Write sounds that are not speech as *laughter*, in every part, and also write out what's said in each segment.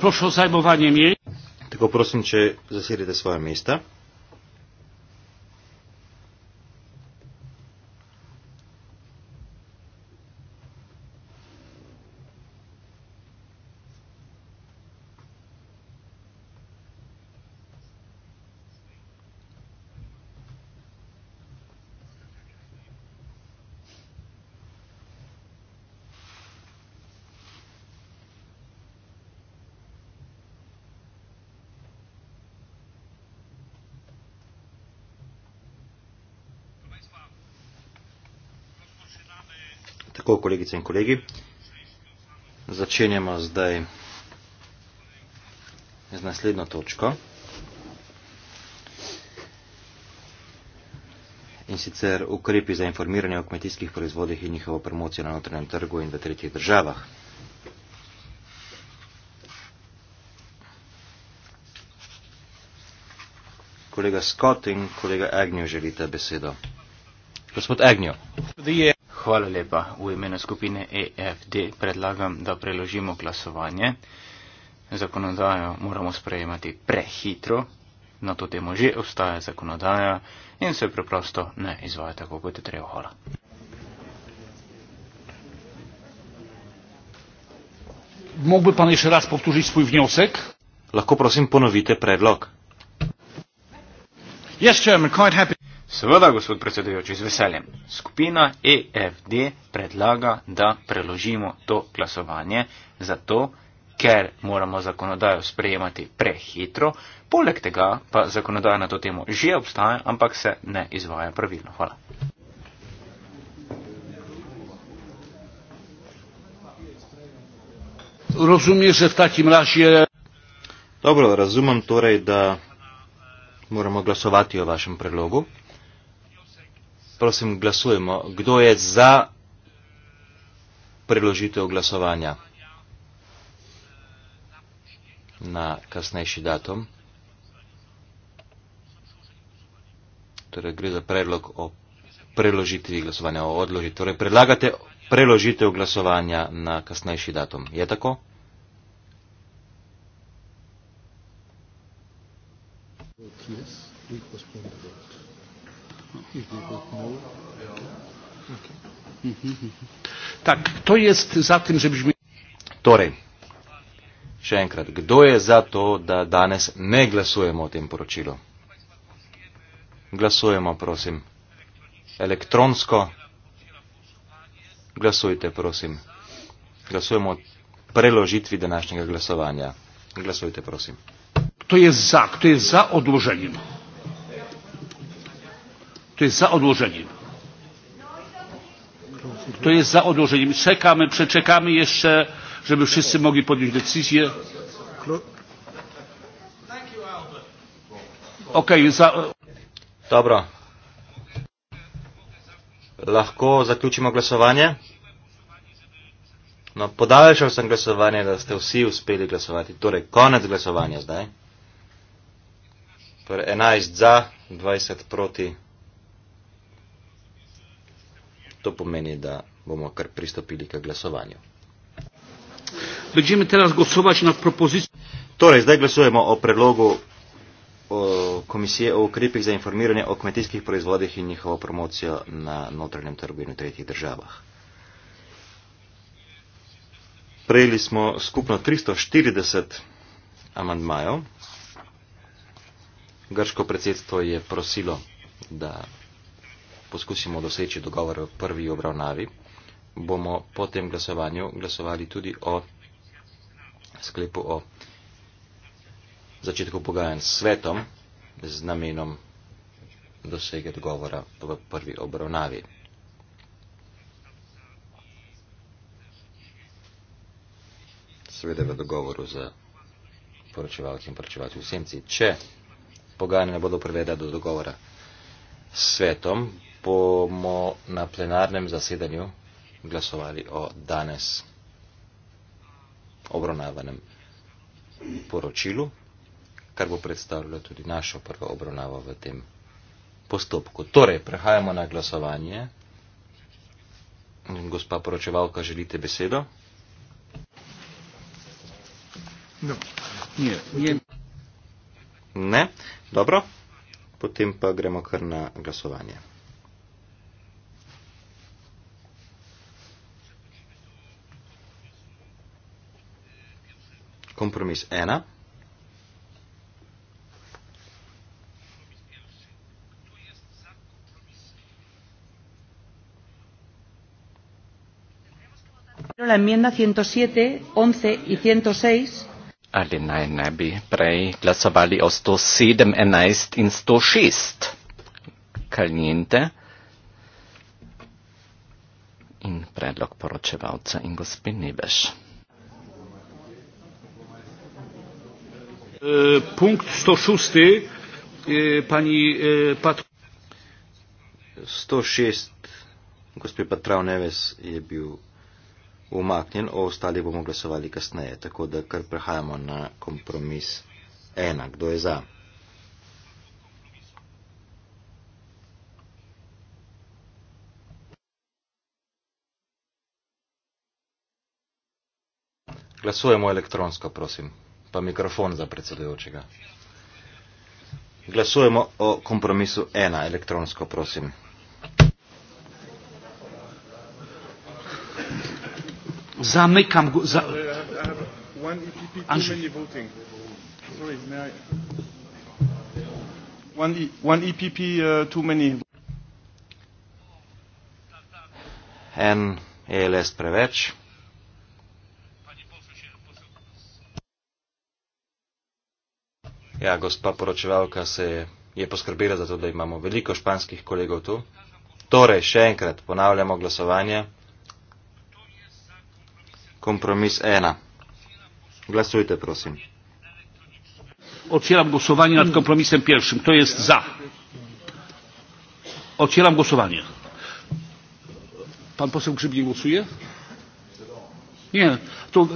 Proszę o zajmowanie miejsc. Tylko proszę cię, zasiedzę te swoje miejsca. lepo, kolegice in kolegi. Začenjamo zdaj z naslednjo točko. In sicer ukrepi za informiranje o kmetijskih proizvodih in njihovo promocijo na notranjem trgu in v tretjih državah. Kolega Scott in kolega Agnew želite besedo. Gospod Agnew. Hvala lepa. V imenu skupine EFD predlagam, da preložimo glasovanje. Zakonodajo moramo sprejemati prehitro, na to temo že obstaja zakonodaja in se preprosto ne izvaja tako, kot je treba. Hvala. Mogoče pa naj še raz povtoriš svoj vnjosek? Lahko prosim ponovite predlog. Yes, German, quite happy. Seveda, gospod predsedujoči, z veseljem. Skupina EFD predlaga, da preložimo to glasovanje, zato ker moramo zakonodajo sprejemati prehitro, poleg tega pa zakonodaja na to temo že obstaja, ampak se ne izvaja pravilno. Hvala. Se v Dobro, razumem torej, da moramo glasovati o vašem predlogu prosim glasujemo. Kdo je za preložitev glasovanja na kasnejši datum? Torej gre za predlog o preložitvi glasovanja, o odložitvi. Torej predlagate preložitev glasovanja na kasnejši datum. Je tako? Yes, we postponed the Tak, kto jest za tym, żebyśmy... Torej, še enkrat, kdo je za to, da danes ne glasujemo o tem poročilu? Glasujemo, prosim. Elektronsko. Glasujte, prosim. Glasujemo o preložitvi današnjega glasovanja. Glasujte, prosim. Kdo je za? Kdo je za odloženje? To jest za odłożeniem. To jest za odłożeniem. Czekamy, przeczekamy jeszcze, żeby wszyscy mogli podjąć decyzję. Okej, okay, za... Dobra. Lahko zaključimo glasovanje? No, podaljšal sem glasovanje, da ste vsi uspeli glasovati. Torej, konec glasovanja zdaj. Torej, 11 za, 20 proti. To pomeni, da bomo kar pristopili k glasovanju. Torej, zdaj glasujemo o predlogu o komisije o ukrepih za informiranje o kmetijskih proizvodih in njihovo promocijo na notranjem trgu in v tretjih državah. Prejeli smo skupno 340 amandmajev. Grško predsedstvo je prosilo, da poskusimo doseči dogovor v prvi obravnavi, bomo po tem glasovanju glasovali tudi o sklepu o začetku pogajanj s svetom z namenom dosege dogovora v prvi obravnavi. Seveda v dogovoru z poročevalci in poročevalci v Semci. Če pogajanja ne bodo privedla do dogovora s svetom, bomo na plenarnem zasedanju glasovali o danes obravnavanem poročilu, kar bo predstavljalo tudi našo prvo obravnavo v tem postopku. Torej, prehajamo na glasovanje. Gospa poročevalka, želite besedo? No. Nije, nije. Ne, dobro. Potem pa gremo kar na glasovanje. kompromis ena. La enmienda 107, 11 y 106. Ali naj ne bi prej glasovali o 107, 11 in 106. Kaljente in predlog poročevalca in gospe Nebeš. E, punkt sto szósty e, pani e, Pat... sto sześć gospod Patrav Neves je bil umaknjen, o ostali bomo glasovali kasneje, tako da kar prehajamo na kompromis ena, kdo je za. Glasujemo elektronsko, prosim pa mikrofon za predsedujočega. Glasujemo o kompromisu ena, elektronsko, prosim. Zamekam go, za... Anže. One EPP, e, e uh, too many. En ELS preveč. Ja, gospa poročevalka se je, je poskrbela za to, da imamo veliko španskih kolegov tu. Torej, še enkrat ponavljamo glasovanje. Kompromis ena. Glasujte, prosim. Odpiram glasovanje nad kompromisem prvim, to je za. Odpiram glasovanje. Pan poseb Grzybnik głosuje? Nie, to...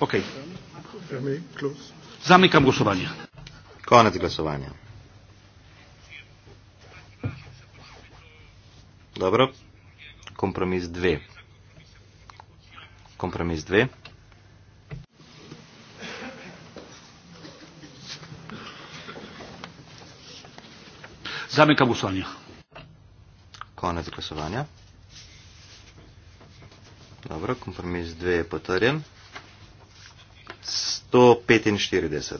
Okej. Okay. Zamykam głosowanie. Koniec głosowania. Dobro. Kompromis 2. Kompromis 2. Zamykam głosowanie. Koniec głosowania. Dobro, kompromis 2 je potrjen. 145.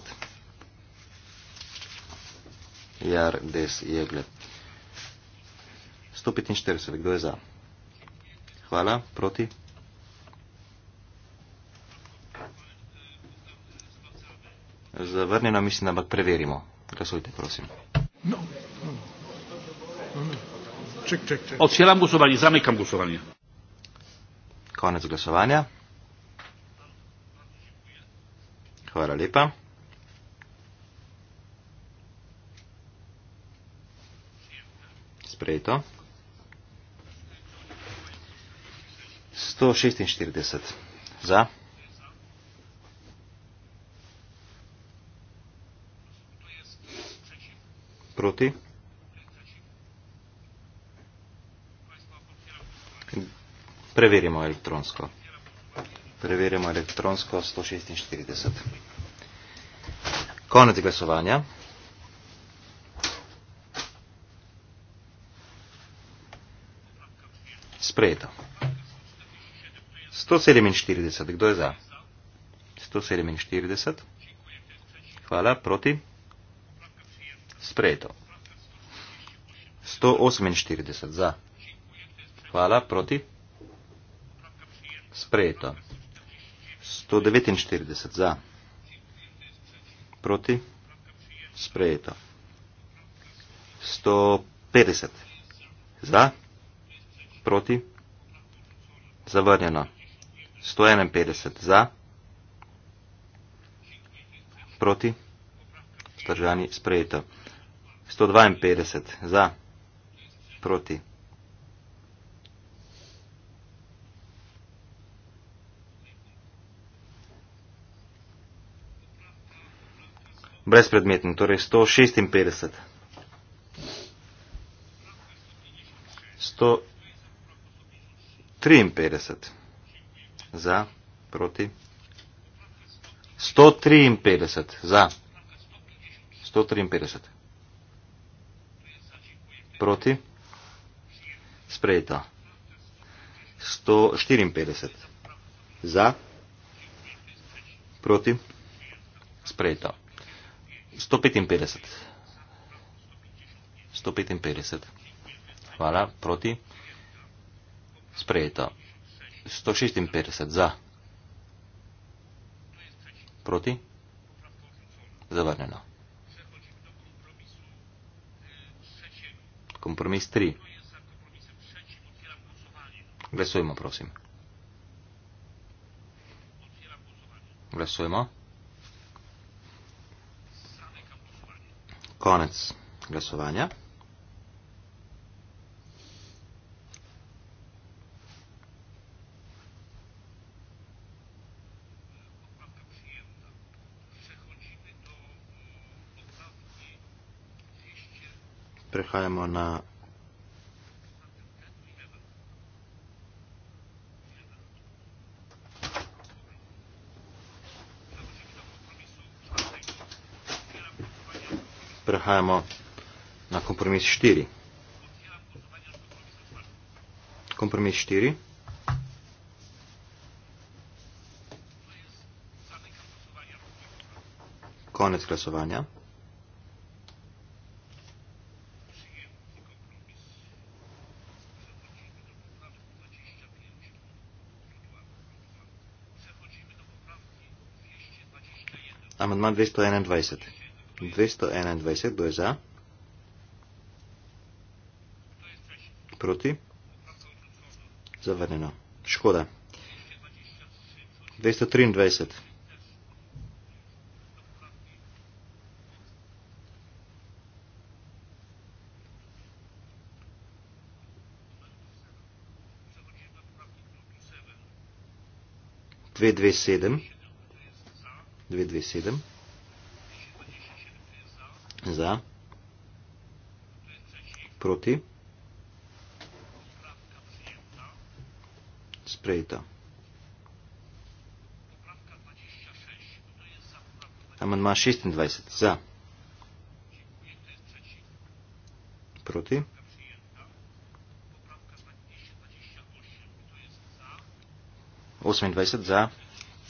Jar, des, jegle. 145, kdo je za? Hvala, proti? Zavrnjeno mislim, ampak preverimo. Glasujte, prosim. No, no, no. Odšelam glasovanje, zamekam glasovanje. Konec glasovanja. Hvala lepa. Sprejeto. 146 za. Proti. Preverimo elektronsko. Preverimo elektronsko 146. Konec glasovanja. Sprejeto. 147. Kdo je za? 147. Hvala. Proti? Sprejeto. 148. Za. Hvala. Proti? Sprejeto. 149. Za. Proti? Sprejeto. 150. Za? Proti? Zavrnjeno. 151. Za? Proti? Zdržani. Sprejeto. 152. Za? Proti? brezpredmeten, torej 156. 153 za, proti. 153 za, 153 proti. Sprejeta. 154 za, proti. Sprejeta. 155. 155. Hvala. Proti. Sprejeto. 156. Za. Proti. Zavrnjeno. Kompromis 3. Glasujmo, prosim. Glasujmo. konec glasovanja. Prehajamo na prehajamo na kompromis 4. Kompromis 4. Konec glasovanja. Amendment 221. 221, kdo je za? Proti? Zavrneno. Škoda. 223. Dve, dve, sedem. Dve, dve, sedem za, proti, sprejeta. Amandma 26 za, proti, osemindvajset za,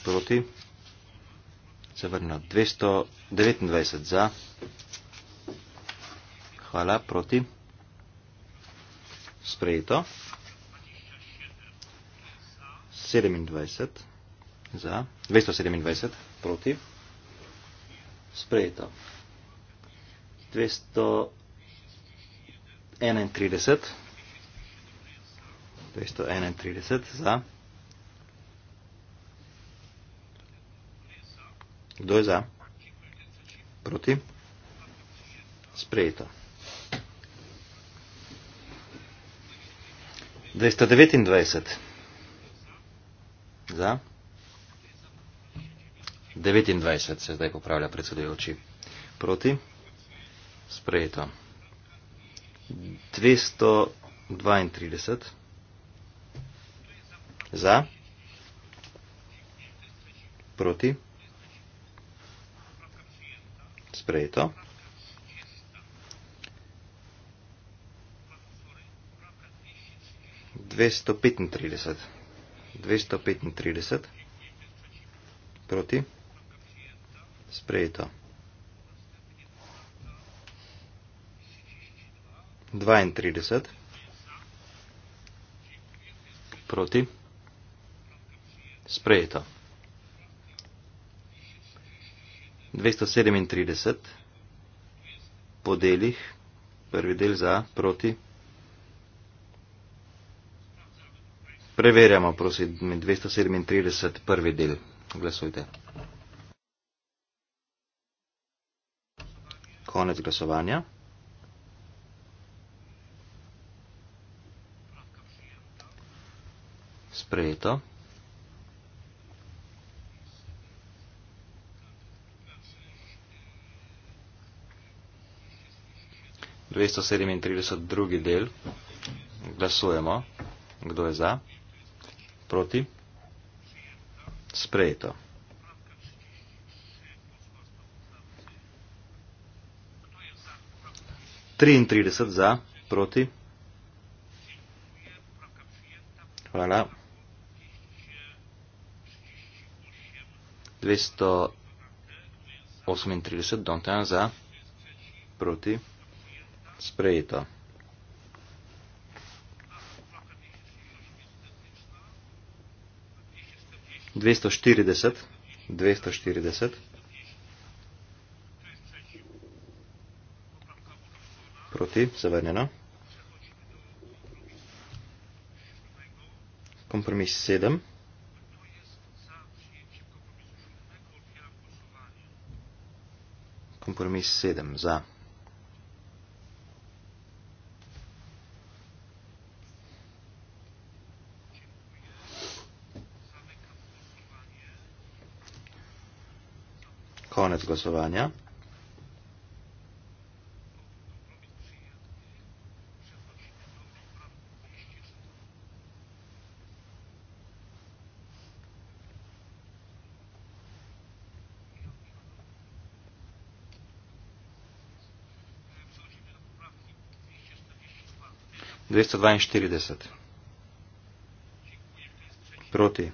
proti, zavrnjeno dvesto devetindvajset za, Hvala, proti. Sprejeto. 27 za, 227 proti. Sprejeto. 231 231 za. Kdo je za? Proti. Sprejeto. 229. Za? 29 se zdaj popravlja predsedujoči. Proti? Sprejeto. 232. Za? Proti? Sprejeto. 235. 235 proti. Sprejeto. 32 proti. Sprejeto. 237 po delih. Prvi del za proti. Preverjamo, prosim, 237. prvi del. Glasujte. Konec glasovanja. Sprejeto. Dvesto sedemintrideset drugi del. Glasujemo. Kdo je za? Proti? Sprejeto. Triintrideset za, proti? Hvala. Dvesto osemintrideset, Dontan za, proti? Sprejeto. 240, 240. Proti, zavrnjeno. Kompromis 7. Kompromis 7 za. wynik głosowania. Двести два и четыре десять. Против.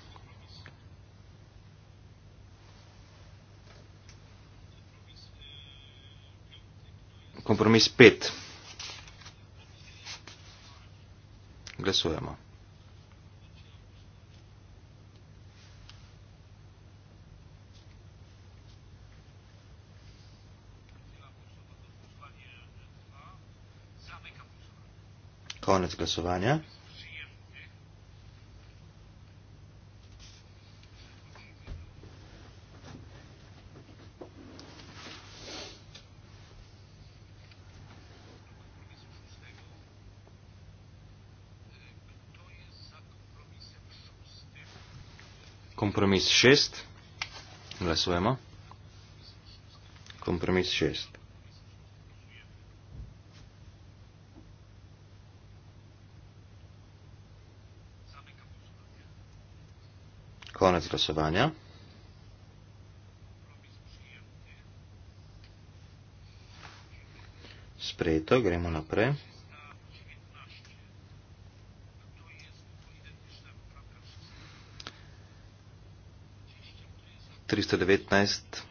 kompromis pet. Glasujemo. Konec glasovanja. kompromis šest. Glasujemo. Kompromis šest. Konec glasovanja. Sprejeto, gremo naprej. 319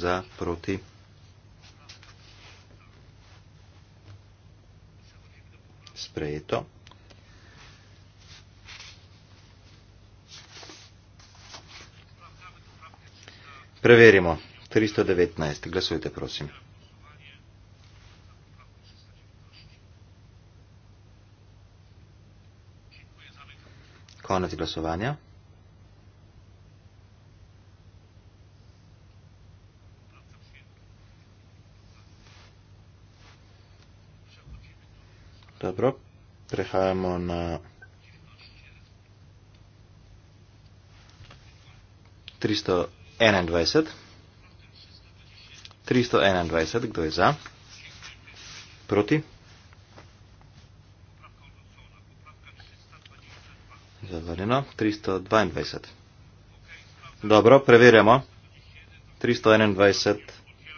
za proti. Sprejeto. Preverimo. 319. Glasujte, prosim. Konec glasovanja. Dobro, prehajamo na tristo enaindvajset. Tristo enaindvajset, kdo je za? Proti? Zavrnjeno. Tristo dvaindvajset. Dobro, preverjamo. Tristo enaindvajset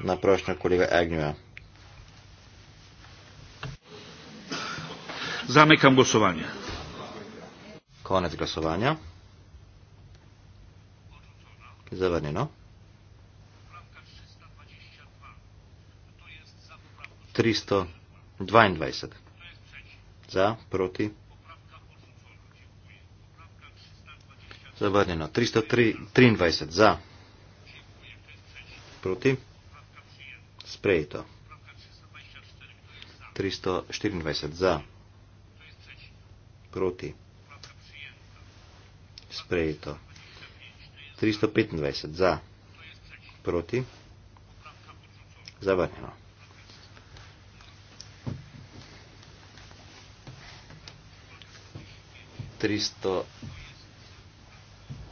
na prošnjo kolega Agnjuja. Zamykam głosowanie. Koniec głosowania. Zawarnieno. Tristo dvaindvajset. Za, proti. Zavrnjeno. 323 za. Proti. Sprejeto. 324 za proti. Sprejeto. 325 za. Proti. Zavrnjeno. Tristo,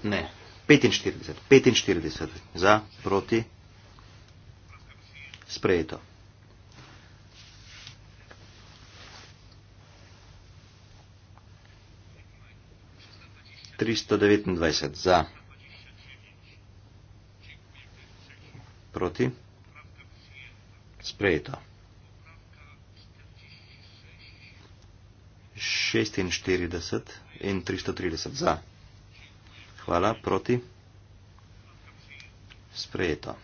ne, 45, 45, za, proti, sprejeto. 329 za, proti, sprejeto. 46 in 330 za, hvala, proti, sprejeto.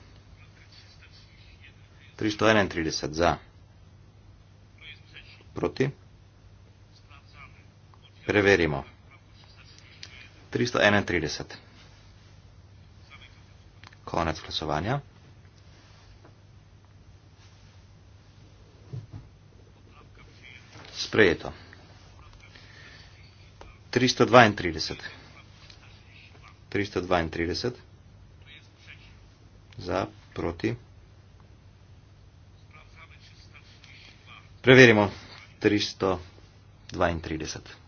331 za, proti, preverimo. 331. Konec glasovanja. Sprejeto. 332. 332. Za, proti. Preverimo. 332.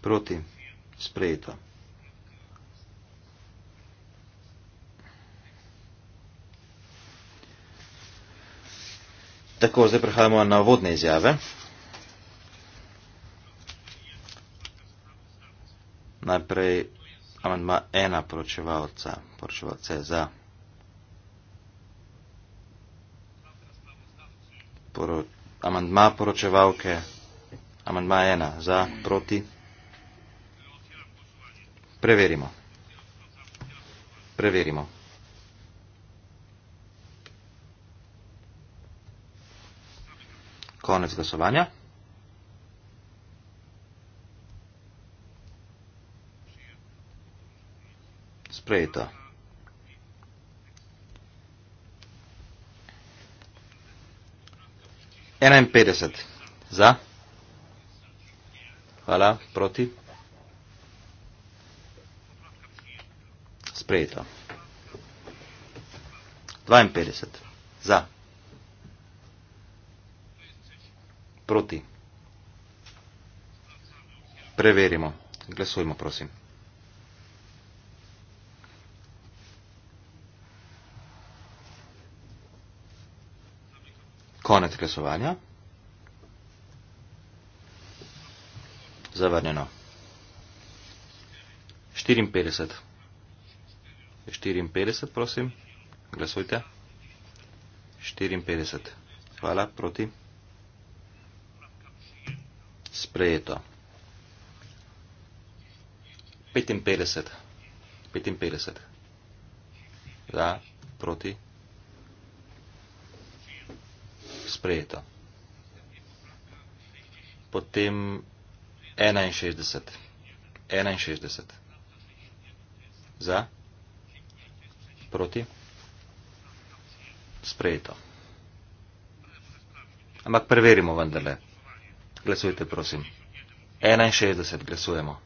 proti sprejeta. Tako, zdaj prehajamo na vodne izjave. Najprej amandma ena poročevalca, poročevalce za Poro, amandma poročevalke, amandma ena za proti. Preverimo. Preverimo. Konec glasovanja. Sprejeto. Enajpetdeset za. Hvala, proti. sprejeto. 52 za. Proti. Preverimo. Glasujmo, prosim. Konec glasovanja. Zavrnjeno. 54. 54, prosim. Glasujte. 54. Hvala, proti. Sprejeto. 55. 55. Za, proti. Sprejeto. Potem 61. 61. Za. Proti? Sprejeto. Ampak preverimo vendarle. Glasujte, prosim. 61 glasujemo.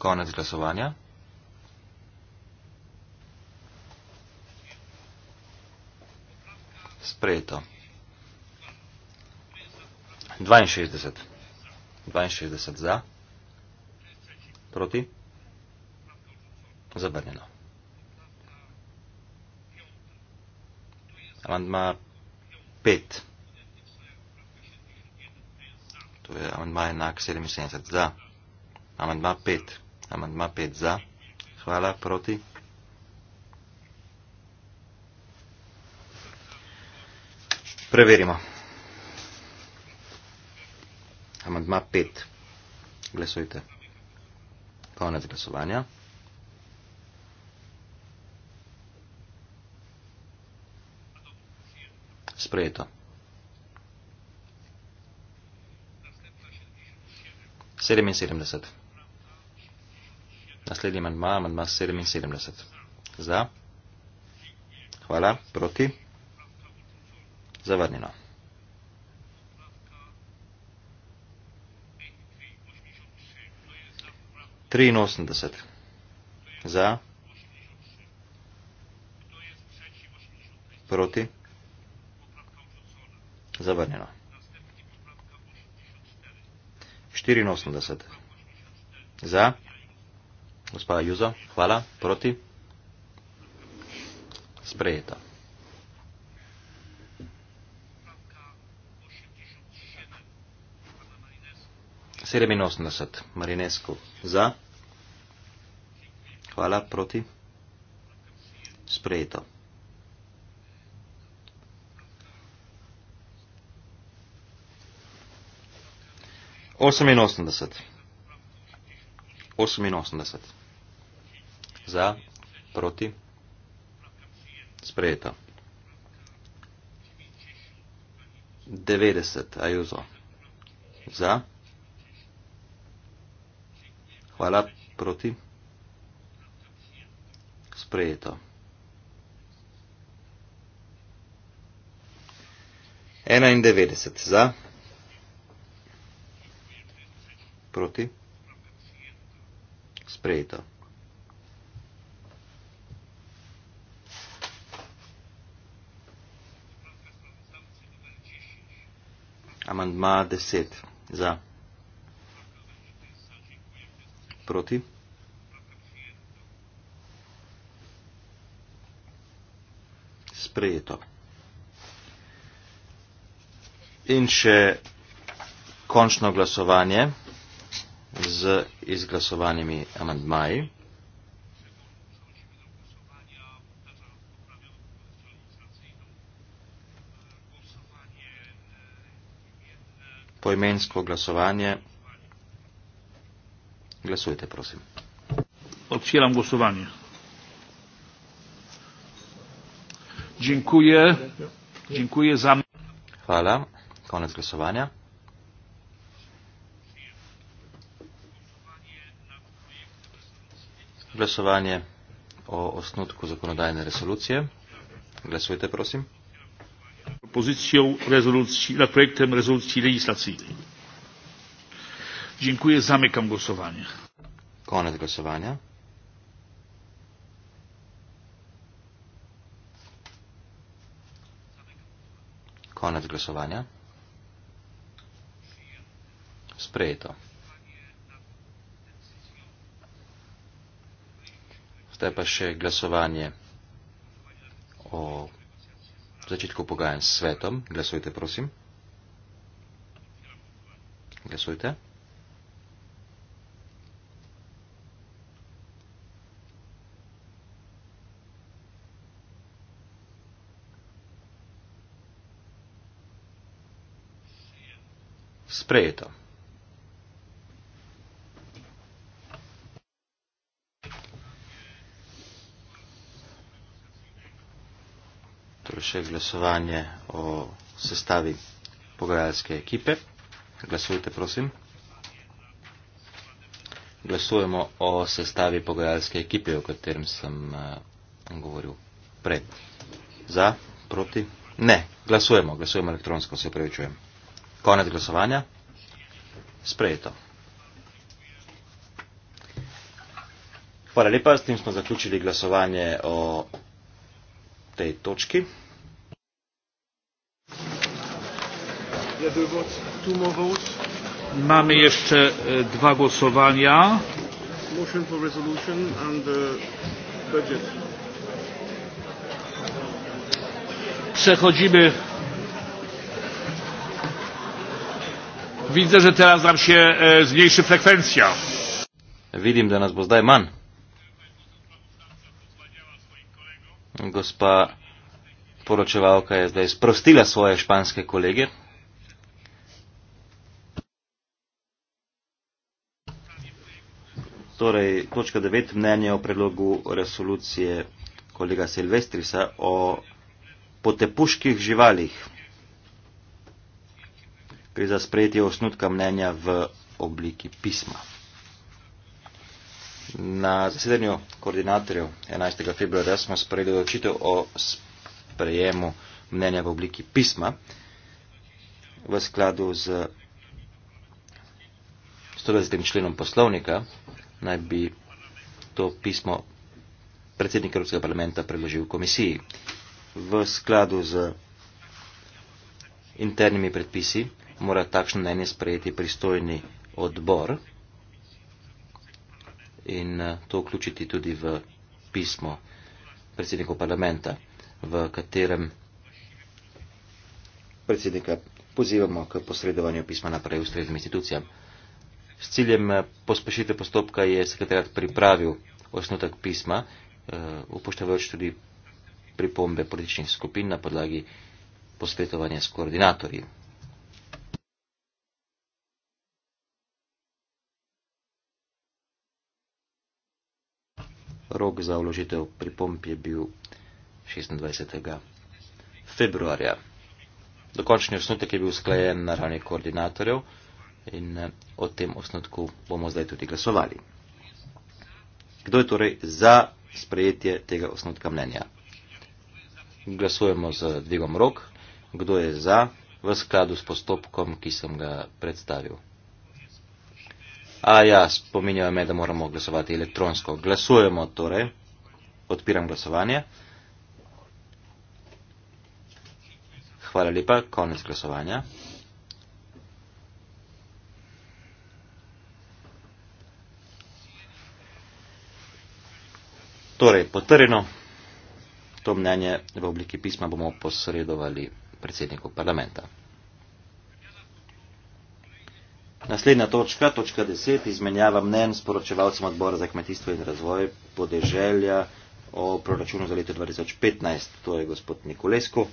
Konec glasovanja. Sprejeto. 62. 62 za. Proti? Zabrnjeno. Amandma 5. To je amandma enak 77. Za. Amandma 5. Amandma 5 za. Hvala. Proti? Preverimo. Amandma 5. Glesujte. Glesujte konec glasovanja. Sprejeto. Sedeminsedemdeset. Naslednji manjma, manjma sedeminsedemdeset. Za. Hvala. Proti. Zavrnjeno. 83. Za. Proti. Zavrnjeno. 84. Za. Gospa Juzo, hvala. Proti. Sprejeta. Sedeminosemdeset, Marinesko. Za? Hvala, proti? Sprejeto. Oseminosemdeset. Oseminosemdeset. Za? Proti? Sprejeto. Devetdeset, ajuzo. Za? Hvala, proti. Sprejeto. Enaindevetdeset za. Proti. Sprejeto. Amandma deset za proti. Sprejeto. In še končno glasovanje z izglasovanimi amantmaji. Poimensko glasovanje. Glasujte, prosim. Odpiram glasovanje. Dziękuję. Dziękuję za. Hvala. Konec glasovanja. Glasovanje o osnutku zakonodajne resolucije. Glasujte, prosim. Pozicijo rezolucij, nad projektem rezolucij legislacijnih. Dziękuję, zamykam głosowanie. Koniec głosowania. Koniec głosowania. Sprejeto. Zdaj pa še glasovanje o začetku pogajanj s svetom. Glasujte, prosim. Glasujte. sprejeto. Torej še glasovanje o sestavi pogajalske ekipe. Glasujte, prosim. Glasujemo o sestavi pogajalske ekipe, o katerem sem uh, govoril prej. Za, proti, ne. Glasujemo, glasujemo elektronsko, se upravičujem. Konec glasovanja sprejeto. Hvala lepa, s tem smo zaključili glasovanje o tej točki. Mamy jeszcze e, dwa głosowania. Motion for resolution and the budget. Przechodzimy Widzę, że teraz nam się e, zmniejszy frekwencja. Widzim, że nas bo zdaje man. Gospa poročevalka je zdaj sprostila svoje španske kolege. Torej, točka 9 mnenje o predlogu resolucije kolega Silvestrisa o potepuških živalih gre za sprejetje osnutka mnenja v obliki pisma. Na zasedanju koordinatorjev 11. februarja smo sprejeli odločitev o sprejemu mnenja v obliki pisma v skladu z 120. členom poslovnika naj bi to pismo predsednik Evropskega parlamenta predložil komisiji. V skladu z internimi predpisi mora takšno mnenje sprejeti pristojni odbor in eh, to vključiti tudi v pismo predsednikov parlamenta, v katerem predsednika pozivamo k posredovanju pisma naprej ustreznim institucijam. S ciljem eh, pospešitve postopka je sekretariat pripravil osnutek pisma, eh, upoštevajoč tudi pripombe političnih skupin na podlagi posvetovanja s koordinatorji rok za vložitev pripomp je bil 26. februarja. Dokončni osnutek je bil sklajen na ravni koordinatorjev in eh, o tem osnutku bomo zdaj tudi glasovali. Kdo je torej za sprejetje tega osnutka mnenja? Glasujemo z dvigom rok. Kdo je za v skladu s postopkom, ki sem ga predstavil? A ja, spominjajo me, da moramo glasovati elektronsko. Glasujemo torej. Odpiram glasovanje. Hvala lepa, konec glasovanja. Torej, potrjeno to mnenje v obliki pisma bomo posredovali predsedniku parlamenta. Naslednja točka, točka deset, izmenjava mnen s poročevalcem odbora za kmetijstvo in razvoj podeželja o proračunu za leto 2015. To je gospod Nikolesko.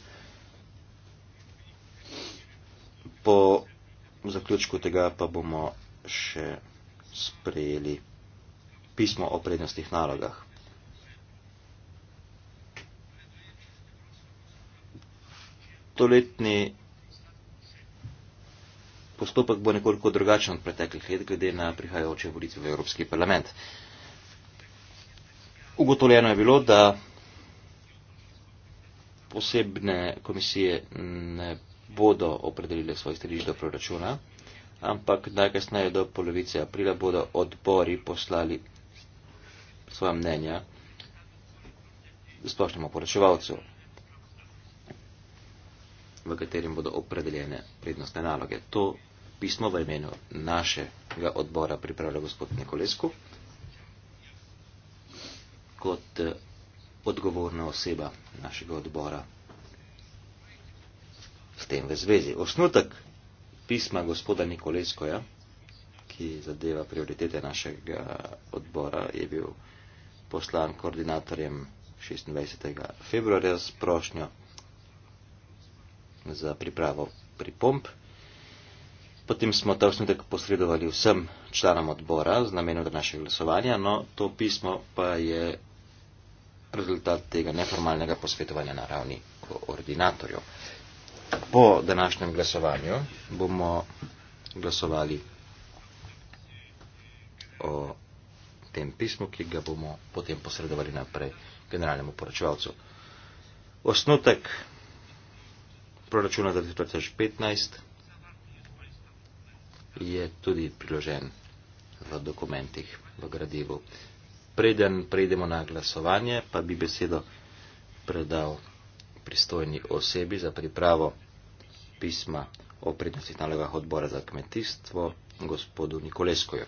Po zaključku tega pa bomo še sprejeli pismo o prednostih nalogah. To letni postopek bo nekoliko drugačen od preteklih let, glede na prihajajoče volitve v Evropski parlament. Ugotovljeno je bilo, da posebne komisije ne bodo opredelile svojih stališč do proračuna, ampak najkasneje do polovice aprila bodo odbori poslali svoje mnenja splošnemu poročevalcu, v katerem bodo opredeljene prednostne naloge. To pismo v imenu našega odbora pripravlja gospod Nikolesku kot eh, odgovorna oseba našega odbora s tem v zvezi. Osnutek pisma gospoda Nikoleskoja, ki zadeva prioritete našega odbora, je bil poslan koordinatorjem 26. februarja s prošnjo za pripravo pripomp. Potem smo ta osnutek posredovali vsem članom odbora z namenom današnjega glasovanja, no to pismo pa je rezultat tega neformalnega posvetovanja na ravni koordinatorjev. Po današnjem glasovanju bomo glasovali o tem pismu, ki ga bomo potem posredovali naprej generalnemu poročevalcu. Osnutek proračuna za 2015 je tudi priložen v dokumentih, v gradivu. Preden prejdemo na glasovanje, pa bi besedo predal pristojni osebi za pripravo pisma o prednostih nalogah odbora za kmetijstvo, gospodu Nikoleskoju.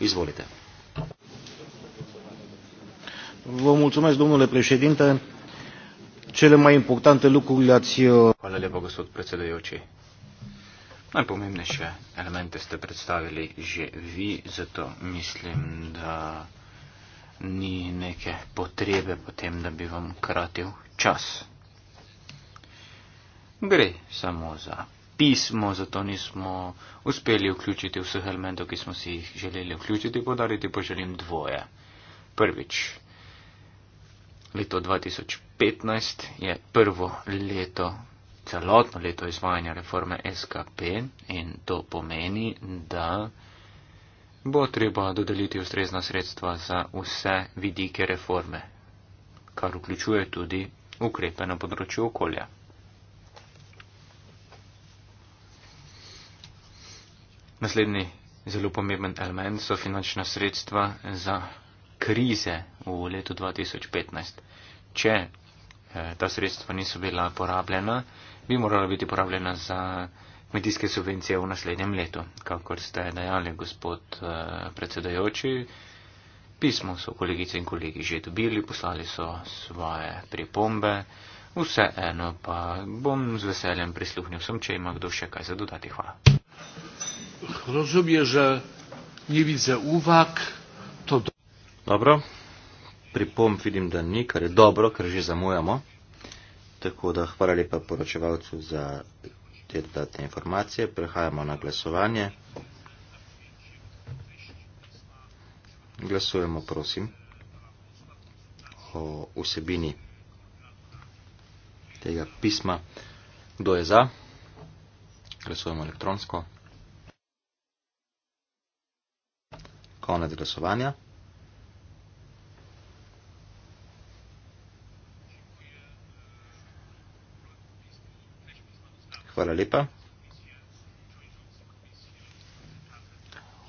Izvolite. Vă mulțumesc, domnule președinte. Cele mai importante lucruri ați... Uh, Hvala lepa, gospod predsedajoči. Najpomembnejše elemente ste predstavili že vi, zato mislim, da ni neke potrebe potem, da bi vam kratil čas. Gre samo za pismo, zato nismo uspeli vključiti vseh elementov, ki smo si jih želeli vključiti, podariti pa želim dvoje. Prvič, leto 2015 je prvo leto, celotno leto izvajanja reforme SKP in to pomeni, da bo treba dodeliti ustrezna sredstva za vse vidike reforme, kar vključuje tudi ukrepe na področju okolja. Naslednji zelo pomemben element so finančna sredstva za krize v letu 2015. Če eh, ta sredstva niso bila porabljena, eh, bi morala biti porabljena za kmetijske subvencije v naslednjem letu. Kakor ste dejali, gospod eh, predsedajoči, pismo so kolegice in kolegi že dobili, poslali so svoje pripombe, vse eno pa bom z veseljem prisluhnil sem, če ima kdo še kaj za dodati. Hvala. Razumije, že ni vize uvak, to do... Dobro, pripomb vidim, da ni, kar je dobro, ker že zamujamo. Tako da hvala lepa poročevalcu za te dodatne informacije. Prehajamo na glasovanje. Glasujemo, prosim, o vsebini tega pisma. Kdo je za? Glasujemo elektronsko. Konec glasovanja. Hvala lepa.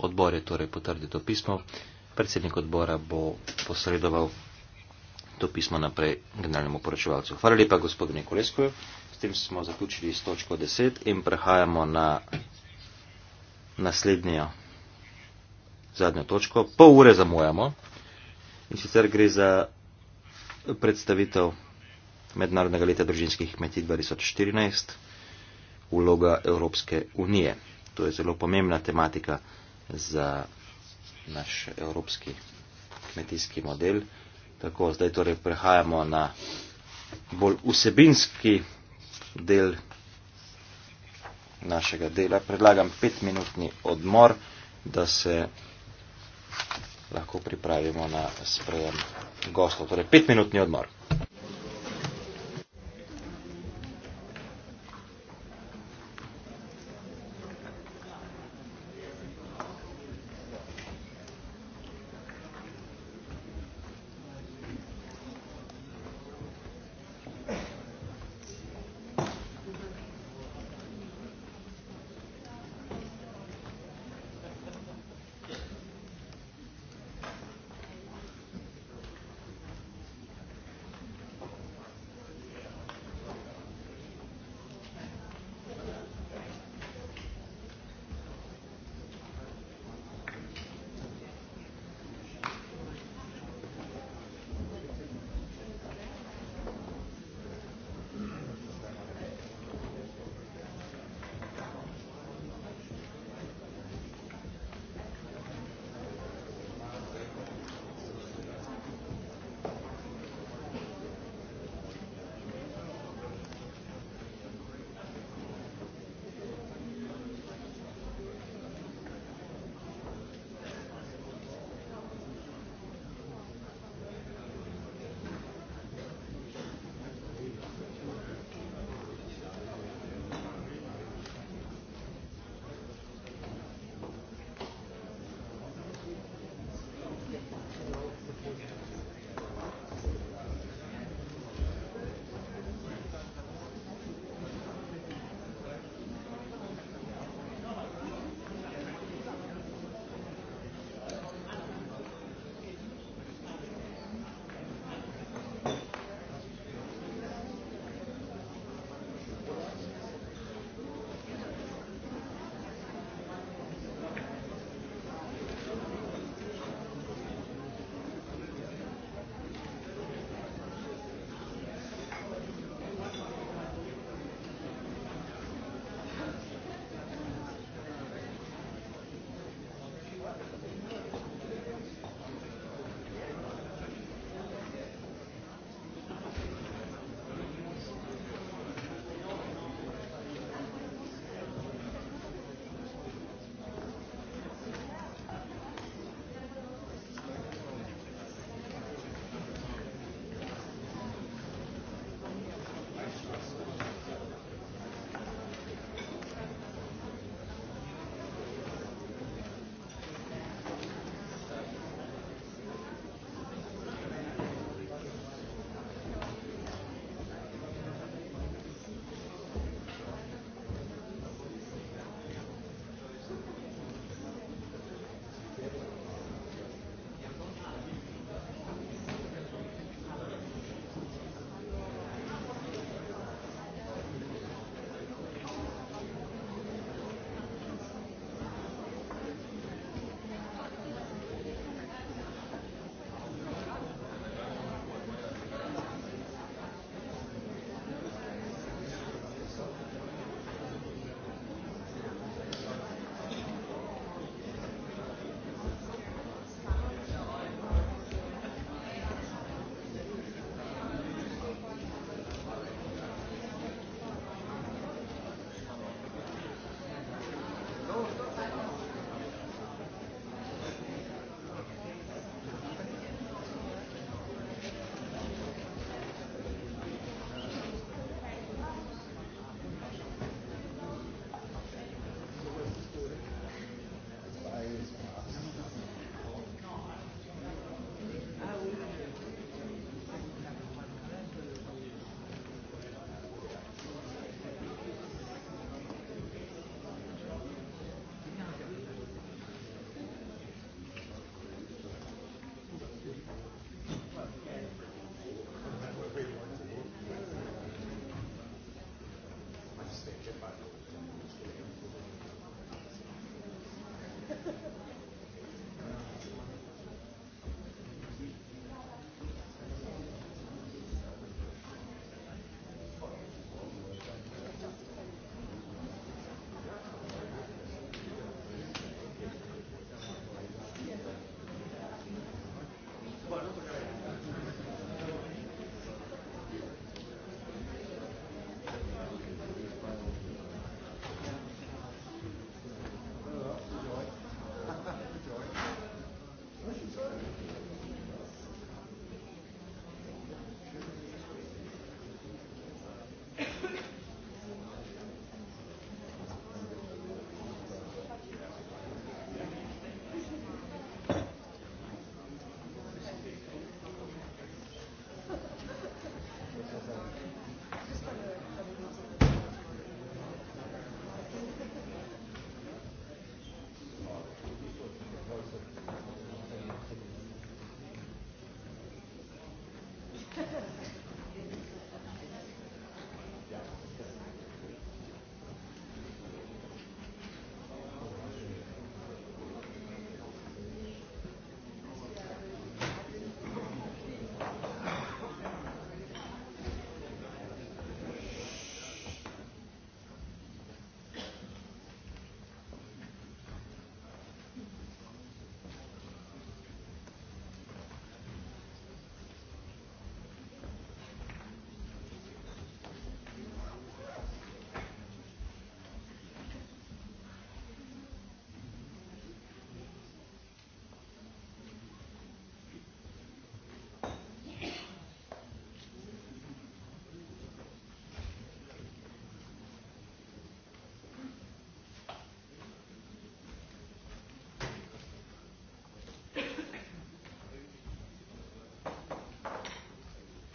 Odbor je torej potrdil to pismo. Predsednik odbora bo posredoval to pismo naprej generalnemu poročevalcu. Hvala lepa, gospodine Kolesko. S tem smo zaključili s točko 10 in prehajamo na naslednjo zadnjo točko. Pol ure zamujamo in sicer gre za predstavitev Mednarodnega leta družinskih kmetij 2014 vloga Evropske unije. To je zelo pomembna tematika za naš evropski kmetijski model. Tako, zdaj torej prehajamo na bolj vsebinski del našega dela. Predlagam petminutni odmor, da se lahko pripravimo na sprejem gostov. Torej, petminutni odmor.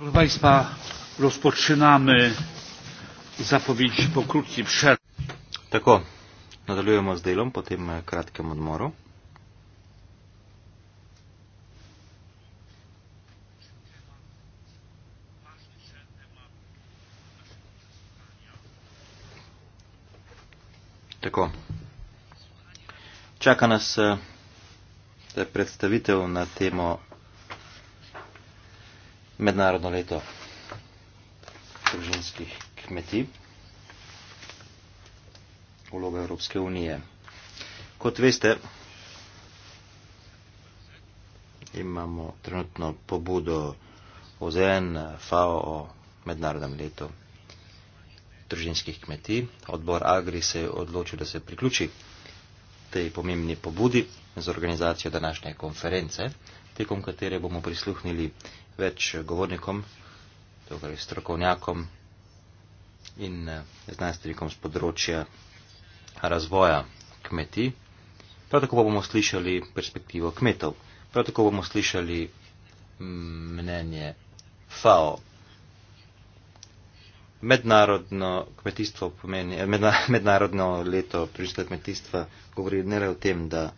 proszę państwa rozpoczynamy zapowiedź po krótkiej przerwie. Tak o, nadalujemy z Dylą po tym e, krótkim odmoru. Tako. Čaka nas e, predstavitev na temo mednarodno leto družinskih kmetij, vloga Evropske unije. Kot veste, imamo trenutno pobudo OZN, FAO o mednarodnem letu družinskih kmetij. Odbor Agri se je odločil, da se priključi tej pomembni pobudi z organizacijo današnje konference, tekom katere bomo prisluhnili več govornikom, torej strokovnjakom in eh, znanstvenikom z področja razvoja kmetij. Prav tako bomo slišali perspektivo kmetov, prav tako bomo slišali mm, mnenje FAO. Mednarodno kmetijstvo pomeni, eh, medna, *laughs* mednarodno leto prišle kmetijstva govori ne le o tem, da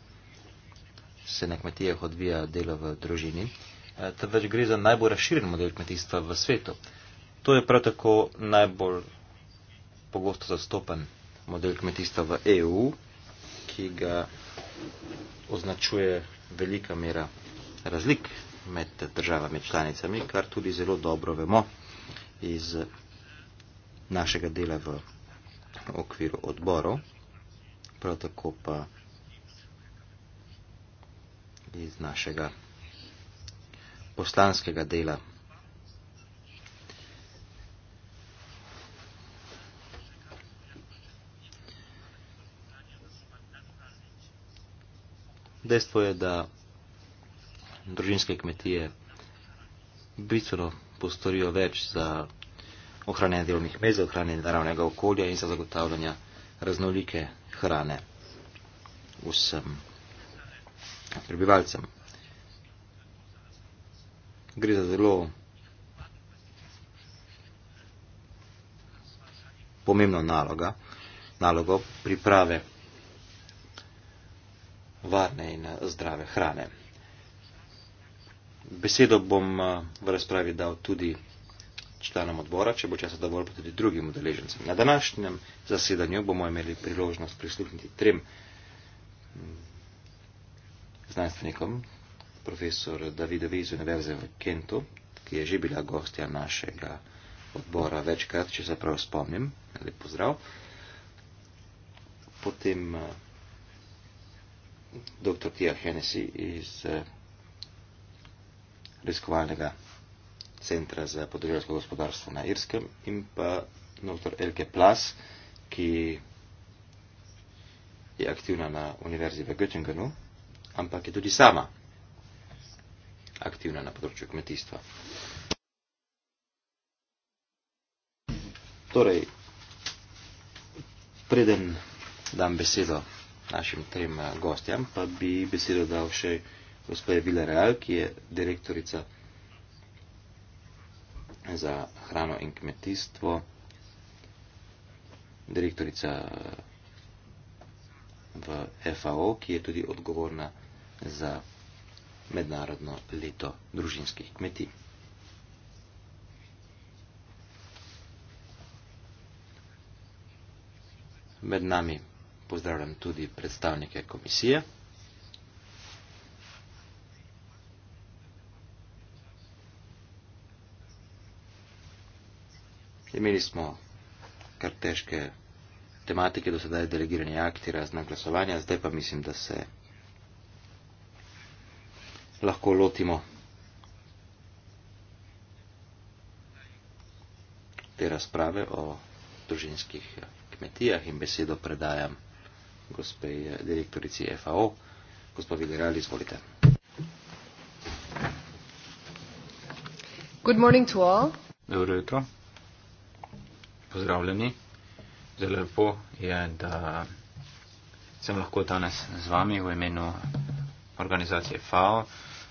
se na kmetijah odvija delo v družini, Eh, temveč gre za najbolj razširjen model kmetijstva v svetu. To je prav tako najbolj pogosto zastopen model kmetijstva v EU, ki ga označuje velika mera razlik med državami članicami, kar tudi zelo dobro vemo iz našega dela v okviru odborov, prav tako pa iz našega poslanskega dela. Dejstvo je, da družinske kmetije bistveno postorijo več za ohranjanje delovnih mest, za ohranjanje naravnega okolja in za zagotavljanje raznolike hrane vsem prebivalcem gre za zelo pomembno naloga, nalogo priprave varne in eh, zdrave hrane. Besedo bom eh, v razpravi dal tudi članom odbora, če bo časa dovolj, pa tudi drugim udeležencem. Na današnjem zasedanju bomo imeli priložnost prisluhniti trem mm, znanstvenikom, profesor Davidovi iz Univerze v Kentu, ki je že bila gostja našega odbora večkrat, če se prav spomnim. Lep pozdrav. Potem eh, dr. Tia Hennessy iz eh, Reskovalnega centra za podeželsko gospodarstvo na Irskem in pa dr. Elke Plas, ki je aktivna na Univerzi v Göttingenu, ampak je tudi sama aktivna na področju kmetijstva. Torej, preden dam besedo našim trem eh, gostjam, pa bi besedo dal še gospodje Villareal, ki je direktorica za hrano in kmetijstvo, direktorica eh, v FAO, ki je tudi odgovorna za mednarodno leto družinskih kmetij. Med nami pozdravljam tudi predstavnike komisije. Imeli smo kar težke tematike do sedaj delegirani akti razna glasovanja, zdaj pa mislim, da se lahko lotimo te razprave o družinskih kmetijah in besedo predajam gospej direktorici FAO. Gospod Vigerali, izvolite. Good morning to all. Dobro jutro. Pozdravljeni. Zelo lepo je, da sem lahko danes z vami v imenu organizacije FAO.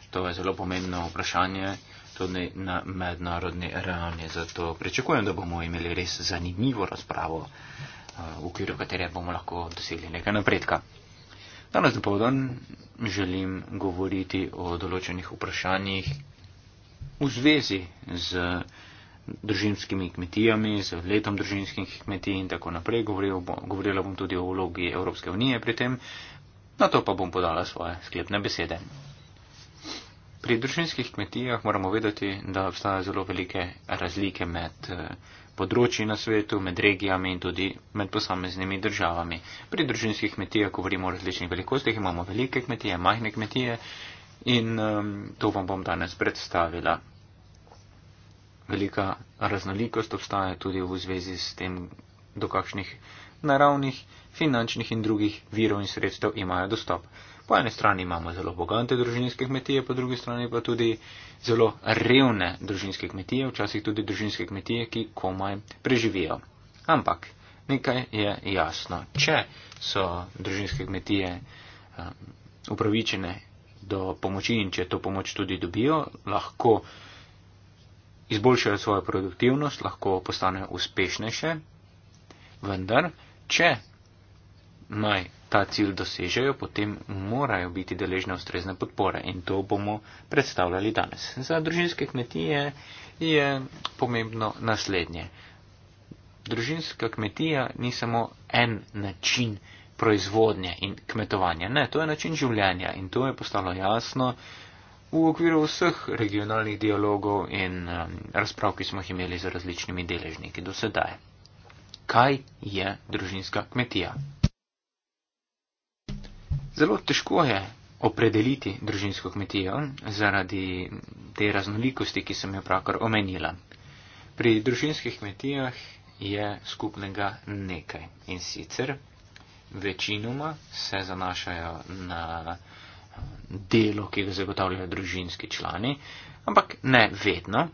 To je zelo pomembno vprašanje tudi na mednarodni ravni. Zato pričakujem, da bomo imeli res zanimivo razpravo, eh, v okviru katere bomo lahko dosegli nekaj napredka. Danes dopoledan želim govoriti o določenih vprašanjih v zvezi z družinskimi kmetijami, z letom družinskih kmetij in tako naprej. Govorila bom tudi o vlogi Evropske unije pri tem Na to pa bom podala svoje sklepne besede. Pri družinskih kmetijah moramo vedeti, da obstaja zelo velike razlike med eh, področji na svetu, med regijami in tudi med posameznimi državami. Pri družinskih kmetijah govorimo o različnih velikostih, imamo velike kmetije, majhne kmetije in to vam bom danes predstavila. Velika raznolikost obstaja tudi v zvezi s tem, do kakšnih naravnih, finančnih in drugih virov in sredstev imajo dostop. Po eni strani imamo zelo bogante družinske kmetije, po drugi strani pa tudi zelo revne družinske kmetije, včasih tudi družinske kmetije, ki komaj preživijo. Ampak nekaj je jasno. Če so družinske kmetije eh, upravičene do pomoči in če to pomoč tudi dobijo, lahko izboljšajo svojo produktivnost, lahko postanejo uspešnejše, vendar Če naj ta cilj dosežejo, potem morajo biti deležne ustrezne podpore in to bomo predstavljali danes. Za družinske kmetije je pomembno naslednje. Družinska kmetija ni samo en način proizvodnje in kmetovanja. Ne, to je način življenja in to je postalo jasno v okviru vseh regionalnih dialogov in um, razprav, ki smo jih imeli z različnimi deležniki do sedaj kaj je družinska kmetija. Zelo težko je opredeliti družinsko kmetijo zaradi te raznolikosti, ki sem jo pravkar omenila. Pri družinskih kmetijah je skupnega nekaj in sicer večinoma se zanašajo na delo, ki ga zagotavljajo družinski člani, ampak ne vedno,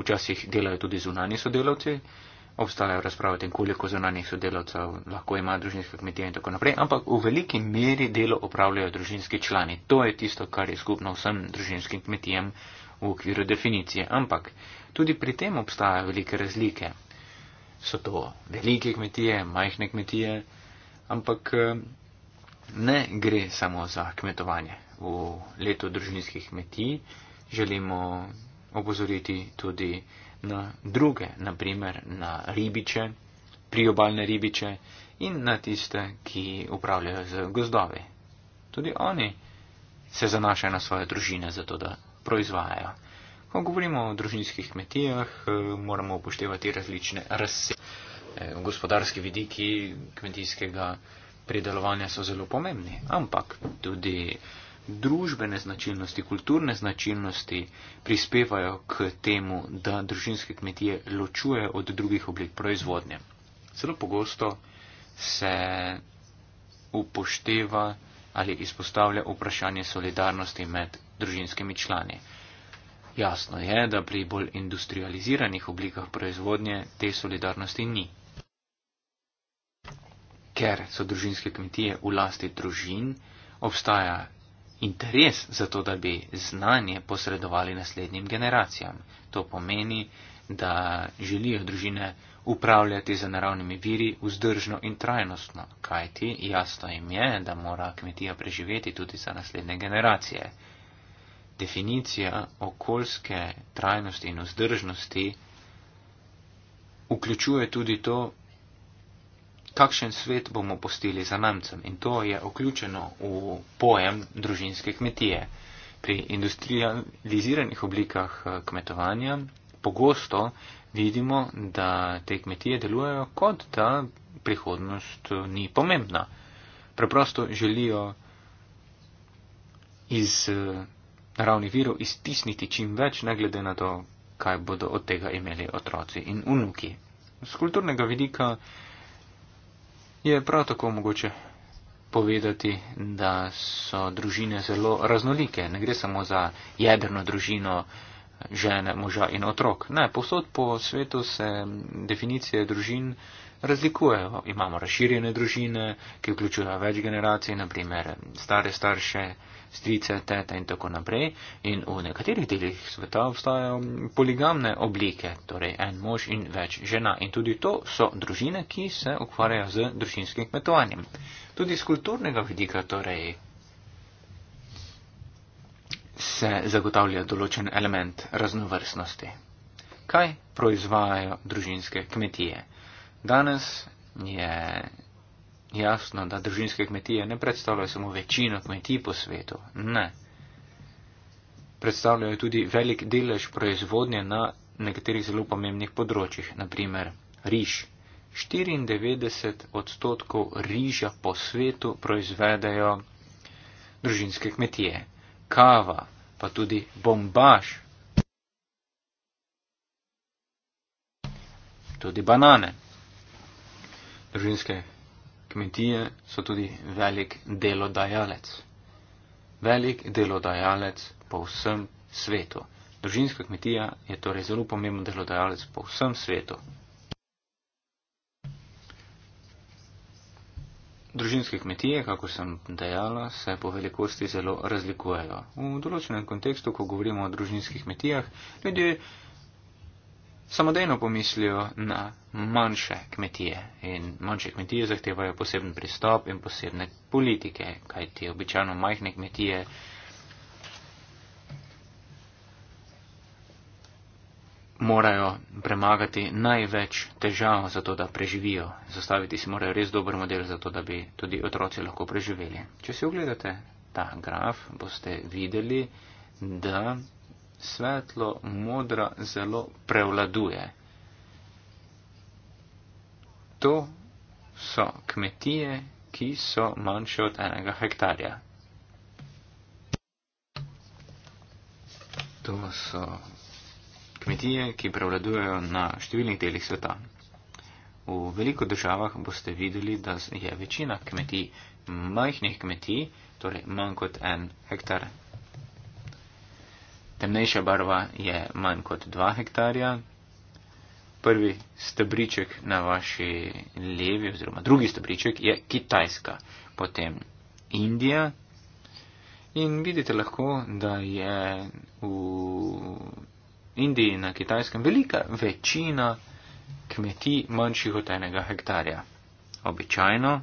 včasih delajo tudi zunani sodelavci, obstajajo razprave o tem, koliko zunanjih sodelavcev lahko ima družinska kmetija in tako naprej, ampak v veliki meri delo opravljajo družinski člani. To je tisto, kar je skupno vsem družinskim kmetijem v okviru definicije. Ampak tudi pri tem obstajajo velike razlike. So to velike kmetije, majhne kmetije, ampak eh, ne gre samo za kmetovanje. V letu družinskih kmetij želimo opozoriti tudi na druge, naprimer na ribiče, priobalne ribiče in na tiste, ki upravljajo z gozdovi. Tudi oni se zanašajo na svoje družine, zato da proizvajajo. Ko govorimo o družinskih kmetijah, eh, moramo upoštevati različne razse. Eh, gospodarski vidiki kmetijskega pridelovanja so zelo pomembni, ampak tudi družbene značilnosti, kulturne značilnosti prispevajo k temu, da družinske kmetije ločujejo od drugih oblik proizvodnje. Zelo pogosto se upošteva ali izpostavlja vprašanje solidarnosti med družinskimi člani. Jasno je, da pri bolj industrializiranih oblikah proizvodnje te solidarnosti ni. Ker so družinske kmetije v lasti družin, obstaja interes za to, da bi znanje posredovali naslednjim generacijam. To pomeni, da želijo družine upravljati z naravnimi viri vzdržno in trajnostno, kajti jasno jim je, da mora kmetija preživeti tudi za naslednje generacije. Definicija okoljske trajnosti in vzdržnosti vključuje tudi to, kakšen svet bomo postili zanamcem. In to je vključeno v pojem družinske kmetije. Pri industrializiranih oblikah eh, kmetovanja pogosto vidimo, da te kmetije delujejo kot da prihodnost eh, ni pomembna. Preprosto želijo iz eh, naravnih virov iztisniti čim več, ne glede na to, kaj bodo od tega imeli otroci in unuki. Z kulturnega vidika Je prav tako mogoče povedati, da so družine zelo raznolike. Ne gre samo za jedrno družino žene, moža in otrok. Ne, posod po svetu se definicije družin razlikujejo. Imamo razširjene družine, ki vključujejo več generacij, naprimer stare starše, strica, teta in tako naprej. In v nekaterih delih sveta obstajajo poligamne oblike, torej en mož in več žena. In tudi to so družine, ki se ukvarjajo z družinskim kmetovanjem. Tudi z kulturnega vidika torej se zagotavlja določen element raznovrstnosti. Kaj proizvajajo družinske kmetije? Danes je jasno, da družinske kmetije ne predstavljajo samo večino kmetij po svetu. Ne. Predstavljajo tudi velik delež proizvodnje na nekaterih zelo pomembnih področjih, naprimer riž. 94 odstotkov riža po svetu proizvedajo družinske kmetije. Kava pa tudi bombaž. Tudi banane. Družinske Kmetije so tudi velik delodajalec. Velik delodajalec po vsem svetu. Družinska kmetija je torej zelo pomemben delodajalec po vsem svetu. Družinske kmetije, kako sem dejala, se po velikosti zelo razlikujejo. V določenem kontekstu, ko govorimo o družinskih kmetijah, ljudje samodejno pomislijo na manjše kmetije. In manjše kmetije zahtevajo poseben pristop in posebne politike, kajti običajno majhne kmetije morajo premagati največ težav za to, da preživijo. Zastaviti si morajo res dober model za to, da bi tudi otroci lahko preživeli. Če si ogledate ta graf, boste videli, da svetlo modra zelo prevladuje. To so kmetije, ki so manjše od enega hektarja. To so kmetije, ki prevladujejo na številnih delih sveta. V veliko državah boste videli, da je večina kmetij majhnih kmetij, torej manj kot en hektar temnejša barva je manj kot 2 hektarja. Prvi stebriček na vaši levi oziroma drugi stebriček je Kitajska, potem Indija. In vidite lahko, da je v Indiji na kitajskem velika večina kmetij manjših od enega hektarja. Običajno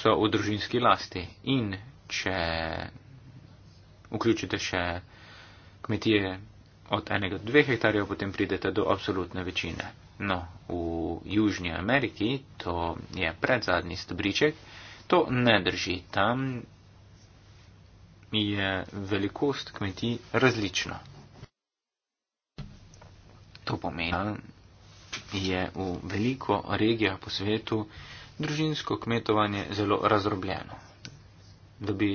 so v družinski lasti in če vključite še kmetije od enega do dveh hektarjev, potem pridete do absolutne večine. No, v Južni Ameriki, to je predzadnji stebriček, to ne drži. Tam je velikost kmetij različna. To pomeni, da je v veliko regijah po svetu družinsko kmetovanje zelo razrobljeno. Da bi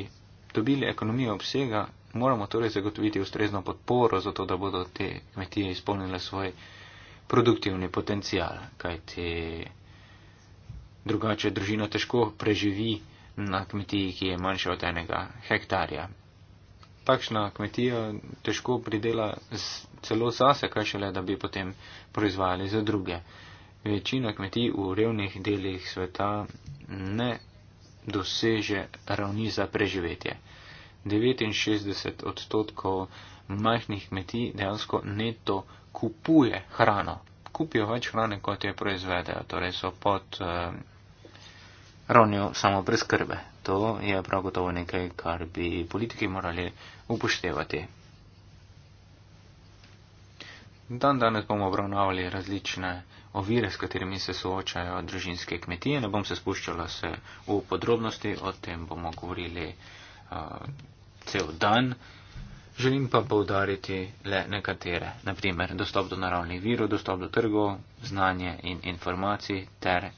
dobili ekonomijo obsega, moramo torej zagotoviti ustrezno podporo, zato da bodo te kmetije izpolnile svoj produktivni potencial, kajti drugače družina težko preživi na kmetiji, ki je manjša od enega hektarja. Takšna kmetija težko pridela celo zase, kaj šele, da bi potem proizvajali za druge. Večina kmetij v revnih delih sveta ne doseže ravni za preživetje. 69 odstotkov majhnih kmetij dejansko neto kupuje hrano. Kupijo več hrane, kot je proizvedejo, torej so pod eh, ravnjo samo preskrbe. To je prav gotovo nekaj, kar bi politiki morali upoštevati. Dan danes bomo obravnavali različne ovire, s katerimi se soočajo družinske kmetije. Ne bom se spuščala se v podrobnosti, o tem bomo govorili. Eh, cel dan, želim pa povdariti le nekatere, naprimer dostop do naravnih virov, dostop do trgov, znanje in informacij ter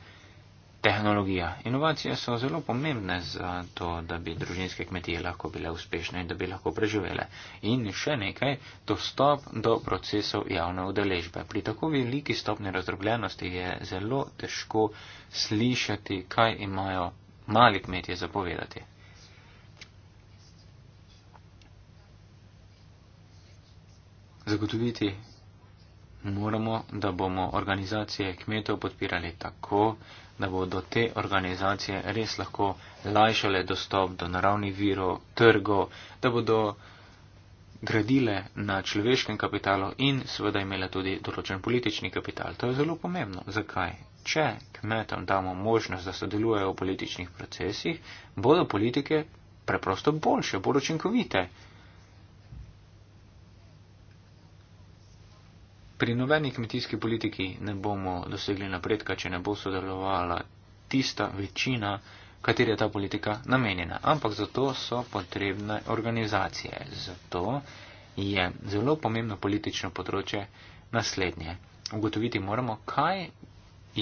tehnologija. Inovacije so zelo pomembne za to, da bi družinske kmetije lahko bile uspešne in da bi lahko preživele. In še nekaj, dostop do procesov javne udeležbe. Pri tako veliki stopni razdrobljenosti je zelo težko slišati, kaj imajo mali kmetje zapovedati. zagotoviti. Moramo, da bomo organizacije kmetov podpirali tako, da bodo te organizacije res lahko lajšale dostop do naravnih virov, trgov, da bodo gradile na človeškem kapitalu in seveda imele tudi določen politični kapital. To je zelo pomembno. Zakaj? Če kmetom damo možnost, da sodelujejo v političnih procesih, bodo politike preprosto boljše, bolj učinkovite. Pri nobeni kmetijski politiki ne bomo dosegli napredka, če ne bo sodelovala tista večina, kateri je ta politika namenjena. Ampak zato so potrebne organizacije. Zato je zelo pomembno politično področje naslednje. Ugotoviti moramo, kaj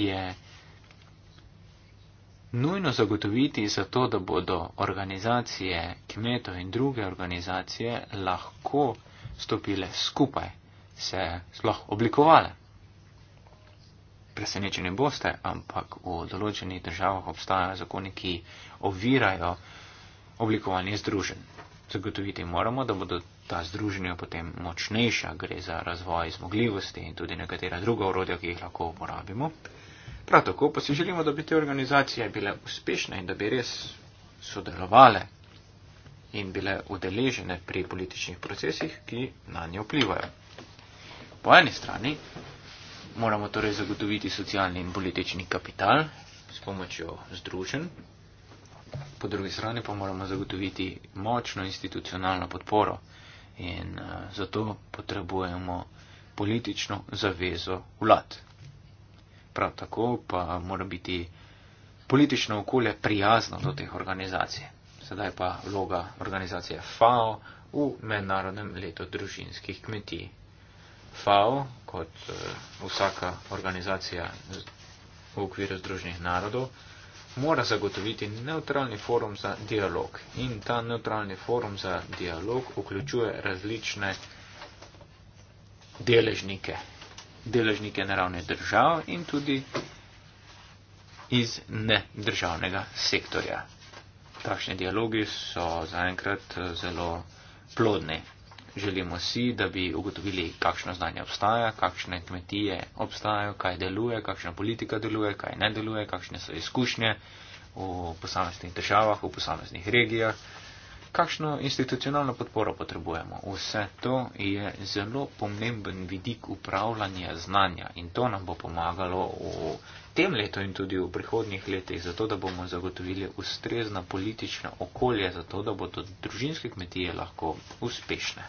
je nujno zagotoviti za to, da bodo organizacije kmetov in druge organizacije lahko stopile skupaj se sploh oblikovale. Presenečeni boste, ampak v določenih državah obstajajo zakoni, ki ovirajo oblikovanje združen. Zagotoviti moramo, da bodo ta združenja potem močnejša, gre za razvoj zmogljivosti in tudi nekatera druga urodja, ki jih lahko uporabimo. Prav tako pa si želimo, da bi te organizacije bile uspešne in da bi res sodelovale in bile udeležene pri političnih procesih, ki na nje vplivajo po eni strani moramo torej zagotoviti socialni in politični kapital s pomočjo združen, po drugi strani pa moramo zagotoviti močno institucionalno podporo in uh, zato potrebujemo politično zavezo vlad. Prav tako pa mora biti politično okolje prijazno do teh organizacij. Sedaj pa vloga organizacije FAO v mednarodnem letu družinskih kmetij. FAO, kot eh, vsaka organizacija v okviru Združenih narodov, mora zagotoviti neutralni forum za dialog. In ta neutralni forum za dialog vključuje različne deležnike, deležnike naravne držav in tudi iz nedržavnega sektorja. Takšni dialogi so zaenkrat eh, zelo plodni. Želimo si, da bi ugotovili, kakšno znanje obstaja, kakšne kmetije obstajajo, kaj deluje, kakšna politika deluje, kaj ne deluje, kakšne so izkušnje v posameznih državah, v posameznih regijah, kakšno institucionalno podporo potrebujemo. Vse to je zelo pomemben vidik upravljanja znanja in to nam bo pomagalo v tem letu in tudi v prihodnjih letih, zato da bomo zagotovili ustrezna politična okolje, zato da bodo družinske kmetije lahko uspešne.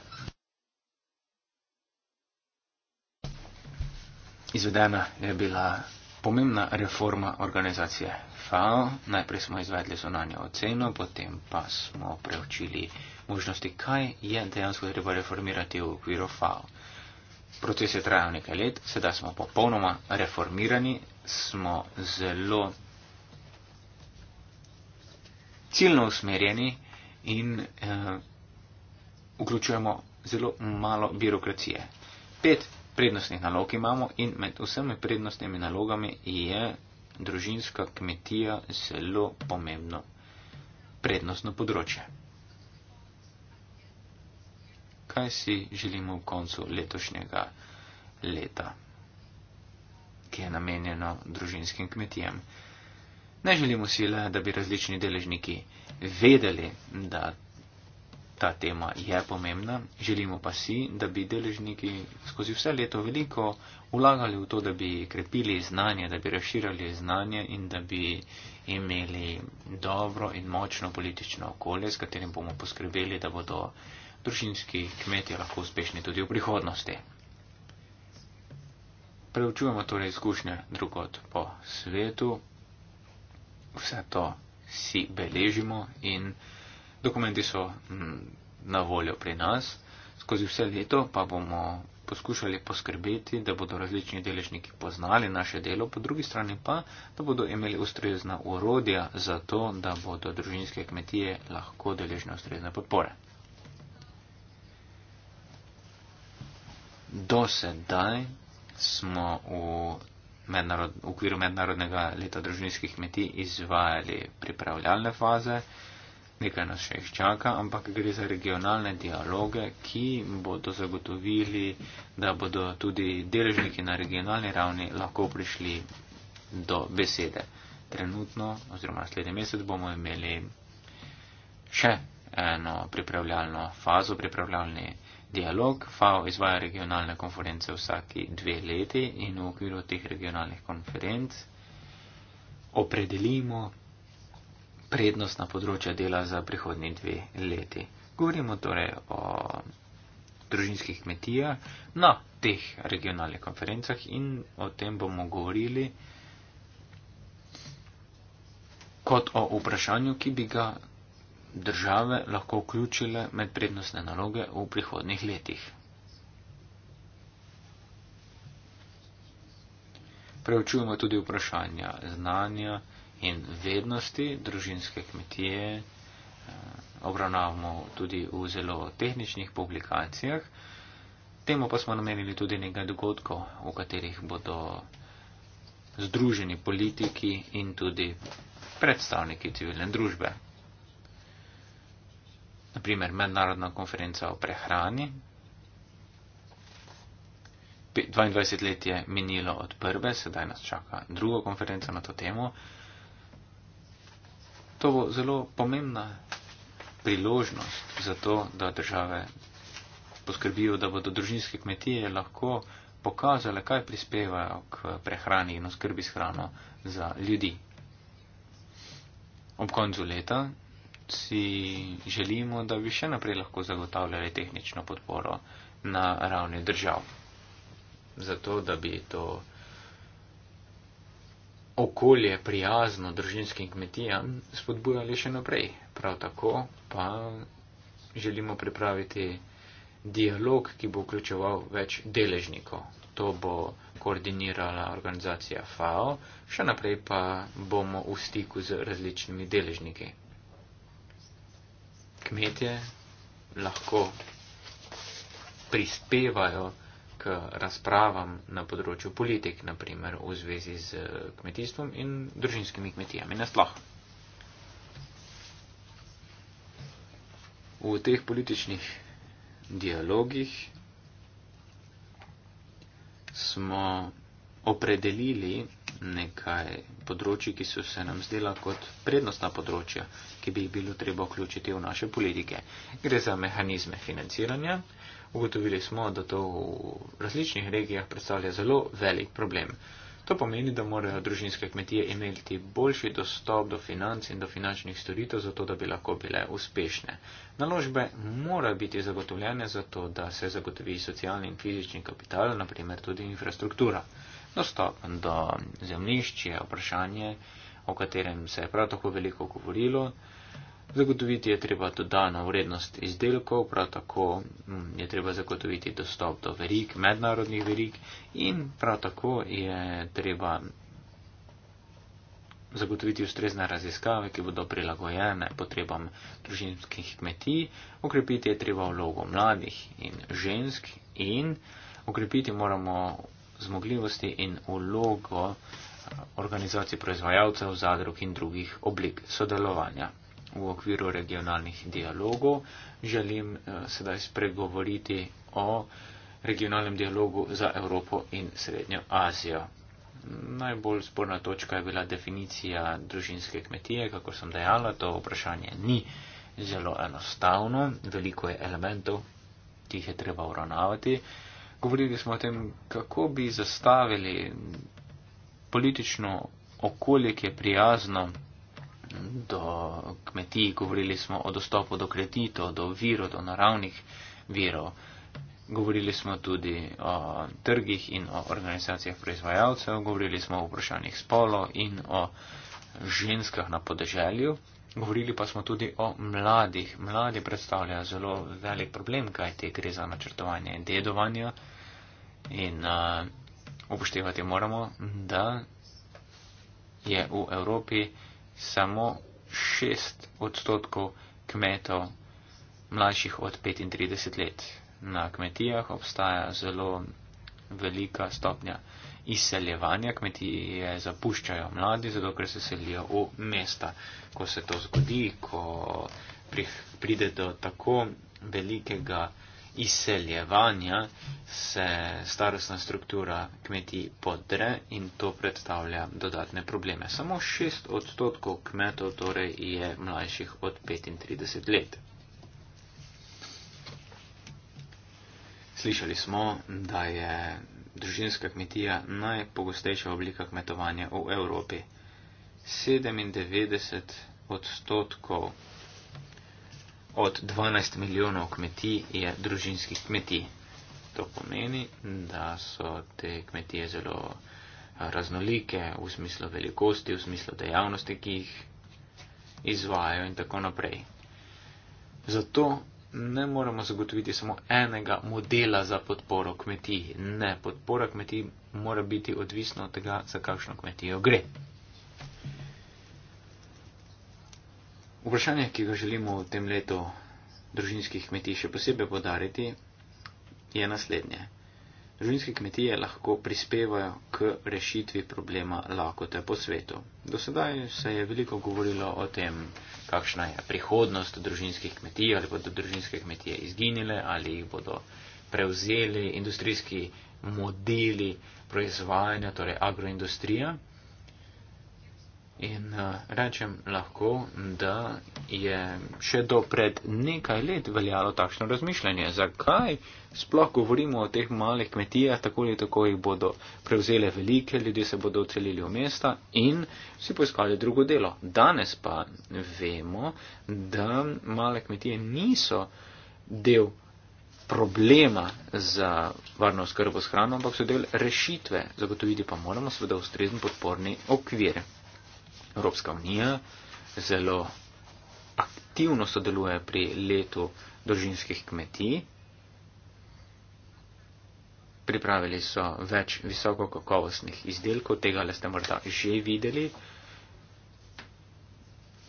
Izvedena je bila pomembna reforma organizacije FAO. Najprej smo izvedli zonanje oceno, potem pa smo preučili možnosti, kaj je dejansko treba reformirati v okviru FAO proces je trajal nekaj let, sedaj smo popolnoma reformirani, smo zelo ciljno usmerjeni in eh, vključujemo zelo malo birokracije. Pet prednostnih nalog imamo in med vsemi prednostnimi nalogami je družinska kmetija zelo pomembno prednostno področje kaj si želimo v koncu letošnjega leta, ki je namenjeno družinskim kmetijam. Ne želimo si le, da bi različni deležniki vedeli, da ta tema je pomembna, želimo pa si, da bi deležniki skozi vse leto veliko ulagali v to, da bi krepili znanje, da bi razširali znanje in da bi imeli dobro in močno politično okolje, s katerim bomo poskrbeli, da bodo družinski kmetje lahko uspešni tudi v prihodnosti. Preučujemo torej izkušnje drugot po svetu, vse to si beležimo in dokumenti so mm, na voljo pri nas. Skozi vse leto pa bomo poskušali poskrbeti, da bodo različni deležniki poznali naše delo, po drugi strani pa, da bodo imeli ustrezna urodja za to, da bodo družinske kmetije lahko deležne ustrezne podpore. do sedaj smo v, mednarod, v okviru mednarodnega leta družinskih kmetij izvajali pripravljalne faze, nekaj nas še jih čaka, ampak gre za regionalne dialoge, ki bodo zagotovili, da bodo tudi deležniki na regionalni ravni lahko prišli do besede. Trenutno oziroma naslednji mesec bomo imeli še eno pripravljalno fazo, pripravljalni. Dialog FAO izvaja regionalne konference vsaki dve leti in v okviru teh regionalnih konferenc opredelimo prednostna področja dela za prihodnji dve leti. Govorimo torej o družinskih kmetijah na teh regionalnih konferencah in o tem bomo govorili kot o vprašanju, ki bi ga države lahko vključile med prednostne naloge v prihodnih letih. Preučujemo tudi vprašanja znanja in vednosti družinske kmetije, eh, obravnavamo tudi v zelo tehničnih publikacijah. Temu pa smo namenili tudi nekaj dogodkov, v katerih bodo združeni politiki in tudi predstavniki civilne družbe naprimer mednarodna konferenca o prehrani. 22 let je minilo od prve, sedaj nas čaka druga konferenca na to temo. To bo zelo pomembna priložnost za to, da države poskrbijo, da bodo družinske kmetije lahko pokazale, kaj prispevajo k prehrani in oskrbi s hrano za ljudi. Ob koncu leta si želimo, da bi še naprej lahko zagotavljali tehnično podporo na ravni držav. Zato, da bi to okolje prijazno družinskim kmetijam spodbujali še naprej. Prav tako pa želimo pripraviti dialog, ki bo vključeval več deležnikov. To bo koordinirala organizacija FAO, še naprej pa bomo v stiku z različnimi deležniki kmetje lahko prispevajo k razpravam na področju politik, naprimer v zvezi z eh, kmetijstvom in družinskimi kmetijami nasploh. V teh političnih dialogih smo opredelili nekaj področji, ki so se nam zdela kot prednostna področja, ki bi jih bilo treba vključiti v naše politike. Gre za mehanizme financiranja. Ugotovili smo, da to v različnih regijah predstavlja zelo velik problem. To pomeni, da morajo družinske kmetije imeti boljši dostop do financ in do finančnih storitev, zato da bi lahko bile uspešne. Naložbe morajo biti zagotovljene, zato da se zagotovi socialni in fizični kapital, naprimer tudi infrastruktura dostop do zemljišč je vprašanje, o katerem se je prav tako veliko govorilo. Zagotoviti je treba dodano vrednost izdelkov, prav tako mm, je treba zagotoviti dostop do verik, mednarodnih verik in prav tako je treba zagotoviti ustrezne raziskave, ki bodo prilagojene potrebam družinskih kmetij, okrepiti je treba vlogo mladih in žensk in okrepiti moramo zmogljivosti in vlogo organizacij proizvajalcev, zadrug in drugih oblik sodelovanja. V okviru regionalnih dialogov želim eh, sedaj spregovoriti o regionalnem dialogu za Evropo in Srednjo Azijo. Najbolj sporna točka je bila definicija družinske kmetije, kako sem dejala, to vprašanje ni zelo enostavno, veliko je elementov, ki jih je treba uravnavati. Uh, govorili smo o tem, kako bi zastavili politično okolje, ki je prijazno do kmetij, govorili smo o dostopu do kreditov, do virov, do naravnih virov, govorili smo tudi o trgih in o organizacijah proizvajalcev, govorili smo o vprašanjih spolo in o ženskah na podeželju. Govorili pa smo tudi o mladih. Mladi predstavljajo zelo velik problem, kaj te gre za načrtovanje in dedovanje. In uh, upoštevati moramo, da je v Evropi samo 6 odstotkov kmetov mlajših od 35 let. Na kmetijah obstaja zelo velika stopnja izseljevanja, kmetije zapuščajo mladi, zato ker se selijo v mesta. Ko se to zgodi, ko pride do tako velikega izseljevanja, se starostna struktura kmetij podre in to predstavlja dodatne probleme. Samo 6 odstotkov kmetov torej je mlajših od 35 let. Slišali smo, da je družinska kmetija najpogostejša oblika kmetovanja v Evropi. 97 odstotkov od 12 milijonov kmetij je družinskih kmetij. To pomeni, da so te kmetije zelo eh, raznolike v smislu velikosti, v smislu dejavnosti, ki jih izvajo in tako naprej. Zato ne moremo zagotoviti samo enega modela za podporo kmetij. Ne, podpora kmetij mora biti odvisna od tega, za kakšno kmetijo gre. Vprašanje, ki ga želimo v tem letu družinskih kmetij še posebej podariti, je naslednje. Živinske kmetije lahko prispevajo k rešitvi problema lakote po svetu. Do sedaj se je veliko govorilo o tem, kakšna je prihodnost družinskih kmetij, ali bodo družinske kmetije izginile, ali jih bodo prevzeli industrijski modeli proizvajanja, torej agroindustrija. In eh, rečem lahko, da je še do pred nekaj let veljalo takšno razmišljanje. Zakaj sploh govorimo o teh malih kmetijah, tako ali tako jih bodo prevzele velike, ljudje se bodo ocelili v mesta in si poiskali drugo delo. Danes pa vemo, da male kmetije niso del problema za varno skrbo s hrano, ampak so del rešitve. Zagotoviti pa moramo seveda ustrezni podporni okvir. Evropska unija zelo aktivno sodeluje pri letu družinskih kmetij. Pripravili so več visoko kakovostnih izdelkov, tega le ste morda že videli.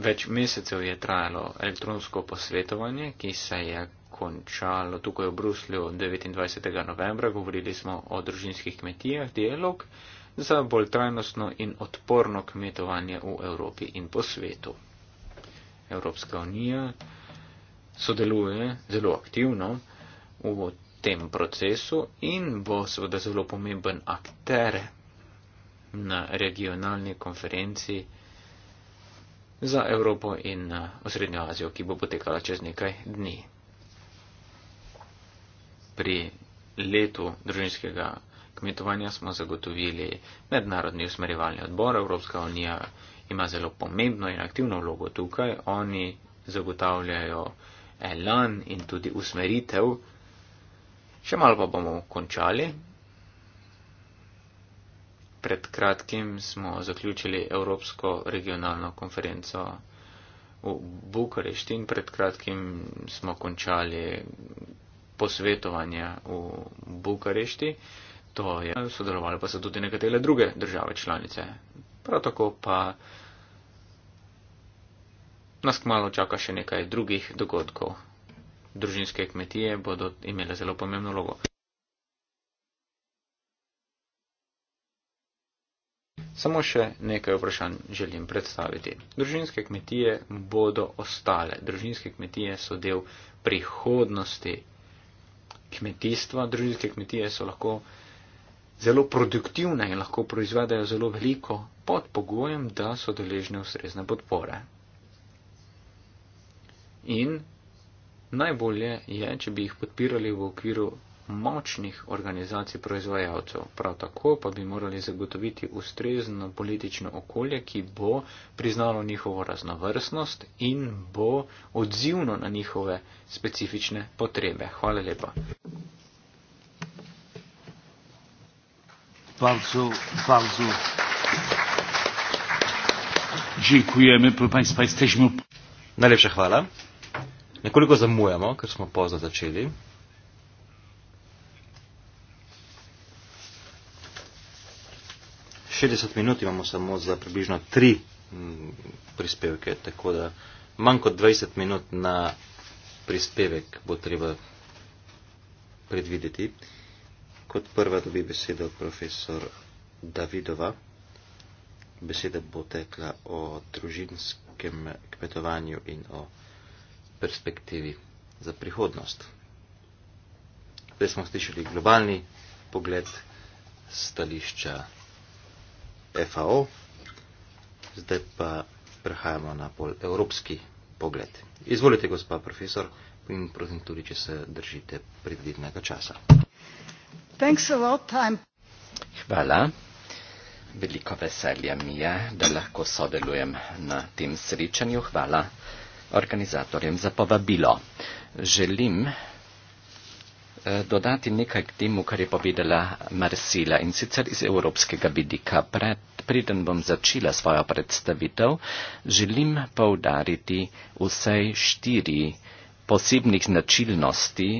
Več mesecev je trajalo elektronsko posvetovanje, ki se je končalo tukaj v Bruslju 29. novembra, govorili smo o družinskih kmetijah, dialog za bolj trajnostno in odporno kmetovanje v Evropi in po svetu. Evropska unija sodeluje zelo aktivno v tem procesu in bo seveda zelo pomemben akter na regionalni konferenci za Evropo in Osrednjo Azijo, ki bo potekala čez nekaj dni. Pri letu družinskega kmetovanja smo zagotovili mednarodni usmerjevalni odbor. Evropska unija ima zelo pomembno in aktivno vlogo tukaj. Oni zagotavljajo elan in tudi usmeritev. Še malo pa bomo končali. Pred kratkim smo zaključili Evropsko regionalno konferenco v Bukarešti in pred kratkim smo končali posvetovanje v Bukarešti. To je sodelovalo pa so tudi nekatere druge države članice. Prav tako pa nas kmalo čaka še nekaj drugih dogodkov. Družinske kmetije bodo imele zelo pomembno vlogo. Samo še nekaj vprašanj želim predstaviti. Družinske kmetije bodo ostale. Družinske kmetije so del prihodnosti kmetijstva. Družinske kmetije so lahko zelo produktivne in lahko proizvedajo zelo veliko pod pogojem, da so deležne ustrezne podpore. In najbolje je, če bi jih podpirali v okviru močnih organizacij proizvajalcev. Prav tako pa bi morali zagotoviti ustrezno politično okolje, ki bo priznalo njihovo raznovrstnost in bo odzivno na njihove specifične potrebe. Hvala lepa. bardzo, bardzo dziękujemy. Proszę Państwa, jesteśmy... Najlepsza chwała. Niekoliko zamujemy, kiedyśmy poznać zaczęli. Šestdeset minut imamo samo za približno tri mm, prispevke, tako da manj kot dvajset minut na prispevek bo treba predvideti. Kot prva dobi besedo profesor Davidova. Beseda bo tekla o družinskem kmetovanju in o perspektivi za prihodnost. Zdaj smo slišali globalni pogled stališča FAO, zdaj pa prehajamo na bolj evropski pogled. Izvolite, gospa profesor, in prosim tudi, če se držite predvidnega časa. Hvala. Veliko veselje mi je, da lahko sodelujem na tem srečanju. Hvala organizatorjem za povabilo. Želim eh, dodati nekaj k temu, kar je povedala Marsila in sicer iz evropskega vidika. Pred, preden bom začela svojo predstavitev, želim poudariti vsej štiri posebnih značilnosti,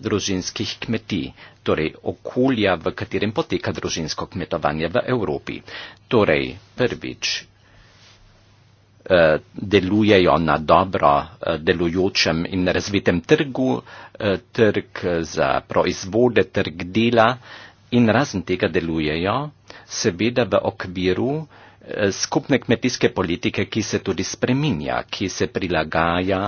družinskih kmetij, torej okolja, v katerem poteka družinsko kmetovanje v Evropi. Torej, prvič, eh, delujejo na dobro eh, delujočem in razvitem trgu, eh, trg za proizvode, trg dela in razen tega delujejo seveda v okviru skupne kmetijske politike, ki se tudi spreminja, ki se prilagaja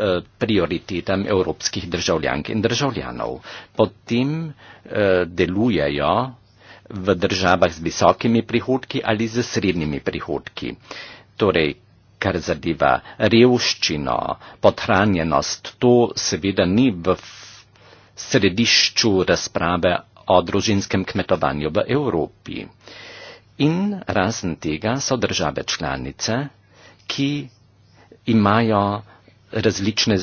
Eh, prioritetam evropskih državljank in državljanov. Potem eh, delujejo v državah z visokimi prihodki ali z srednjimi prihodki. Torej, kar zadeva revščino, potranjenost, to seveda ni v središču razprave o družinskem kmetovanju v Evropi. In razen tega so države članice, ki imajo različne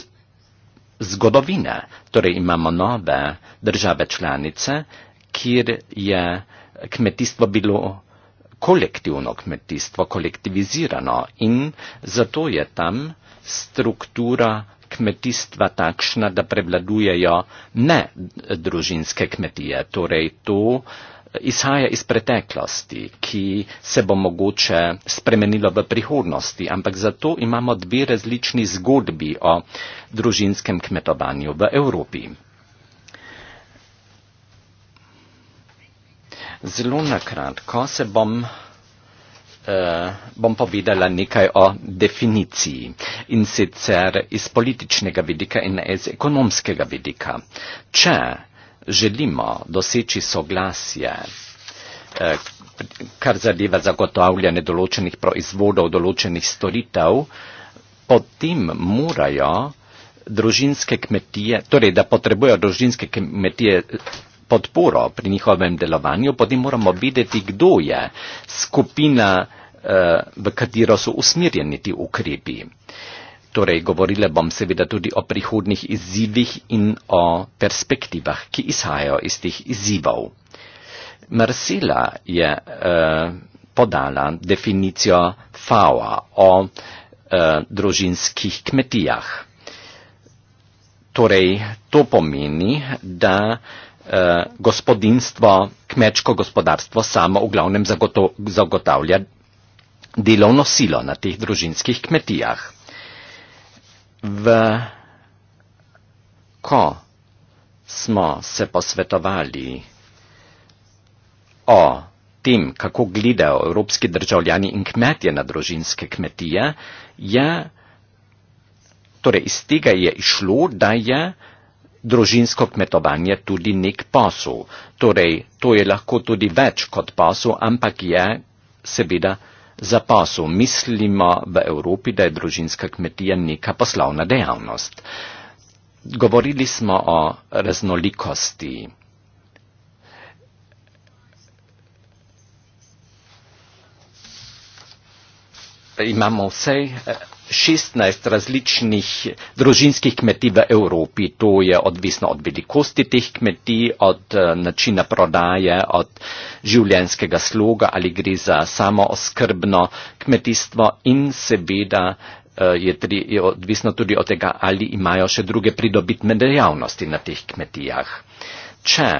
zgodovine. Torej imamo nove države članice, kjer je kmetijstvo bilo kolektivno kmetijstvo, kolektivizirano in zato je tam struktura kmetijstva takšna, da prevladujejo ne družinske kmetije. Torej to izhaja iz preteklosti, ki se bo mogoče spremenilo v prihodnosti, ampak zato imamo dve različni zgodbi o družinskem kmetovanju v Evropi. Zelo nakratko se bom, eh, bom povedala nekaj o definiciji in sicer iz političnega vidika in iz ekonomskega vidika. Če želimo doseči soglasje, eh, kar zadeva zagotavljanje določenih proizvodov, določenih storitev, potem morajo družinske kmetije, torej da potrebujejo družinske kmetije eh, podporo pri njihovem delovanju, potem moramo videti, kdo je skupina, eh, v katero so usmerjeni ti ukrepi. Torej, govorila bom seveda tudi o prihodnih izzivih in o perspektivah, ki izhajajo iz teh izzivov. Marsila je eh, podala definicijo FAO-a o eh, družinskih kmetijah. Torej, to pomeni, da eh, gospodinstvo, kmečko gospodarstvo samo v glavnem zagotavlja delovno silo na teh družinskih kmetijah v ko smo se posvetovali o tem, kako gledajo evropski državljani in kmetje na družinske kmetije, je, torej iz tega je išlo, da je družinsko kmetovanje tudi nek posel. Torej, to je lahko tudi več kot posel, ampak je seveda za posel mislimo v Evropi, da je družinska kmetija neka poslovna dejavnost. Govorili smo o raznolikosti. Imamo vse eh, 16 različnih družinskih kmetij v Evropi. To je odvisno od velikosti teh kmetij, od eh, načina prodaje, od življenskega sloga ali gre za samo oskrbno kmetijstvo in seveda eh, je, tri, je odvisno tudi od tega, ali imajo še druge pridobitne dejavnosti na teh kmetijah. Če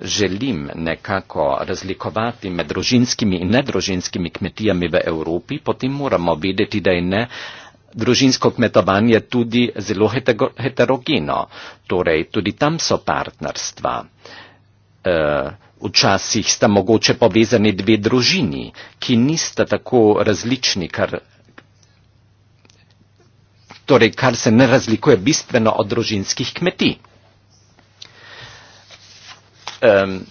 želim nekako razlikovati med družinskimi in nedružinskimi kmetijami v Evropi, potem moramo videti, da je ne družinsko kmetovanje tudi zelo heterogeno. Torej, tudi tam so partnerstva. E, včasih sta mogoče povezani dve družini, ki nista tako različni, kar, torej, kar se ne razlikuje bistveno od družinskih kmetij. Um,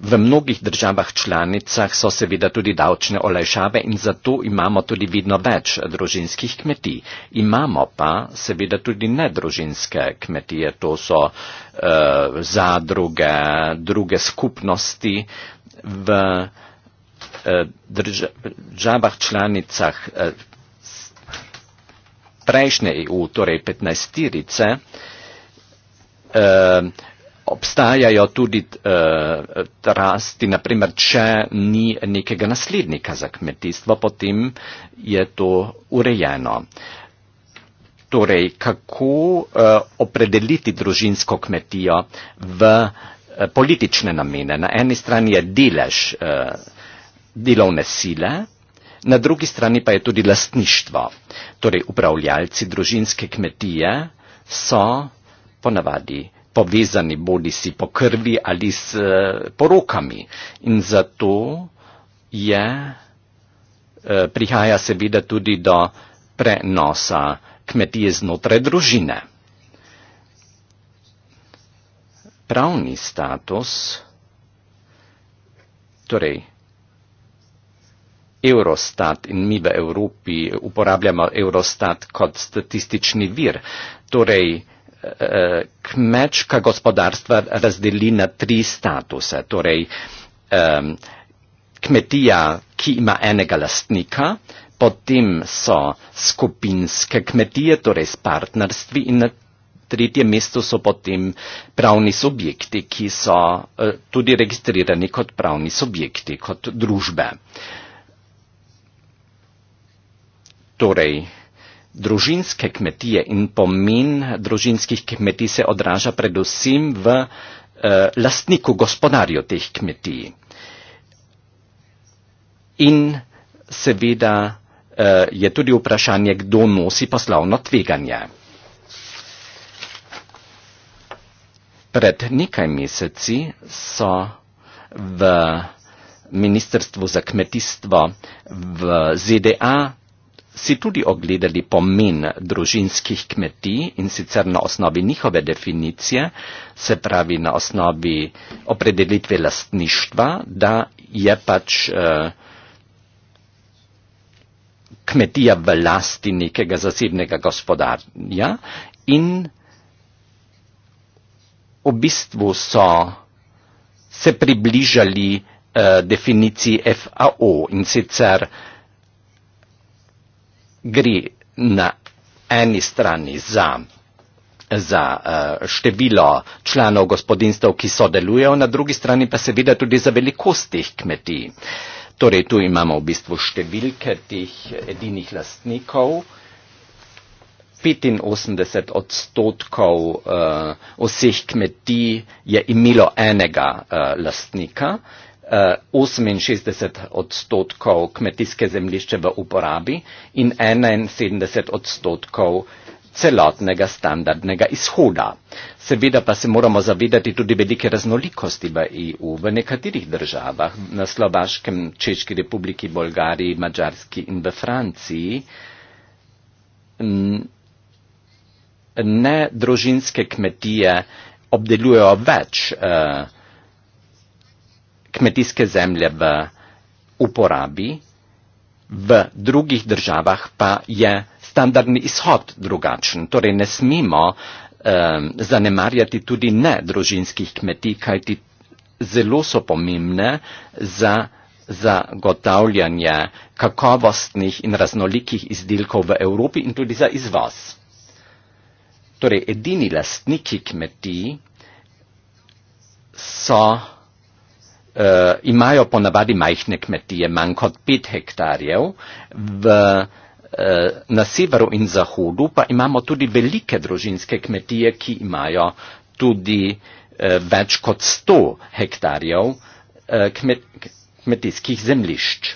V mnogih državah članicah so seveda tudi davčne olajšave in zato imamo tudi vidno več družinskih kmetij. Imamo pa seveda tudi nedružinske kmetije, to so uh, zadruge, druge skupnosti. V uh, državah članicah uh, prejšnje EU, torej 15-tirice, uh, obstajajo tudi uh, rasti, naprimer, če ni nekega naslednika za kmetijstvo, potem je to urejeno. Torej, kako uh, opredeliti družinsko kmetijo v uh, politične namene? Na eni strani je delež uh, delovne sile, na drugi strani pa je tudi lastništvo. Torej, upravljalci družinske kmetije so ponavadi povezani bodi si po krvi ali s eh, porokami. In zato je, eh, prihaja seveda tudi do prenosa kmetije znotraj družine. Pravni status, torej Eurostat in mi v Evropi uporabljamo Eurostat kot statistični vir. Torej, eh, kmečka gospodarstva razdeli na tri statuse. Torej, um, kmetija, ki ima enega lastnika, potem so skupinske kmetije, torej s partnerstvi in na tretje mesto so potem pravni subjekti, ki so uh, tudi registrirani kot pravni subjekti, kot družbe. Torej, družinske kmetije in pomen družinskih kmetij se odraža predvsem v eh, lastniku, gospodarju teh kmetij. In seveda eh, je tudi vprašanje, kdo nosi poslovno tveganje. Pred nekaj meseci so v Ministrstvu za kmetijstvo v ZDA si tudi ogledali pomen družinskih kmetij in sicer na osnovi njihove definicije, se pravi na osnovi opredelitve lastništva, da je pač eh, kmetija v lasti nekega zasebnega gospodarja in v bistvu so se približali eh, definiciji FAO in sicer eh, gre na eni strani za za eh, število članov gospodinstv, ki sodelujejo, na drugi strani pa seveda tudi za velikost teh kmetij. Torej tu imamo v bistvu številke teh edinih lastnikov. 85 odstotkov uh, vseh kmetij je imelo enega uh, lastnika, 68 eh, odstotkov kmetijske zemlišče v uporabi in 71 odstotkov celotnega standardnega izhoda. Seveda pa se moramo zavedati tudi velike raznolikosti v EU. V nekaterih državah, na Slovaškem, Češki republiki, Bolgariji, Mačarski in v Franciji, ne družinske kmetije obdelujejo več uh, kmetijske zemlje v uporabi, v drugih državah pa je standardni izhod drugačen. Torej ne smemo um, zanemarjati tudi ne družinskih kmetij, kajti zelo so pomembne za zagotavljanje kakovostnih in raznolikih izdelkov v Evropi in tudi za izvoz. Torej, edini lastniki kmetij so uh, imajo ponavadi majhne kmetije, manj kot pet hektarjev. V, eh, na severu in zahodu pa imamo tudi velike družinske kmetije, ki imajo tudi eh, več kot 100 hektarjev kmet, kmetijskih zemlišč.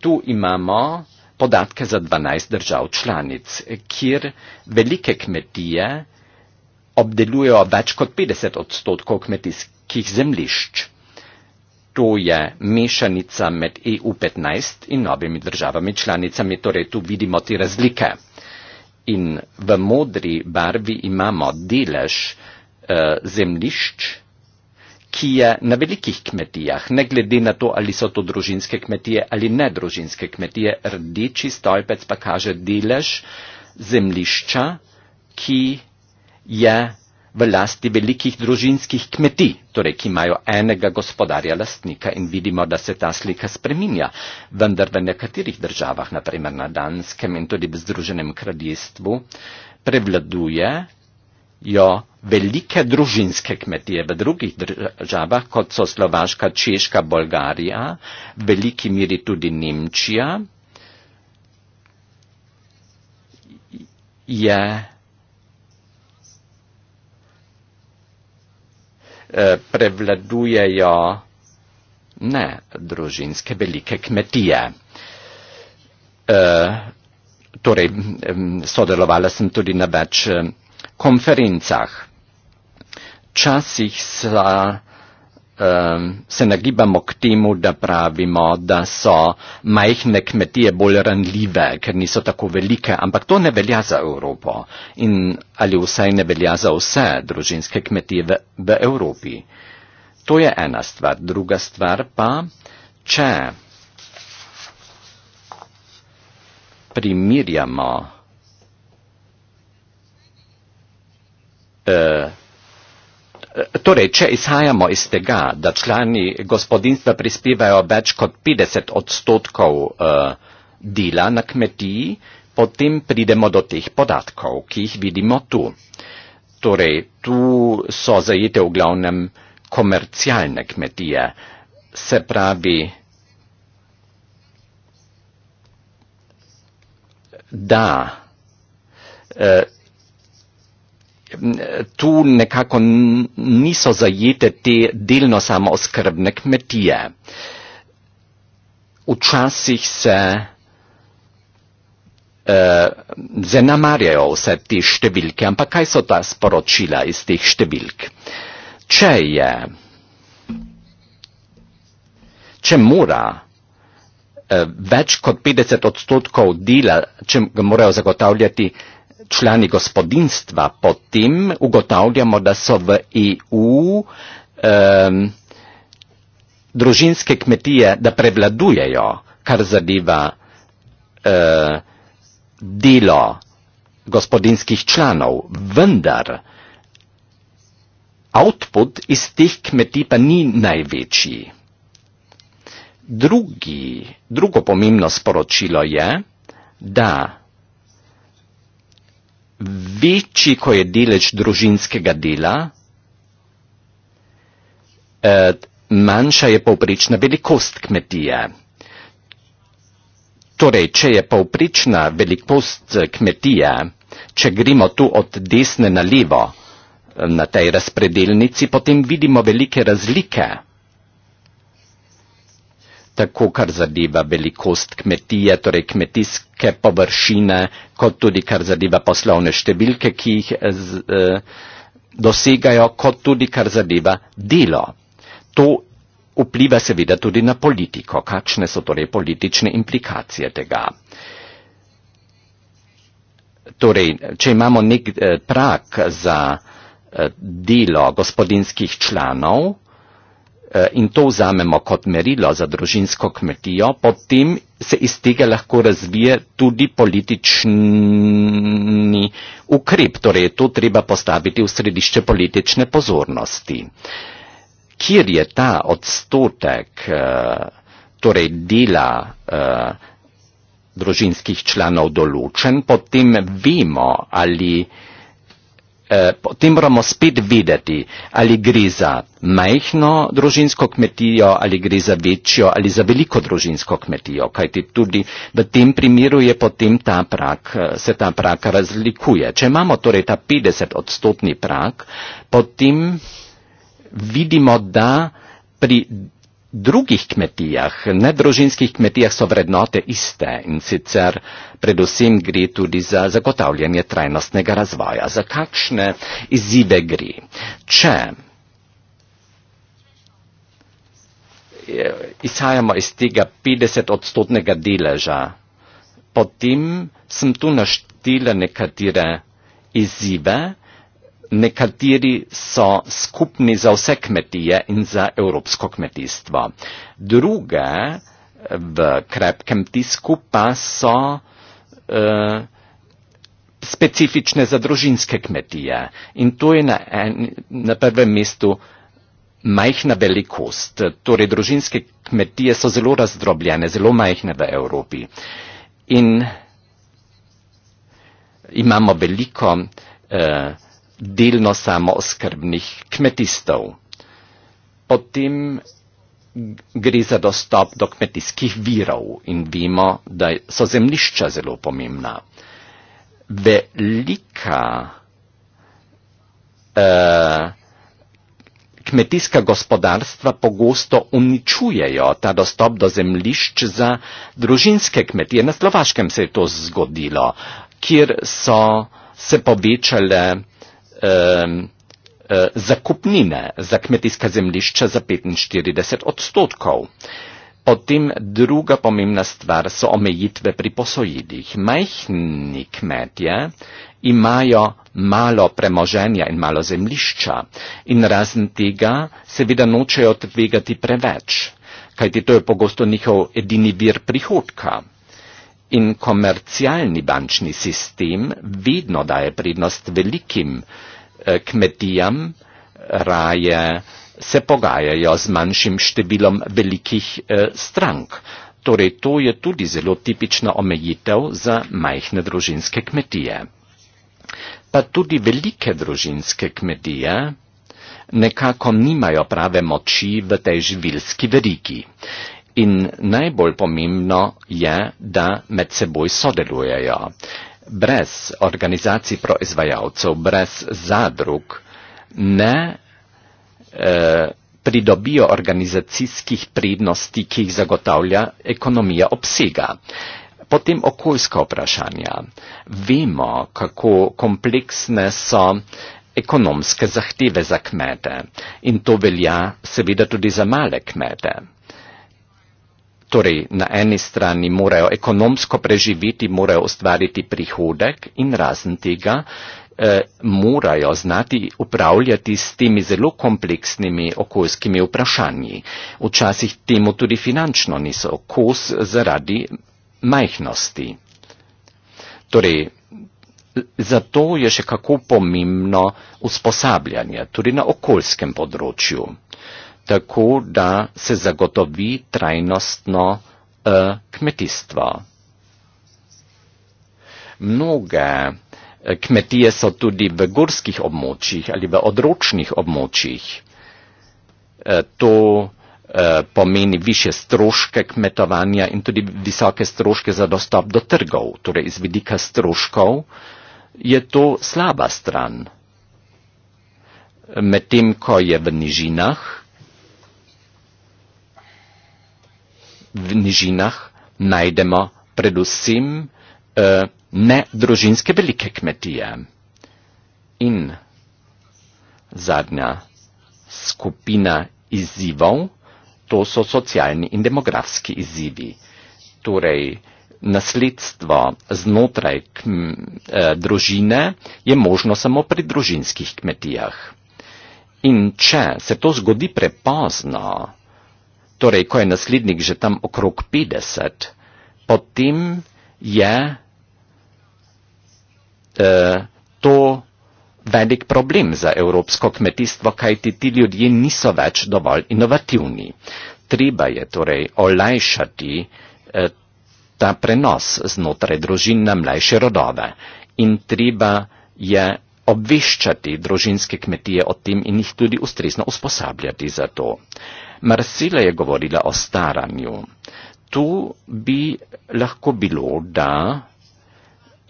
Tu imamo podatke za 12 držav članic, kjer velike kmetije obdelujejo več kot 50 odstotkov kmetijskih zemlišč to je mešanica med EU15 in novimi državami članicami, torej tu vidimo te razlike. In v modri barvi imamo delež uh, eh, zemlišč, ki je na velikih kmetijah, ne glede na to, ali so to družinske kmetije ali ne družinske kmetije, rdeči stolpec pa kaže delež zemlišča, ki je v lasti velikih družinskih kmetij, torej ki imajo enega gospodarja lastnika in vidimo, da se ta slika spreminja. Vendar v nekaterih državah, naprimer na Danskem in tudi v Združenem kraljestvu, prevladuje jo velike družinske kmetije v drugih državah, kot so Slovaška, Češka, Bolgarija, v veliki miri tudi Nemčija, je Eh, prevladujejo ne družinske velike kmetije. Eh, torej, sodelovala sem tudi na več konferencah. Včasih sta um, se nagibamo k temu, da pravimo, da so majhne kmetije bolj ranljive, ker niso tako velike, ampak to ne velja za Evropo in ali vsaj ne velja za vse družinske kmetije v, v Evropi. To je ena stvar. Druga stvar pa, če primirjamo eh, Torej, če izhajamo iz tega, da člani gospodinstva prispevajo več kot 50 odstotkov uh, dela na kmetiji, potem pridemo do teh podatkov, ki jih vidimo tu. Torej, tu so zajete v glavnem komercialne kmetije, se pravi, da. Uh, tu nekako niso zajete te delno samooskrbne kmetije. Včasih se eh, zanamarjajo vse te številke, ampak kaj so ta sporočila iz teh številk? Če je, če mora eh, več kot 50 odstotkov dela, če ga morajo zagotavljati, eh, člani gospodinstva, potem ugotavljamo, da so v EU um, družinske kmetije, da prevladujejo, kar zadeva uh, delo gospodinskih članov, vendar output iz teh kmetij pa ni največji. Drugi, drugo pomembno sporočilo je, da večji, ko je delež družinskega dela, eh, manjša je povprečna velikost kmetije. Torej, če je povprečna velikost eh, kmetije, če gremo tu od desne na levo eh, na tej razpredelnici, potem vidimo velike razlike tako kar zadeva velikost kmetije, torej kmetijske površine, kot tudi kar zadeva poslovne številke, ki jih z, e, dosegajo, kot tudi kar zadeva delo. To vpliva seveda tudi na politiko, kakšne so torej politične implikacije tega. Torej, če imamo nek e, prak za e, delo gospodinskih članov, Eh, in to vzamemo kot merilo za družinsko kmetijo, potem se iz tega lahko razvije tudi politični ukrep. Torej, to treba postaviti v središče politične pozornosti. Kjer je ta odstotek eh, torej dela eh, družinskih članov določen, potem vemo ali potem eh, moramo spet videti, ali gre za majhno družinsko kmetijo, ali gre za večjo, ali za veliko družinsko kmetijo, kajti tudi v tem primeru je potem ta prak, eh, se ta prak razlikuje. Če imamo torej ta 50 odstotni prak, potem vidimo, da pri drugih kmetijah, ne družinskih kmetijah, so vrednote iste in sicer predvsem gre tudi za zagotavljanje trajnostnega razvoja. Za kakšne izzive gre? Če izhajamo iz tega 50-odstotnega deleža, potem sem tu naštila nekatere izzive, nekateri so skupni za vse kmetije in za evropsko kmetijstvo. Druge v krepkem tisku pa so eh, specifične za družinske kmetije in to je na, en, na prvem mestu majhna velikost. Torej, družinske kmetije so zelo razdrobljene, zelo majhne v Evropi. In imamo veliko eh, delno samooskrbnih kmetistov. Potem gre za dostop do kmetijskih virov in vemo, da so zemlišča zelo pomembna. Velika eh, kmetijska gospodarstva pogosto uničujejo ta dostop do zemlišč za družinske kmetije. Na Slovaškem se je to zgodilo, kjer so se povečale Ehm, eh, zakupnine za kmetijska zemlišča za 45 odstotkov. Potem druga pomembna stvar so omejitve pri posojilih. Majhni kmetje imajo malo premoženja in malo zemlišča in razen tega seveda nočejo tvegati preveč, kajti to je pogosto njihov edini vir prihodka. In komercialni bančni sistem vedno daje prednost velikim uh, Eh, kmetijam raje se pogajajo z manjšim številom velikih eh, strank. Torej, to je tudi zelo tipična omejitev za majhne družinske kmetije. Pa tudi velike družinske kmetije nekako nimajo prave moči v tej živilski verigi. In najbolj pomembno je, da med seboj sodelujejo brez organizacij proizvajalcev, brez zadrug, ne eh, pridobijo organizacijskih prednosti, ki jih zagotavlja ekonomija obsega. Potem okoljska vprašanja. Vemo, kako kompleksne so ekonomske zahteve za kmete in to velja seveda tudi za male kmete. Torej, na eni strani morajo ekonomsko preživeti, morajo ustvariti prihodek in razen tega eh, morajo znati upravljati s temi zelo kompleksnimi okoljskimi vprašanji. Včasih temu tudi finančno niso okos zaradi majhnosti. Torej, zato je še kako pomembno usposabljanje, tudi na okoljskem področju tako da se zagotovi trajnostno eh, kmetijstvo. Mnoge eh, kmetije so tudi v gorskih območjih ali v odročnih območjih. Eh, to pomeni više stroške kmetovanja in tudi visoke stroške za dostop do trgov. Torej, iz vidika stroškov je to slaba stran. Medtem, ko je v nižinah, v nižinah najdemo predvsem eh, nedružinske velike kmetije. In zadnja skupina izzivov, to so socialni in demografski izzivi. Torej, nasledstvo znotraj km, eh, družine je možno samo pri družinskih kmetijah. In če se to zgodi prepozno, torej ko je naslednik že tam okrog 50, potem je eh, to velik problem za evropsko kmetijstvo, kajti ti ljudje niso več dovolj inovativni. Treba je torej olajšati eh, ta prenos znotraj družin na mlajše rodove in treba je obveščati družinske kmetije o tem in jih tudi ustrezno usposabljati za to. Eh, Marsila je govorila o staranju. Tu bi lahko bilo, da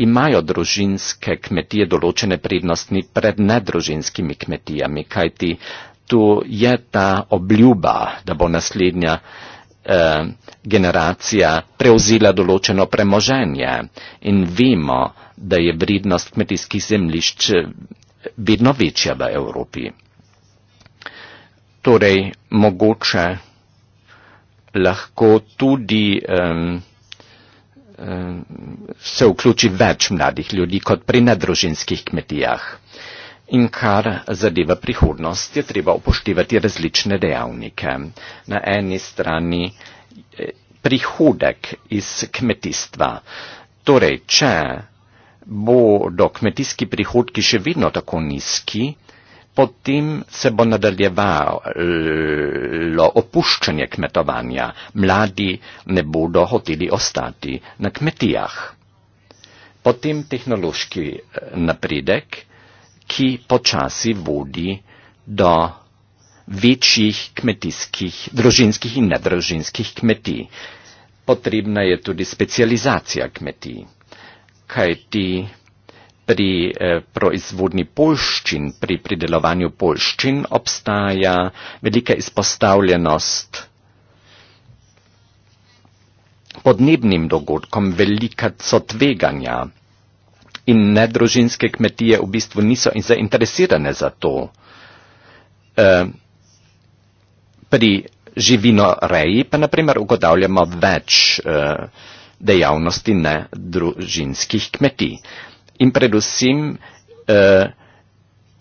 imajo družinske kmetije določene prednosti pred nedružinskimi kmetijami, kajti tu je ta obljuba, da bo naslednja eh, generacija prevzela določeno premoženje in vemo, da je vrednost kmetijskih zemljišč eh, vedno večja v Evropi torej mogoče lahko tudi um, um, se vključi več mladih ljudi kot pri nedružinskih kmetijah. In kar zadeva prihodnost, je treba upoštevati različne dejavnike. Na eni strani e, prihodek iz kmetijstva. Torej, če bodo kmetijski prihodki še vedno tako nizki, potem se bo nadaljevalo opuščanje kmetovanja. Mladi ne bodo hoteli ostati na kmetijah. Potem tehnološki eh, napredek, ki počasi vodi do večjih kmetijskih, družinskih in nedružinskih kmetij. Potrebna je tudi specializacija kmetij, kajti pri eh, proizvodnji polščin, pri pridelovanju polščin obstaja velika izpostavljenost podnebnim dogodkom, velika so tveganja in nedružinske kmetije v bistvu niso in zainteresirane za to. E, pri živino reji pa naprimer ugotavljamo več e, dejavnosti nedružinskih kmetij. In predvsem eh,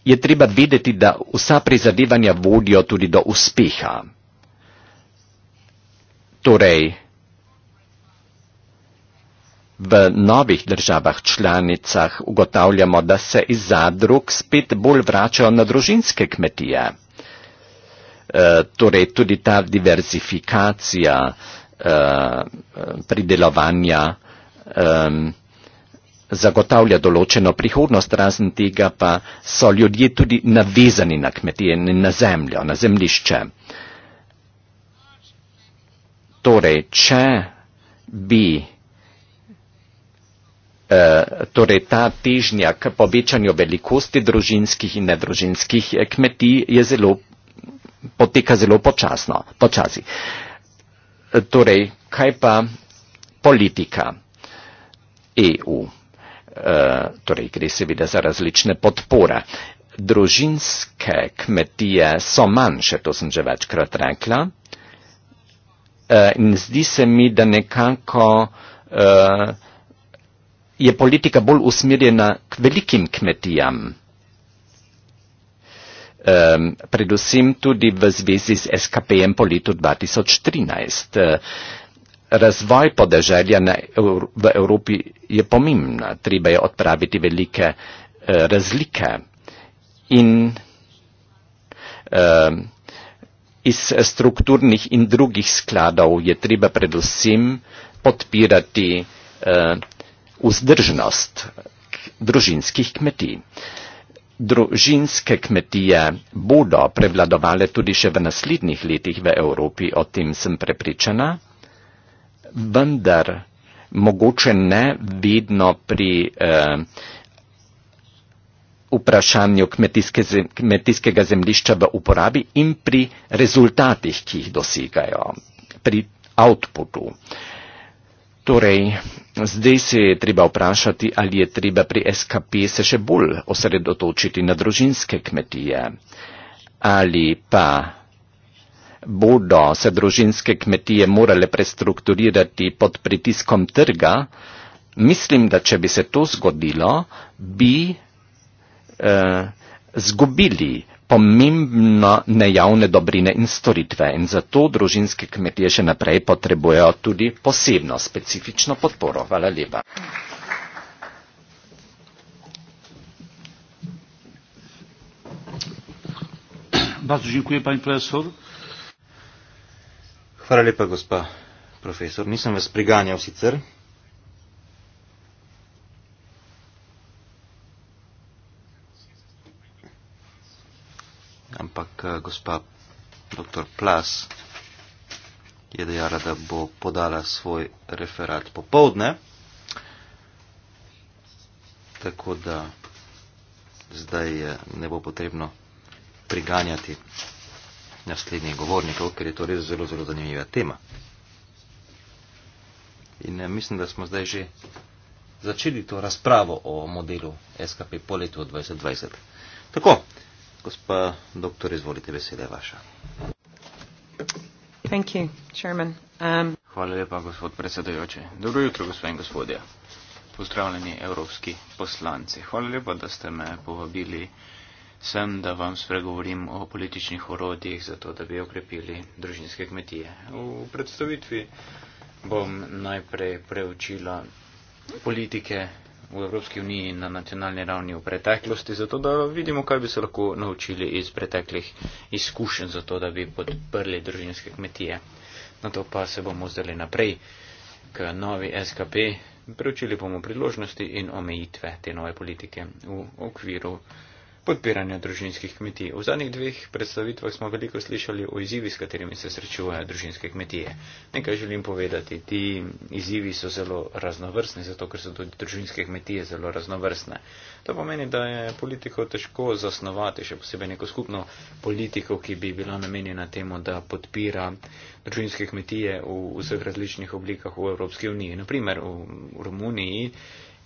je treba vedeti, da vsa prizadevanja vodijo tudi do uspeha. Torej, v novih državah članicah ugotavljamo, da se iz zadrug spet bolj vračajo na družinske kmetije. Eh, torej, tudi ta diverzifikacija eh, pridelovanja. Eh, zagotavlja določeno prihodnost, razen tega pa so ljudje tudi navezani na kmetije in na zemljo, na zemlišče. Torej, če bi eh, torej ta težnja k povečanju velikosti družinskih in nedružinskih eh, kmetij je zelo, poteka zelo počasno, počasi. Eh, torej, kaj pa politika EU? Eh, torej gre seveda za različne podpore. Družinske kmetije so manjše, to sem že večkrat rekla. Eh, in zdi se mi, da nekako eh, je politika bolj usmerjena k velikim kmetijam. Um, predvsem tudi v zvezi s SKP-jem po letu 2013. Uh, Razvoj podeželja v Evropi je pomembna, treba je odpraviti velike eh, razlike in eh, iz strukturnih in drugih skladov je treba predvsem podpirati eh, vzdržnost družinskih kmetij. Družinske kmetije bodo prevladovale tudi še v naslednjih letih v Evropi, o tem sem prepričana vendar mogoče ne vedno pri eh, vprašanju kmetijske, kmetijskega zemlišča v uporabi in pri rezultatih, ki jih dosegajo, pri outputu. Torej, zdaj se je treba vprašati, ali je treba pri SKP se še bolj osredotočiti na družinske kmetije ali pa bodo se družinske kmetije morale prestrukturirati pod pritiskom trga, mislim, da če bi se to zgodilo, bi eh, zgubili pomembno nejavne dobrine in storitve in zato družinske kmetije še naprej potrebujejo tudi posebno specifično podporo. Hvala lepa. Bardzo dziękuję, panie profesor. Hvala lepa, gospa profesor. Nisem vas priganjal sicer. Ampak eh, gospa dr. Plas je dejala, da bo podala svoj referat popovdne. Tako da zdaj eh, ne bo potrebno priganjati naslednjih govornikov, ker je to res zelo, zelo zanimiva tema. In eh, mislim, da smo zdaj že začeli to razpravo o modelu SKP po letu 2020. Tako, gospa doktor, izvolite, beseda je vaša. Thank you, chairman. Um... Hvala lepa, gospod predsedojoče. Dobro jutro, gospod in gospodje. Pozdravljeni evropski poslanci. Hvala lepa, da ste me povabili sem, da vam spregovorim o političnih orodjih za to, da bi okrepili družinske kmetije. V predstavitvi bom najprej preučila politike v Evropski uniji na nacionalni ravni v preteklosti, zato da vidimo, kaj bi se lahko naučili iz preteklih izkušenj za to, da bi podprli družinske kmetije. Na to pa se bomo zdali naprej k novi SKP. Preučili bomo priložnosti in omejitve te nove politike v okviru podpiranja družinskih kmetij. V zadnjih dveh predstavitvah smo veliko slišali o izzivi, s katerimi se srečujejo družinske kmetije. Nekaj želim povedati. Ti izzivi so zelo raznovrstni, zato ker so tudi družinske kmetije zelo raznovrstne. To pomeni, da je politiko težko zasnovati, še posebej neko skupno politiko, ki bi bila namenjena temu, da podpira družinske kmetije v vseh različnih oblikah v Evropski uniji. Naprimer v Romuniji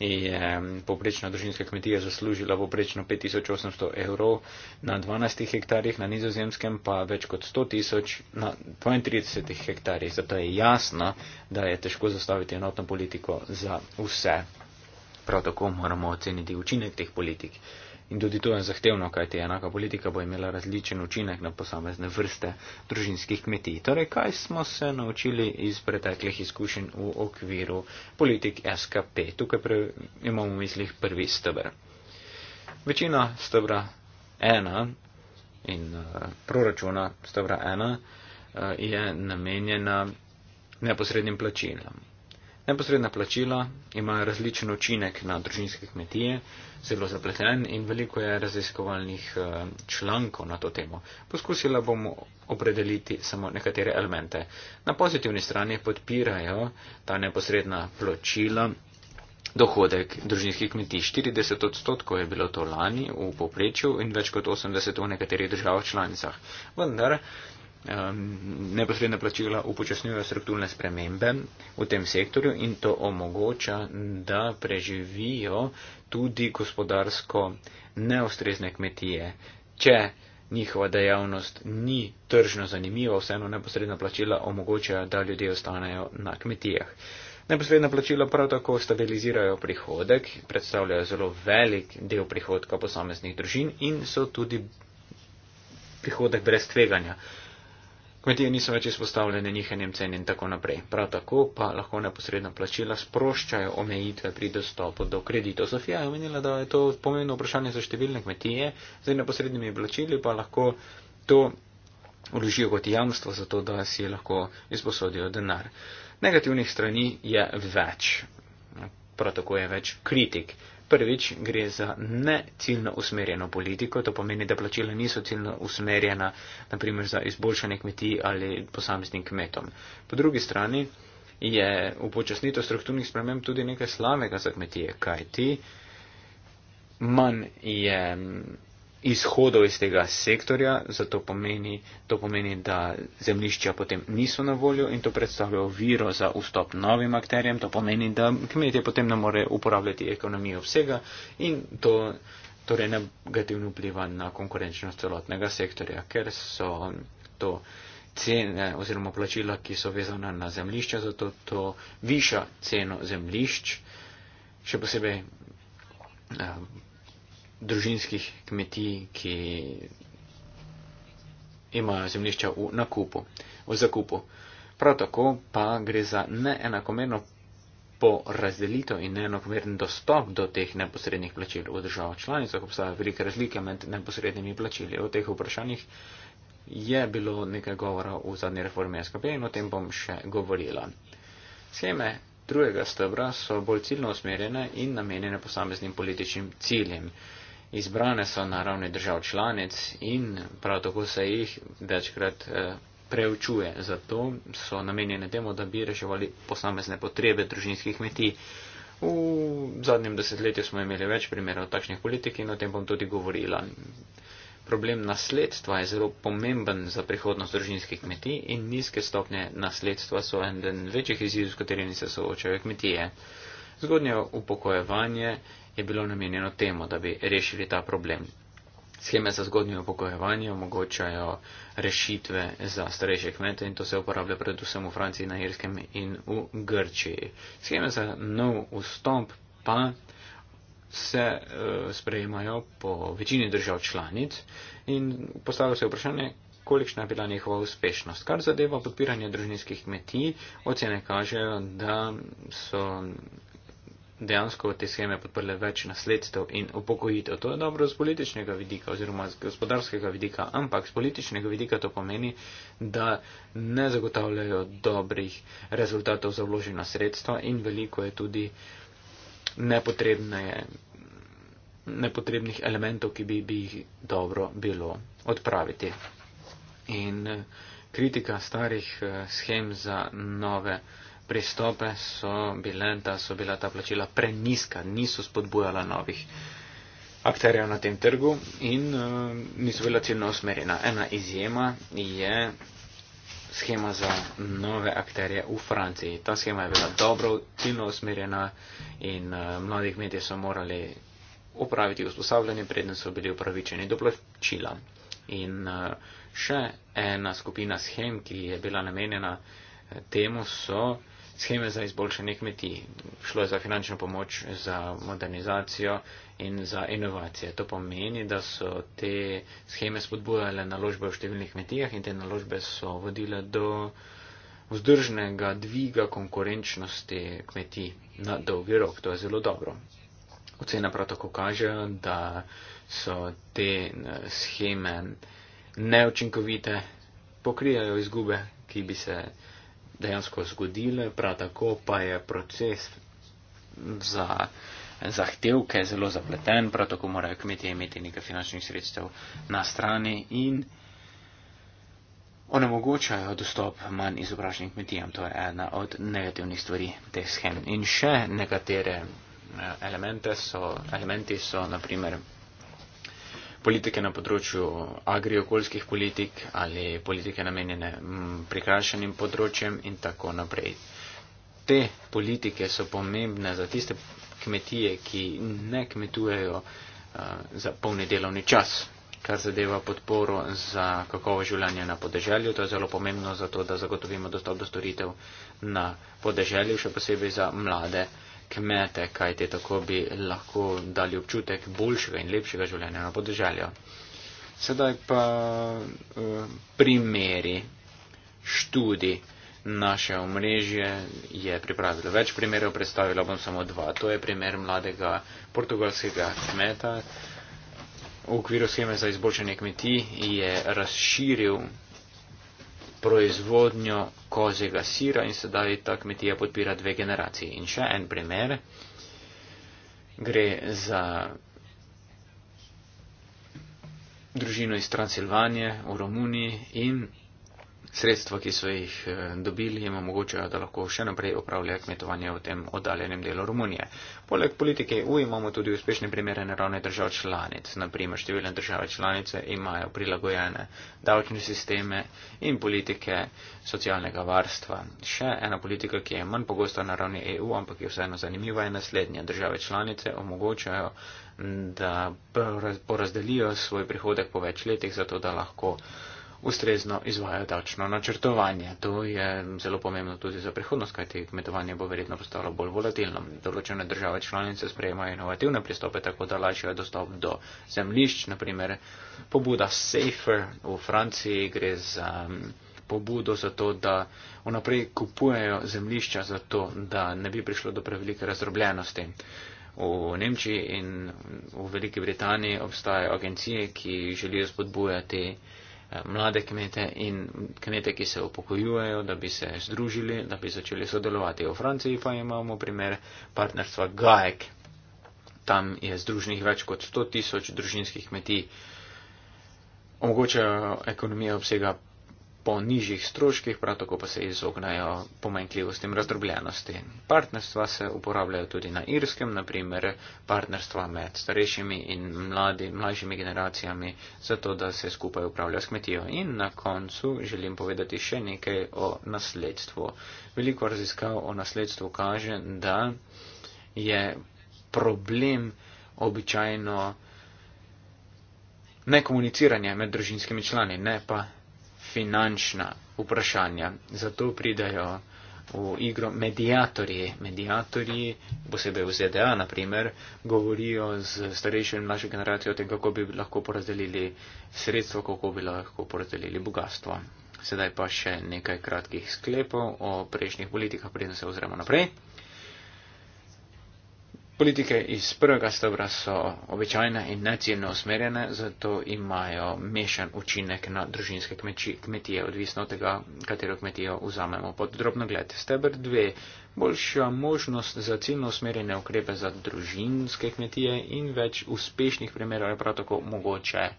in poprečna družinska kmetija zaslužila poprečno 5800 evrov na 12 hektarjih, na nizozemskem pa več kot 100 tisoč na 32 hektarjih. Zato je jasno, da je težko zastaviti enotno politiko za vse. Prav tako moramo oceniti učinek teh politik. Uh, In tudi to je zahtevno, kajti enaka politika bo imela različen učinek na posamezne vrste družinskih kmetij. Torej, kaj smo se naučili iz preteklih izkušenj v okviru politik SKP? Tukaj pre, imamo v mislih prvi stebr. Večina stebra 1 in uh, proračuna stebra 1 uh, eh, je namenjena neposrednim plačilam. Neposredna plačila imajo različen učinek na družinske kmetije, zelo zapleten in veliko je raziskovalnih eh, člankov na to temo. Poskusila bom opredeliti samo nekatere elemente. Na pozitivni strani podpirajo ta neposredna plačila dohodek družinskih kmetij. 40 odstotkov je bilo to lani v povprečju in več kot 80 v nekaterih državah članicah. Vendar neposredna plačila upočasnjujejo strukturne spremembe v tem sektorju in to omogoča, da preživijo tudi gospodarsko neustrezne kmetije. Če njihova dejavnost ni tržno zanimiva, vseeno neposredna plačila omogočajo, da ljudje ostanejo na kmetijah. Neposredna plačila prav tako stabilizirajo prihodek, predstavljajo zelo velik del prihodka posameznih družin in so tudi prihodek brez tveganja. Kmetije niso več izpostavljene njihenjem cen in tako naprej. Prav tako pa lahko neposredna plačila sproščajo omejitve pri dostopu do kreditov. Sofija je omenila, da je to pomembno vprašanje za številne kmetije, zdaj neposrednimi plačili pa lahko to vložijo kot jamstvo za to, da si lahko izposodijo denar. Negativnih strani je več. Prav tako je več kritik. Prvič gre za neciljno usmerjeno politiko, to pomeni, da plačila niso ciljno usmerjena, naprimer za izboljšanje kmetij ali posameznim kmetom. Po drugi strani je upočasnitev strukturnih sprememb tudi nekaj slavega za kmetije, kaj ti manj je izhodov iz tega sektorja, zato pomeni, to pomeni, da zemlišča potem niso na voljo in to predstavlja viro za vstop novim akterjem, to pomeni, da kmetje potem ne more uporabljati ekonomijo vsega in to torej negativno vpliva na konkurenčnost celotnega sektorja, ker so to cene oziroma plačila, ki so vezana na zemlišča, zato to viša ceno zemlišč, še posebej. Um, družinskih kmetij, ki imajo zemljišča v nakupu, v zakupu. Prav tako pa gre za neenakomerno porazdelitev in neenakomeren dostop do teh neposrednih plačil v državah članicah. Obstaja velika razlika med neposrednimi plačili. O teh vprašanjih je bilo nekaj govora v zadnji reformi SKP in o tem bom še govorila. Sheme drugega stebra so bolj ciljno usmerjene in namenjene posameznim političnim ciljem izbrane so na ravni držav članic in prav tako se jih večkrat eh, preučuje. Zato so namenjene temu, da bi reševali posamezne potrebe družinskih kmetij. V zadnjem desetletju smo imeli več primerov takšnih politik in o tem bom tudi govorila. Problem nasledstva je zelo pomemben za prihodnost družinskih kmetij in nizke stopnje nasledstva so eden večjih izzivov, s katerimi se soočajo kmetije. Zgodnje upokojevanje je bilo namenjeno temu, da bi rešili ta problem. Scheme za zgodnjo upokojevanje omogočajo rešitve za starejše kmete in to se uporablja predvsem v Franciji, na Irskem in v Grčiji. Scheme za nov vstop pa se uh, sprejemajo po večini držav članic in postavlja se vprašanje, kolikšna je bila njihova uspešnost. Kar zadeva podpiranje družinskih kmetij, ocene kažejo, da so dejansko te scheme podprle več nasledstev in upokojitev. To je dobro z političnega vidika oziroma z gospodarskega vidika, ampak z političnega vidika to pomeni, da ne zagotavljajo dobrih rezultatov za vložena sredstva in veliko je tudi nepotrebnih elementov, ki bi, bi jih dobro bilo odpraviti. In eh, kritika starih eh, schem za nove eh, pristope so bile, da so bila ta plačila preniska, niso spodbujala novih akterjev na tem trgu in uh, niso bila ciljno usmerjena. Ena izjema je schema za nove akterje v Franciji. Ta schema je bila dobro ciljno usmerjena in uh, eh, mladih medijev so morali upraviti usposabljanje, preden so bili upravičeni do plačila. In uh, še ena skupina schem, ki je bila namenjena temu, so scheme za izboljšanje kmetij, šlo je za finančno pomoč, za modernizacijo in za inovacije. To pomeni, da so te scheme spodbujale naložbe v številnih kmetijah in te naložbe so vodile do vzdržnega dviga konkurenčnosti kmetij na dolgi rok. To je zelo dobro. Ocena prav tako kaže, da so te eh, scheme neočinkovite, pokrijajo izgube, ki bi se dejansko zgodile, prav tako pa je proces za zahtevke zelo zapleten, prav tako morajo kmetje imeti nekaj finančnih sredstev na strani in onemogočajo dostop manj izobraženim kmetijam. To je ena od negativnih stvari teh schem. In še nekatere eh, elemente so, elementi so, naprimer, politike na področju agriokoljskih politik ali politike namenjene mm, prikrajšanim področjem in tako naprej. Te politike so pomembne za tiste kmetije, ki ne kmetujejo uh, za polni delovni čas, kar zadeva podporo za kakovo življanje na podeželju. To je zelo pomembno za to, da zagotovimo dostop do storitev na podeželju, še posebej za mlade uh, kmete, kajte tako bi lahko dali občutek boljšega in lepšega življenja na podeželju. Sedaj pa eh, primeri študij naše omrežje je pripravilo več primerov, predstavila bom samo dva. To je primer mladega portugalskega kmeta. V okviru scheme za izboljšanje kmetij je razširil proizvodnjo kozjega sira in sedaj ta kmetija podpira dve generaciji. In še en primer gre za družino iz Transilvanije v Romuniji in sredstva, ki so jih eh, dobili, jim omogočajo, da lahko še naprej upravljajo kmetovanje v tem oddaljenem delu Romunije. Poleg politike EU imamo tudi uspešne primere naravne držav članic. Naprimer, številne države članice imajo prilagojene davčne sisteme in politike socialnega varstva. Še ena politika, ki je manj pogosta na ravni EU, ampak je vseeno zanimiva, je naslednja. Države članice omogočajo da porazdelijo svoj prihodek po več letih, zato da lahko ustrezno izvajajo davčno načrtovanje. To je zelo pomembno tudi za prihodnost, kajti kmetovanje bo verjetno postalo bolj volatilno. Določene države članice sprejemajo inovativne pristope, tako da lažje je dostop do zemlišč. Naprimer, pobuda Safer v Franciji gre za pobudo za to, da vnaprej kupujejo zemlišča za to, da ne bi prišlo do prevelike razdrobljenosti. V Nemčiji in v Veliki Britaniji obstajajo agencije, ki želijo spodbujati Eh, mlade kmete in kmete, ki se upokojujejo, da bi se združili, da bi začeli sodelovati. V Franciji pa imamo primer partnerstva GAEK. Tam je združenih več kot 100 tisoč družinskih kmetij. Omogočajo ekonomijo obsega po nižjih stroških, prav tako pa se izognajo pomanjkljivostim razdrobljenosti. Partnerstva se uporabljajo tudi na irskem, naprimer partnerstva med starejšimi in mladi, mlajšimi generacijami, zato da se skupaj upravlja s kmetijo. In na koncu želim povedati še nekaj o nasledstvu. Veliko raziskav o nasledstvu kaže, da je problem običajno nekomuniciranje med družinskimi člani, ne pa finančna vprašanja. Zato pridajo v igro medijatorji. Medijatorji, posebej v ZDA, naprimer, govorijo z starejšim in mlajšim generacijo o tem, kako bi lahko porazdelili sredstvo, kako bi lahko porazdelili bogatstvo. Sedaj pa še nekaj kratkih sklepov o prejšnjih politikah, preden se ozremo naprej. Politike iz prvega stebra so običajne in necijeno usmerjene, zato imajo mešan učinek na družinske kmetije, odvisno od tega, katero kmetijo vzamemo pod drobno gled. Stebr 2. Boljša možnost za ciljno usmerjene ukrepe za družinske kmetije in več uspešnih primerov je prav tako mogoče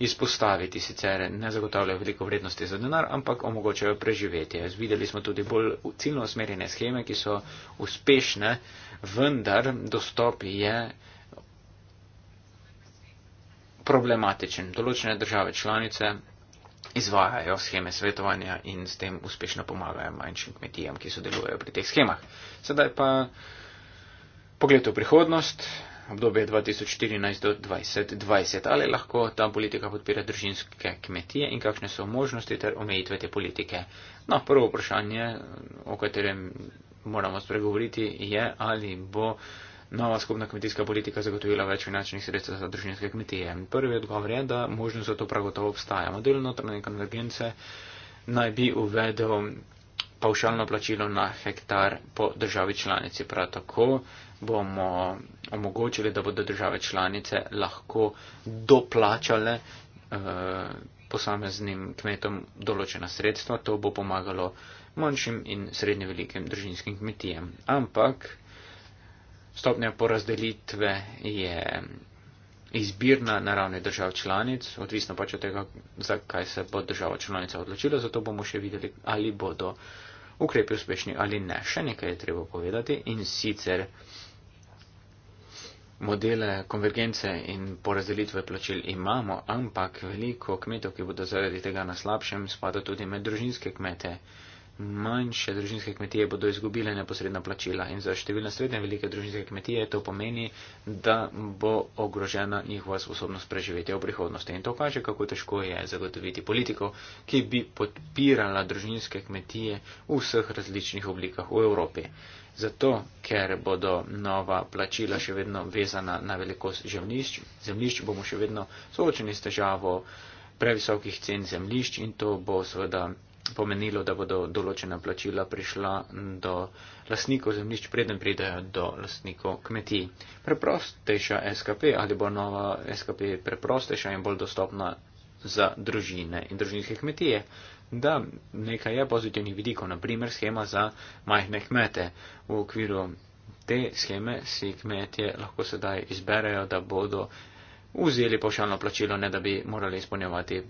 izpostaviti, sicer ne zagotavljajo veliko vrednosti za denar, ampak omogočajo preživetje. Videli smo tudi bolj ciljno usmerjene scheme, ki so uspešne, vendar dostop je problematičen. Določene države članice izvajajo scheme svetovanja in s tem uspešno pomagajo manjšim kmetijam, ki sodelujejo pri teh schemah. Sedaj pa pogled v prihodnost obdobje 2014 do 2020. Ali lahko ta politika podpira družinske kmetije in kakšne so možnosti ter omejitve te politike? No, prvo vprašanje, o katerem moramo spregovoriti, je, ali bo nova skupna kmetijska politika zagotovila več finančnih sredstev za družinske kmetije. Prvi odgovor je, da možnost za to prav gotovo obstaja. Model notranje konvergence naj bi uvedel pavšalno plačilo na hektar po državi članici. Prav tako bomo omogočili, da bodo države članice lahko doplačale eh, posameznim kmetom določena sredstva. To bo pomagalo manjšim in srednje velikim držinskim kmetijem. Ampak stopnja porazdelitve je izbirna na ravni držav članic, odvisno pač od tega, zakaj se bo država članica odločila, zato bomo še videli, ali bodo uh, ukrepi uspešni ali ne. Še nekaj je treba povedati in sicer modele konvergence in porazdelitve plačil imamo, ampak veliko kmetov, ki bodo zaradi tega na slabšem, spada tudi med družinske kmete manjše družinske kmetije bodo izgubile neposredna plačila in za številne srednje velike družinske kmetije to pomeni, da bo ogrožena njihova sposobnost preživetja v prihodnosti. In to kaže, kako težko je zagotoviti politiko, ki bi podpirala družinske kmetije v vseh različnih oblikah v Evropi. Zato, ker bodo nova plačila še vedno vezana na velikost zemljišč, zemljišč bomo še vedno soočeni s težavo previsokih cen zemljišč in to bo seveda pomenilo, da bodo določena plačila prišla do lasnikov zemljišč, preden pridejo do lasnikov kmetij. Preprostejša SKP ali bo nova SKP preprostejša in bolj dostopna za družine in družinske kmetije. Da, nekaj je pozitivnih vidikov, naprimer schema za majhne kmete. V okviru te scheme si kmetje lahko sedaj izberejo, da bodo vzeli pošalno plačilo, ne da bi morali izpolnjevati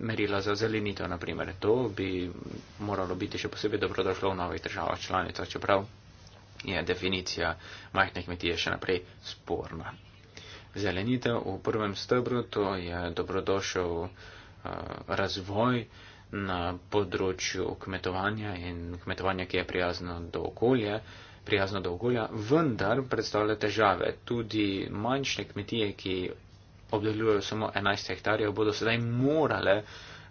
merila za zelenito, naprimer. To bi moralo biti še posebej dobrodošlo v novih državah članicah, čeprav je definicija majhne kmetije še naprej sporna. Zelenite v prvem stebru, to je dobrodošel eh, razvoj na področju kmetovanja in kmetovanja, ki je prijazno do okolja, prijazno do okolja, vendar predstavlja težave. Tudi manjše kmetije, ki obdelujejo samo 11 hektarjev, bodo sedaj morale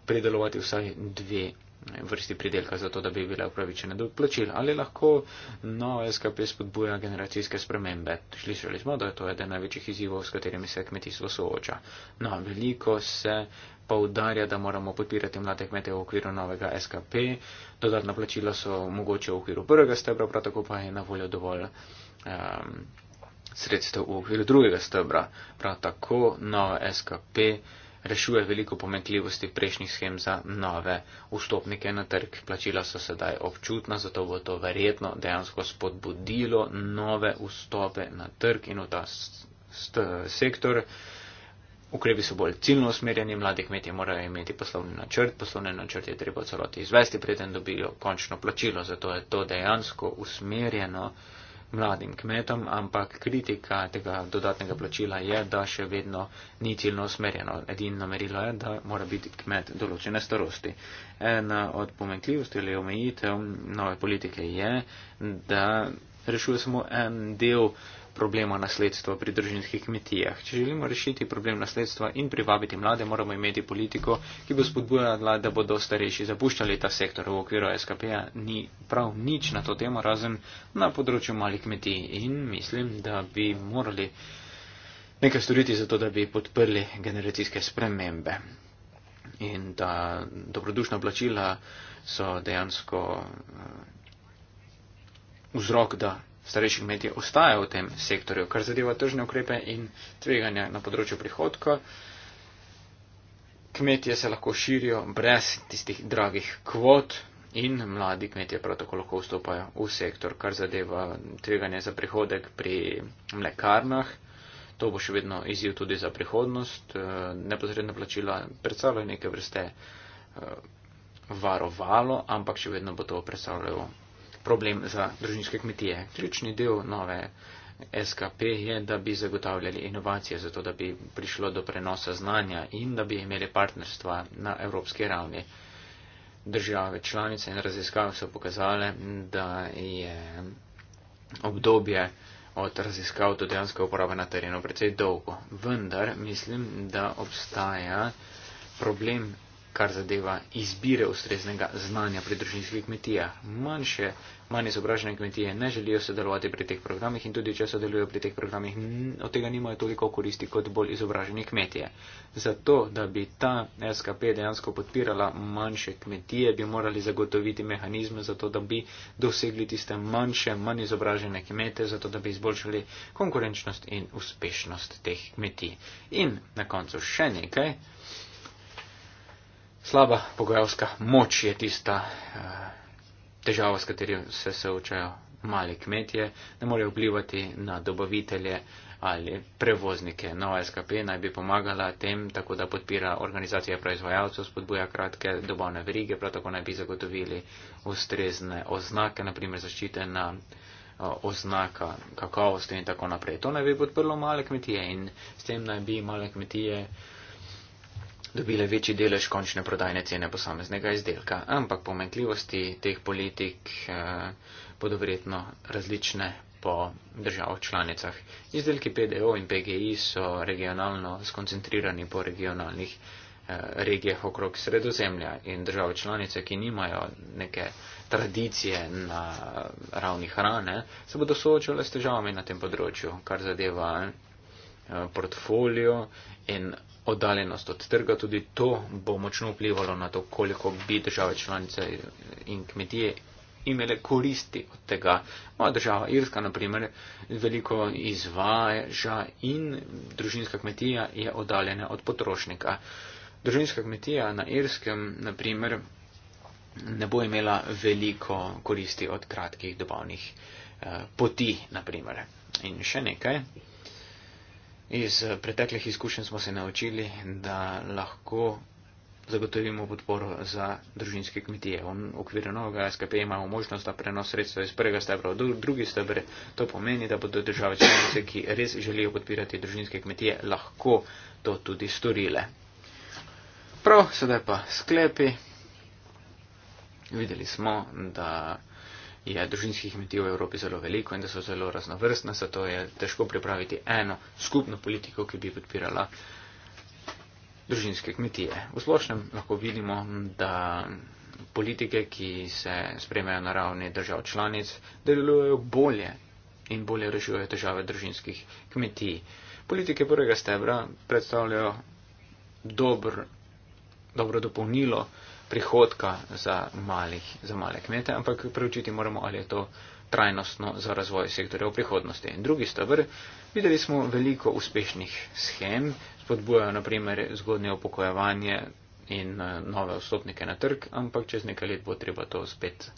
pridelovati vsaj dve vrsti pridelka, zato da bi bile upravičene do plačil. Ali lahko nov SKP spodbuja generacijske spremembe? Slišali smo, da je to eden največjih izzivov, s katerimi se kmetijstvo sooča. No, veliko se pa udarja, da moramo podpirati mlade kmete v okviru novega SKP. Dodatna plačila so mogoče v okviru prvega stebra, prav tako pa je na voljo dovolj. Um, sredstev v okviru drugega stebra. Prav tako nova SKP rešuje veliko pomenkljivosti prejšnjih schem za nove vstopnike na trg. Plačila so sedaj občutna, zato bo to verjetno dejansko spodbudilo nove vstope na trg in v ta sektor. Ukrepi so bolj ciljno usmerjeni, mladi kmetje morajo imeti poslovni načrt, poslovni načrt je treba celoti izvesti, preden dobijo končno plačilo, zato je to dejansko usmerjeno mladim kmetom, ampak kritika tega dodatnega plačila je, da še vedno ni ciljno usmerjeno. Edino merilo je, da mora biti kmet določene starosti. Ena od pomenkljivosti ali omejitev nove politike je, da rešuje samo en del problema nasledstva pri družinskih kmetijah. Če želimo rešiti problem nasledstva in privabiti mlade, moramo imeti politiko, ki bo spodbujala, da bodo starejši zapuščali ta sektor v okviru SKP-ja. Ni prav nič na to temo, razen na področju malih kmetij in mislim, da bi morali nekaj storiti za to, da bi podprli generacijske spremembe. In ta dobrodušna plačila so dejansko eh, vzrok, da starejših medijev ostaja v tem sektorju, kar zadeva tržne ukrepe in tveganja na področju prihodka. Kmetje se lahko širijo brez tistih dragih kvot in mladi kmetje prav tako lahko vstopajo v sektor, kar zadeva tveganje za prihodek pri mlekarnah. To bo še vedno izjiv tudi za prihodnost. Eh, neposredna plačila predstavljajo neke vrste eh, varovalo, ampak še vedno bo to predstavljalo problem za družinske kmetije. Ključni del nove SKP je, da bi zagotavljali inovacije, zato da bi prišlo do prenosa znanja in da bi imeli partnerstva na evropski ravni. Države članice in raziskave so pokazale, da je obdobje od raziskav do dejansko uporabe na terenu precej dolgo. Vendar mislim, da obstaja problem, kar zadeva izbire ustreznega znanja pri družinskih kmetijah. Manjše manj izobražene kmetije ne želijo sodelovati pri teh programih in tudi, če sodelujo pri teh programih, od tega nimajo toliko koristi kot bolj izobraženi kmetije. Zato, da bi ta SKP dejansko podpirala manjše kmetije, bi morali zagotoviti mehanizme za to, da bi dosegli tiste manjše, manj izobražene kmete, zato da bi izboljšali konkurenčnost in uspešnost teh kmetij. In na koncu še nekaj. Slaba pogajalska moč je tista. Uh, težava, s katerim se soočajo male kmetje, ne morejo vplivati na dobavitelje ali prevoznike. Nova SKP naj bi pomagala tem, tako da podpira organizacije proizvajalcev, spodbuja kratke dobavne verige, prav tako naj bi zagotovili ustrezne oznake, naprimer zaščite na oznaka kakovosti in tako naprej. To naj bi podprlo male kmetije in s tem naj bi male kmetije uh, dobile večji delež končne prodajne cene posameznega izdelka, ampak pomenkljivosti teh politik eh, bodo verjetno različne po državah članicah. Izdelki PDO in PGI so regionalno skoncentrirani po regionalnih eh, regijah okrog sredozemlja in države članice, ki nimajo neke tradicije na ravni hrane, se bodo soočale s težavami na tem področju, kar zadeva eh, portfolio in oddaljenost od trga, tudi to bo močno vplivalo na to, koliko bi države članice in kmetije imele koristi od tega. Moja država Irska, naprimer, veliko izvaža in družinska kmetija je oddaljena od potrošnika. Družinska kmetija na Irskem, naprimer, ne bo imela veliko koristi od kratkih dobavnih eh, poti, naprimer. In še nekaj. Iz eh, preteklih izkušenj smo se naučili, da lahko zagotovimo podporo za družinske kmetije. V okviru novega SKP imamo možnost, da prenos sredstva iz prvega stebra v drugi stebr. To pomeni, da bodo države članice, ki res želijo podpirati družinske kmetije, lahko to tudi storile. Prav, sedaj pa sklepi. Videli smo, da je družinskih kmetij v Evropi zelo veliko in da so zelo raznovrstna, zato je težko pripraviti eno skupno politiko, ki bi podpirala družinske kmetije. V splošnem lahko vidimo, da politike, ki se spremejo na ravni držav članic, delujejo bolje in bolje rešujejo težave družinskih kmetij. Politike prvega stebra predstavljajo dobro dopolnilo. Dobr prihodka za, malih, za male kmete, ampak preučiti moramo, ali je to trajnostno za razvoj sektorja v prihodnosti. In drugi stavr, videli smo veliko uspešnih schem, spodbujajo naprimer zgodnje upokojevanje in eh, nove vstopnike na trg, ampak čez nekaj let bo treba to spet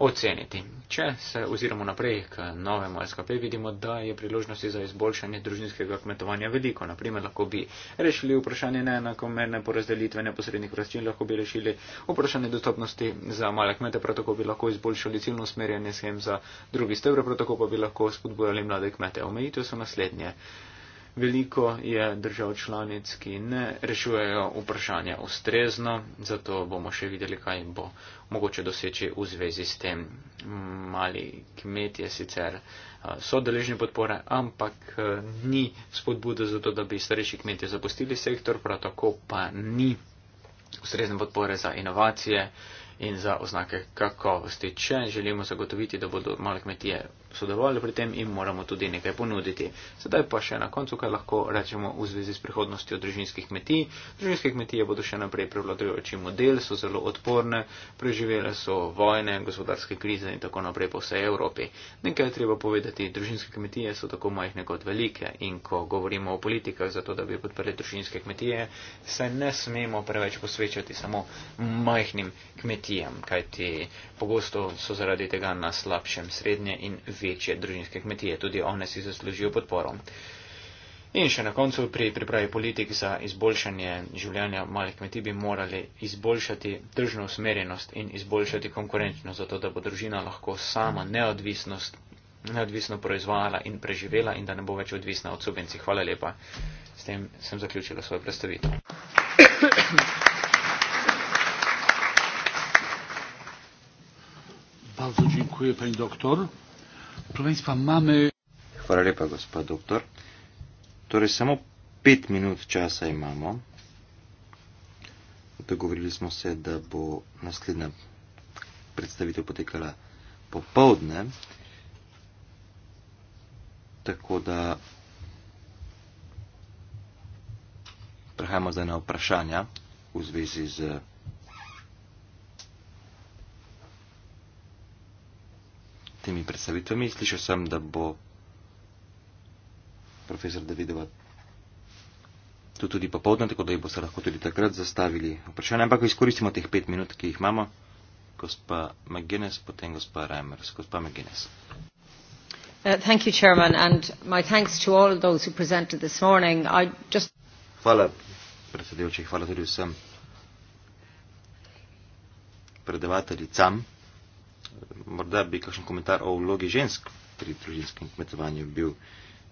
oceniti. Če se oziroma naprej k novemu SKP vidimo, da je priložnosti za izboljšanje družinskega kmetovanja veliko. Naprimer, lahko bi rešili vprašanje neenakomerne porazdelitve neposrednih vračil, lahko bi rešili vprašanje dostopnosti za male kmete, prav tako bi lahko izboljšali ciljno usmerjanje schem za drugi stebr, prav tako pa bi lahko spodbujali mlade kmete. Omejitev so naslednje. Veliko je držav članic, ki ne rešujejo vprašanja ustrezno, zato bomo še videli, kaj bo mogoče doseči v zvezi s tem. Mali kmetje sicer so deležni podpore, ampak ni spodbude za to, da bi starejši kmetje zapustili sektor, prav tako pa ni ustrezne podpore za inovacije in za oznake kakovosti. Če želimo zagotoviti, da bodo male kmetije sodelovali pri tem in moramo tudi nekaj ponuditi. Sedaj pa še na koncu, kaj lahko rečemo v zvezi s prihodnostjo družinskih kmetij. Družinske kmetije bodo še naprej prevladujoči model, so zelo odporne, preživele so vojne, gospodarske krize in tako naprej po vsej Evropi. Nekaj je treba povedati, družinske kmetije so tako majhne kot velike in ko govorimo o politikah za to, da bi podprli družinske kmetije, se ne smemo preveč posvečati samo majhnim kmetijam, kajti pogosto so zaradi tega na slabšem srednje in večje družinske kmetije. Tudi one si zaslužijo podporo. In še na koncu pri pripravi politik za izboljšanje življenja malih kmetij bi morali izboljšati tržno usmerjenost in izboljšati konkurenčnost, zato da bo družina lahko sama neodvisnost, neodvisno proizvajala in preživela in da ne bo več odvisna od subvencij. Hvala lepa. S tem sem zaključila svojo predstavitev. Bardzo dziękuję pani doktor. Slovenstva mame. Hvala lepa, gospod doktor. Torej, samo pet minut časa imamo. Dogovorili smo se, da bo naslednja predstavitev potekala popovdne. Tako da prehajamo zdaj na vprašanja v zvezi z temi predstavitvami. Slišal sem, da bo profesor Davidova tu tudi popoldne, tako da jih boste lahko tudi takrat zastavili vprašanje. Ampak izkoristimo teh pet minut, ki jih imamo. Gospa McGuinness, potem gospa Reimers. Gospa McGuinness. Uh, thank you, Chairman, and my thanks to all those who presented this morning. I just... Hvala, predsedujoči, hvala tudi vsem predavateljicam. Morda bi kakšen komentar o vlogi žensk pri družinskem kmetovanju bil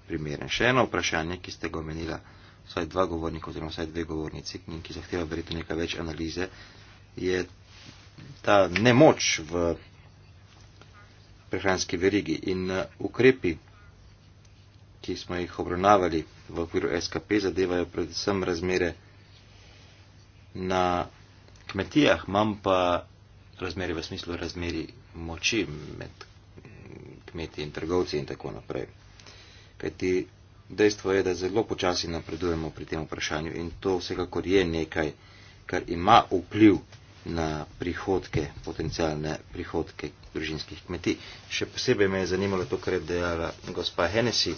primeren. Še eno vprašanje, ki ste ga omenila, vsaj dva govornika oziroma vsaj dve govornici, in ki zahteva verjetno nekaj več analize, je ta nemoč v prehranski verigi in eh, ukrepi, ki smo jih obravnavali v okviru SKP, zadevajo predvsem razmere na kmetijah, manj pa razmeri v smislu razmeri moči med kmeti in trgovci in tako naprej. Kajti dejstvo je, da zelo počasi napredujemo pri tem vprašanju in to vsekakor je nekaj, kar ima vpliv na prihodke, potencijalne prihodke družinskih kmetij. Še posebej me je zanimalo to, kar je dejala gospa Hennessy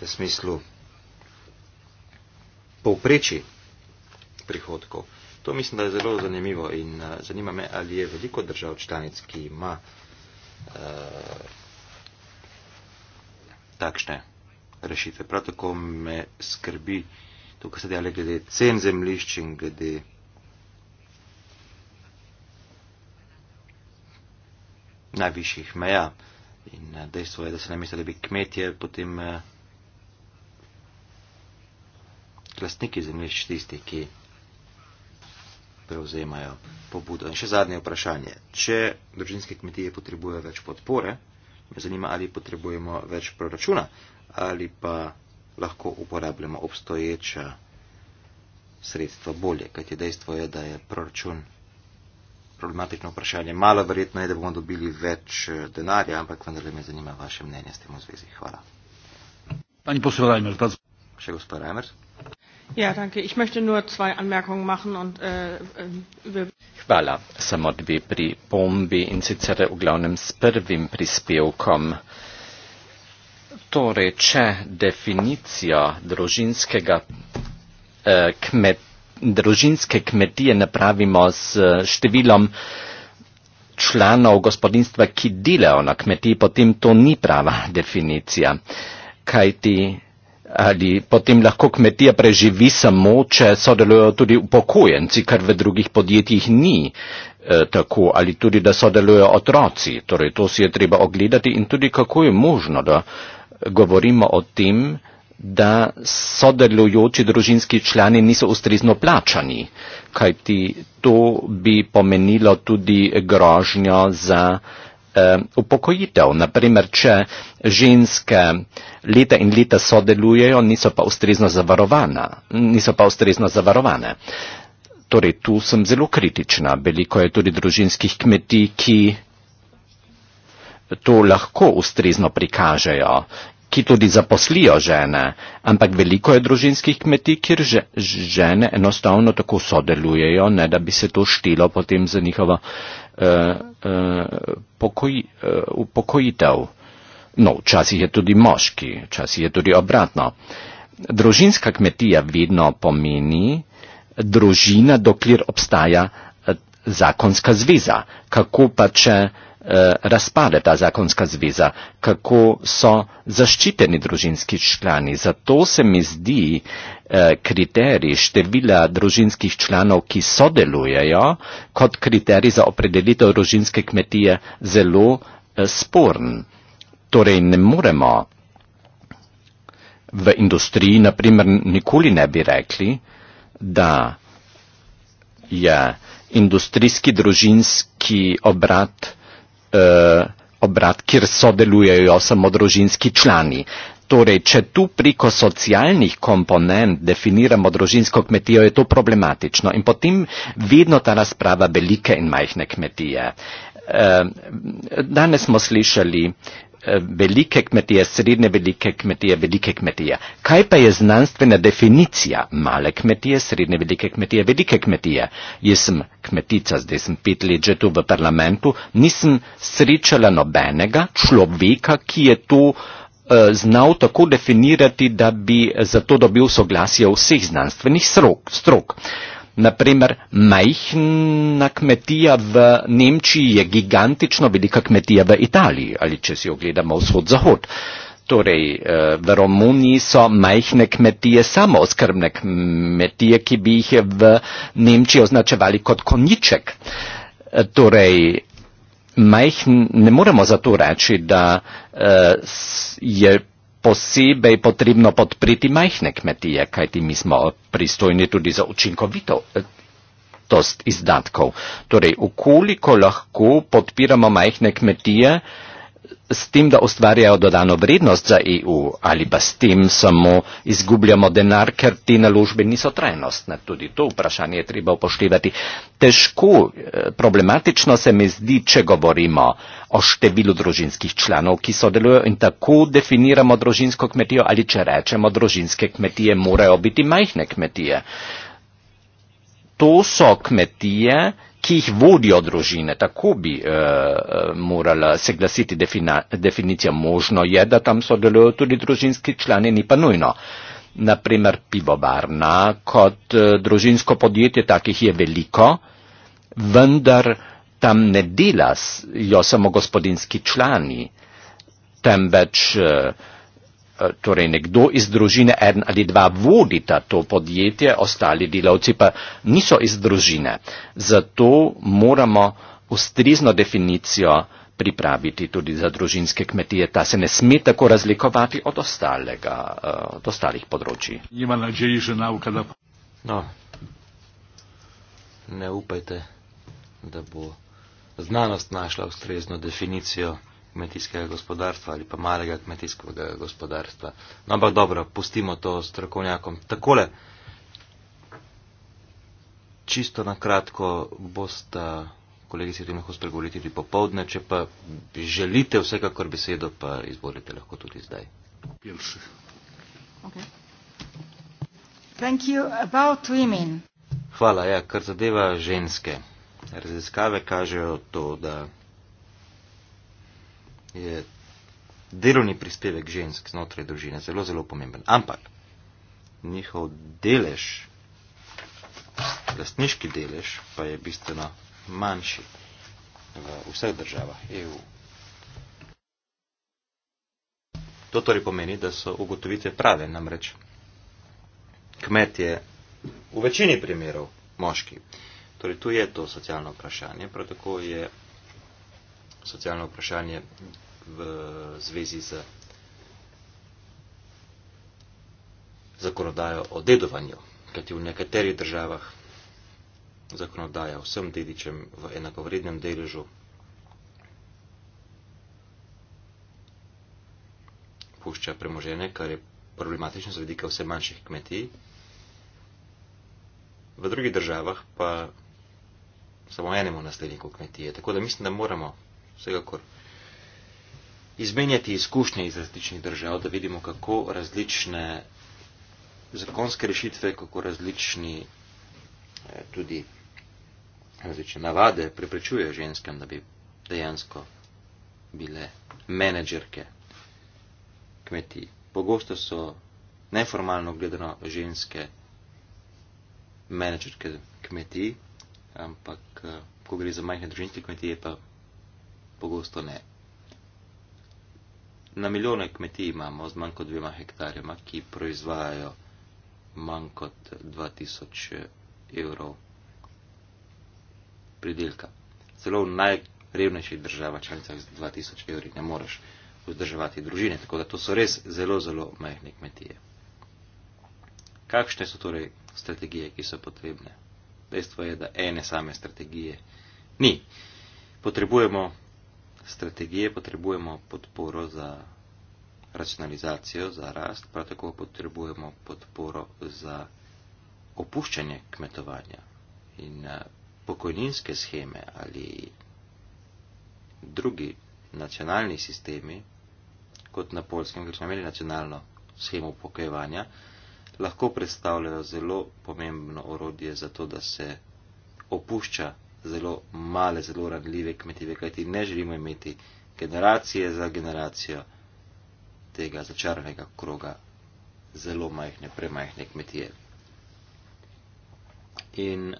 v smislu povpreči prihodkov. To mislim, da je zelo zanimivo in uh, zanima me, ali je veliko držav članic, ki ima uh, takšne rešitve. Prav tako me skrbi to, kar se dela glede cen zemljišč in glede. najvišjih meja in eh, dejstvo je, da se namesto, da bi kmetje potem eh, lastniki zemljišč tisti, ki prevzemajo pobudo. In še zadnje vprašanje. Če družinske kmetije potrebujejo več podpore, me zanima, ali potrebujemo več proračuna ali pa lahko uporabljamo obstoječa sredstva bolje, kajti dejstvo je, da je proračun problematično vprašanje. Malo verjetno je, da bomo dobili več eh, denarja, ampak vendar me zanima vaše mnenje s tem v zvezi. Hvala. Pani poslovajmer, pa. Še gospod Reimers. Ja, danke. Ich möchte nur zwei Anmerkungen machen und äh, äh Hvala, samo dve pripombi in sicer v glavnem s prvim prispevkom. Torej, če definicija družinskega, eh, kmet, družinske kmetije napravimo s številom članov gospodinstva, ki delajo na kmetiji, potem to ni prava definicija. Kaj ti ali potem lahko kmetija preživi samo, če sodelujo tudi upokojenci, kar v drugih podjetjih ni eh, tako ali tudi, da sodelujo otroci. Torej, to si je treba ogledati in tudi, kako je možno, da govorimo o tem, da sodelujoči družinski člani niso ustrezno plačani, kajti to bi pomenilo tudi grožnjo za uh, Eh, upokojitev. Naprimer, če ženske leta in leta sodelujejo, niso pa ustrezno zavarovane. Niso pa ustrezno zavarovane. Torej, tu sem zelo kritična. Veliko je tudi družinskih kmetij, ki to lahko ustrezno prikažejo ki tudi zaposlijo žene, ampak veliko je družinskih kmetij, kjer žene enostavno tako sodelujejo, ne da bi se to štilo potem za njihovo uh, uh, pokoj, uh, upokojitev. No, včasih je tudi moški, včasih je tudi obratno. Družinska kmetija vedno pomeni družina, dokler obstaja zakonska zveza. Kako pa če uh, Eh, razpade ta zakonska zveza, kako so zaščiteni družinski člani. Zato se mi zdi eh, kriterij števila družinskih članov, ki sodelujejo, kot kriterij za opredelitev družinske kmetije zelo eh, sporn. Torej ne moremo v industriji, naprimer, nikoli ne bi rekli, da je industrijski družinski obrat eh, obrat, kjer sodelujejo samo družinski člani. Torej, če tu preko socialnih komponent definiramo družinsko kmetijo, je to problematično. In potem vedno ta razprava velike in majhne kmetije. Eh, danes smo slišali eh, velike kmetije, srednje velike kmetije, velike kmetije. Kaj pa je znanstvena definicija male kmetije, srednje velike kmetije, velike kmetije? Jaz sem kmetica, zdaj sem pet let že tu v parlamentu, nisem srečala nobenega človeka, ki je to eh, znal tako definirati, da bi zato dobil soglasje vseh znanstvenih strok. strok. Naprimer, majhna kmetija v Nemčiji je gigantično velika kmetija v Italiji ali če si ogledamo vzhod-zahod. Torej, eh, v Romuniji so majhne kmetije samo oskrbne kmetije, ki bi jih v Nemčiji označevali kot konjiček. Eh, torej, majhn, ne moremo zato reči, da eh, je posebej potrebno podpriti majhne kmetije, kajti mi smo pristojni tudi za učinkovitost izdatkov. Torej, ukoliko lahko podpiramo majhne kmetije, s tem, da ustvarjajo dodano vrednost za EU ali pa s tem samo izgubljamo denar, ker te naložbe niso trajnostne. Tudi to vprašanje je treba upoštevati. Težko, eh, problematično se mi zdi, če govorimo o številu družinskih članov, ki sodelujo in tako definiramo družinsko kmetijo ali če rečemo družinske kmetije morajo biti majhne kmetije. To so kmetije, ki jih vodijo družine. Tako bi eh, morala se glasiti defina, definicija. Možno je, da tam sodelujo tudi družinski člani, ni pa nujno. Naprimer pivovarna kot eh, družinsko podjetje, takih je veliko, vendar tam ne delajo samo gospodinski člani, temveč. Eh, Eh, torej nekdo iz družine, en ali dva vodita to podjetje, ostali delavci pa niso iz družine. Zato moramo ustrezno definicijo pripraviti tudi za družinske kmetije. Ta se ne sme tako razlikovati od, ostalega, eh, od ostalih področji. No, ne upajte, da bo znanost našla ustrezno definicijo kmetijskega gospodarstva ali pa malega kmetijskega gospodarstva. No, ampak dobro, pustimo to strokovnjakom. Takole, čisto na kratko boste kolegi si o tem lahko spregovoriti tudi popovdne, če pa želite vsekakor besedo, pa izvolite lahko tudi zdaj. Thank you about women. Hvala, ja, kar zadeva ženske. Raziskave kažejo to, da je delovni prispevek žensk znotraj družine zelo, zelo pomemben. Ampak njihov delež, lastniški delež, pa je bistveno manjši v vseh državah EU. To torej pomeni, da so ugotovitve prave, namreč kmet je v večini primerov moški. Torej, tu je to socialno vprašanje, prav tako je socialno vprašanje v zvezi z zakonodajo o dedovanju, kajti v nekaterih državah zakonodaja vsem dedičem v enakovrednem deležu pušča premožene, kar je problematično z vedika vse manjših kmetij. V drugih državah pa samo enemu nasledniku kmetije. Tako da mislim, da moramo vsega kor izmenjati izkušnje iz različnih držav, da vidimo, kako različne zakonske rešitve, kako različni eh, tudi različne navade preprečujejo ženskam, da bi dejansko bile menedžerke kmetij. Pogosto so neformalno gledano ženske menedžerke kmetij, ampak eh, ko gre za majhne družinske kmetije, pa pogosto ne. Na milijone kmetij imamo z manj kot dvema hektarjema, ki proizvajajo manj kot 2000 eh, evrov pridelka. Celo v najrevnejših državah članicah z 2000 evri ne moreš vzdrževati družine, tako da to so res zelo, zelo majhne kmetije. Kakšne so torej strategije, ki so potrebne? Dejstvo je, da ene same strategije ni. Potrebujemo strategije potrebujemo podporo za racionalizacijo, za rast, prav tako potrebujemo podporo za opuščanje kmetovanja. In eh, pokojninske scheme ali drugi nacionalni sistemi, kot na polskem, ker smo imeli nacionalno schemo upokojevanja, lahko predstavljajo zelo pomembno orodje za to, da se opušča zelo male, zelo ranljive kmetije, kajti ne želimo imeti generacije za generacijo tega začaranega kroga zelo majhne, premajhne kmetije. In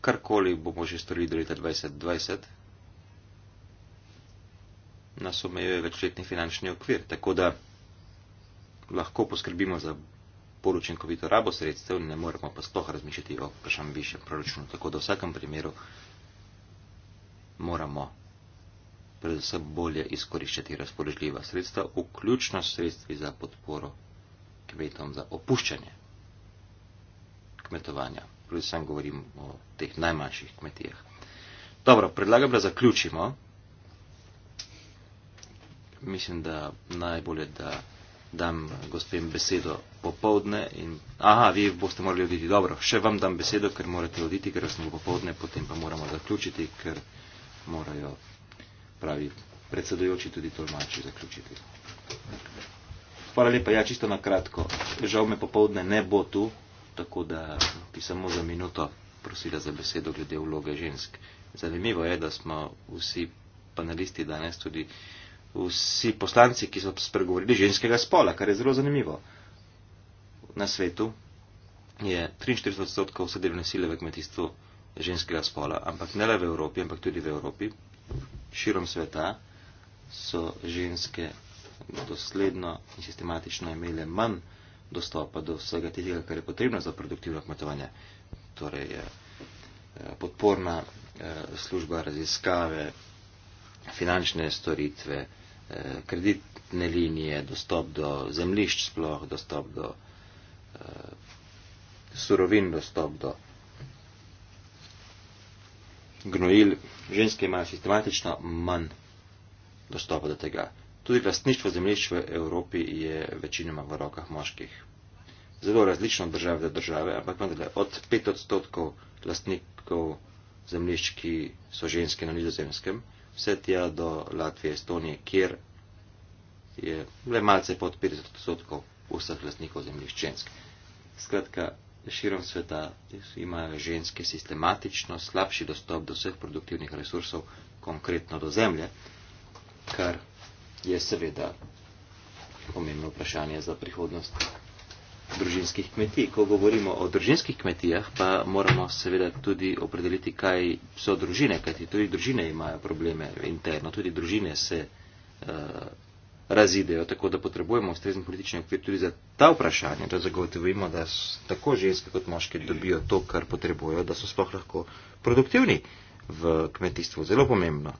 karkoli bomo že storili do leta 2020, nas omejuje večletni finančni okvir, tako da lahko poskrbimo za poručinkovito rabo sredstev, ne moremo pa sploh razmišljati o vprašan višjem proračunu. Tako da v vsakem primeru moramo predvsem bolje izkoriščati razpoložljiva sredstva, vključno sredstvi za podporo kmetom za opuščanje kmetovanja. Predvsem govorim o teh najmanjših kmetijah. Dobro, predlagam, da zaključimo. Mislim, da najbolje, da dam gospem besedo popovdne. In, aha, vi boste morali oditi. Dobro, še vam dam besedo, ker morate oditi, ker smo popovdne, potem pa moramo zaključiti, ker morajo pravi predsedojoči tudi tolmači zaključiti. Hvala lepa, ja čisto na kratko. Žal me popovdne ne bo tu, tako da bi samo za minuto prosila za besedo glede vloge žensk. Zanimivo je, da smo vsi panelisti danes tudi vsi poslanci, ki so spregovorili ženskega spola, kar je zelo zanimivo. Na svetu je 43 odstotkov vse delovne sile v kmetijstvu ženskega spola, ampak ne le v Evropi, ampak tudi v Evropi, širom sveta so ženske dosledno in sistematično imele manj dostopa do vsega tega, kar je potrebno za produktivno kmetovanje. Torej, eh, eh, podporna eh, služba, raziskave, finančne storitve, kreditne linije, dostop do zemlišč sploh, dostop do eh, surovin, dostop do gnojil. Ženske imajo sistematično manj dostopa do tega. Tudi lastništvo zemlišč v Evropi je večinoma v rokah moških. Zelo različno od države do države, ampak vendarle od 5 odstotkov lastnikov zemlišč, ki so ženske na nizozemskem, vse tja do Latvije, Estonije, kjer je le malce pod 50 odstotkov vseh lastnikov zemljišč žensk. Skratka, širom sveta imajo ženske sistematično slabši dostop do vseh produktivnih resursov, konkretno do zemlje, kar je seveda pomembno vprašanje za prihodnost družinskih kmetij. Ko govorimo o družinskih kmetijah, pa moramo seveda tudi opredeliti, kaj so družine, kajti tudi družine imajo probleme interno, tudi družine se uh, razidejo, tako da potrebujemo ustrezen politični okvir tudi za ta vprašanja, da zagotovimo, da tako ženske kot moški dobijo to, kar potrebujo, da so sploh lahko produktivni v kmetijstvu. Zelo pomembno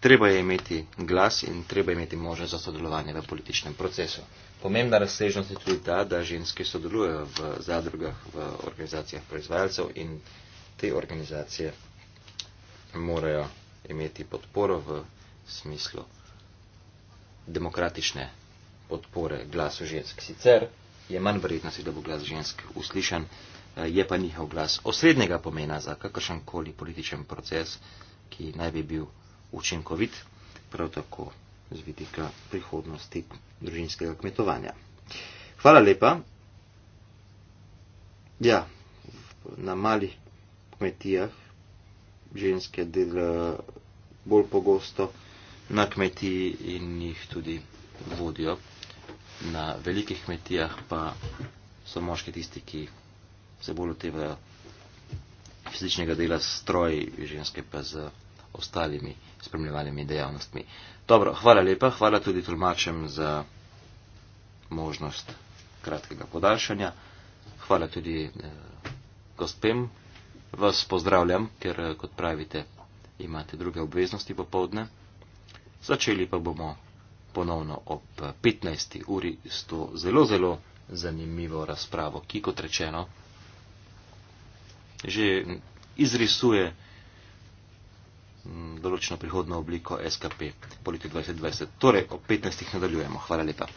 treba je imeti glas in treba je imeti možnost za sodelovanje v političnem procesu. Pomembna razsežnost je tudi ta, da ženske sodelujejo v zadrugah, v organizacijah proizvajalcev in te organizacije morajo imeti podporo v smislu demokratične podpore glasu žensk. Sicer je manj vrednosti, da bo glas žensk uslišan, eh, je pa njihov glas osrednjega pomena za kakršen koli političen proces, ki naj bi bil učinkovit, prav tako z vidika prihodnosti družinskega kmetovanja. Hvala lepa. Ja, na malih kmetijah ženske delajo bolj pogosto na kmetiji in jih tudi vodijo. Na velikih kmetijah pa so moški tisti, ki se bolj otevajo fizičnega dela s stroji, ženske pa z ostalimi spremljevalnimi dejavnostmi. Dobro, hvala lepa, hvala tudi tolmačem za možnost kratkega podaljšanja. Hvala tudi eh, gospem. Vas pozdravljam, ker, eh, kot pravite, imate druge obveznosti popovdne. Začeli pa bomo ponovno ob 15. Eh, uri s to zelo, zelo zanimivo razpravo, ki, kot rečeno, že izrisuje. Mm, določeno prihodno obliko SKP po letu 2020. Torej, ob 15. nadaljujemo. Hvala lepa.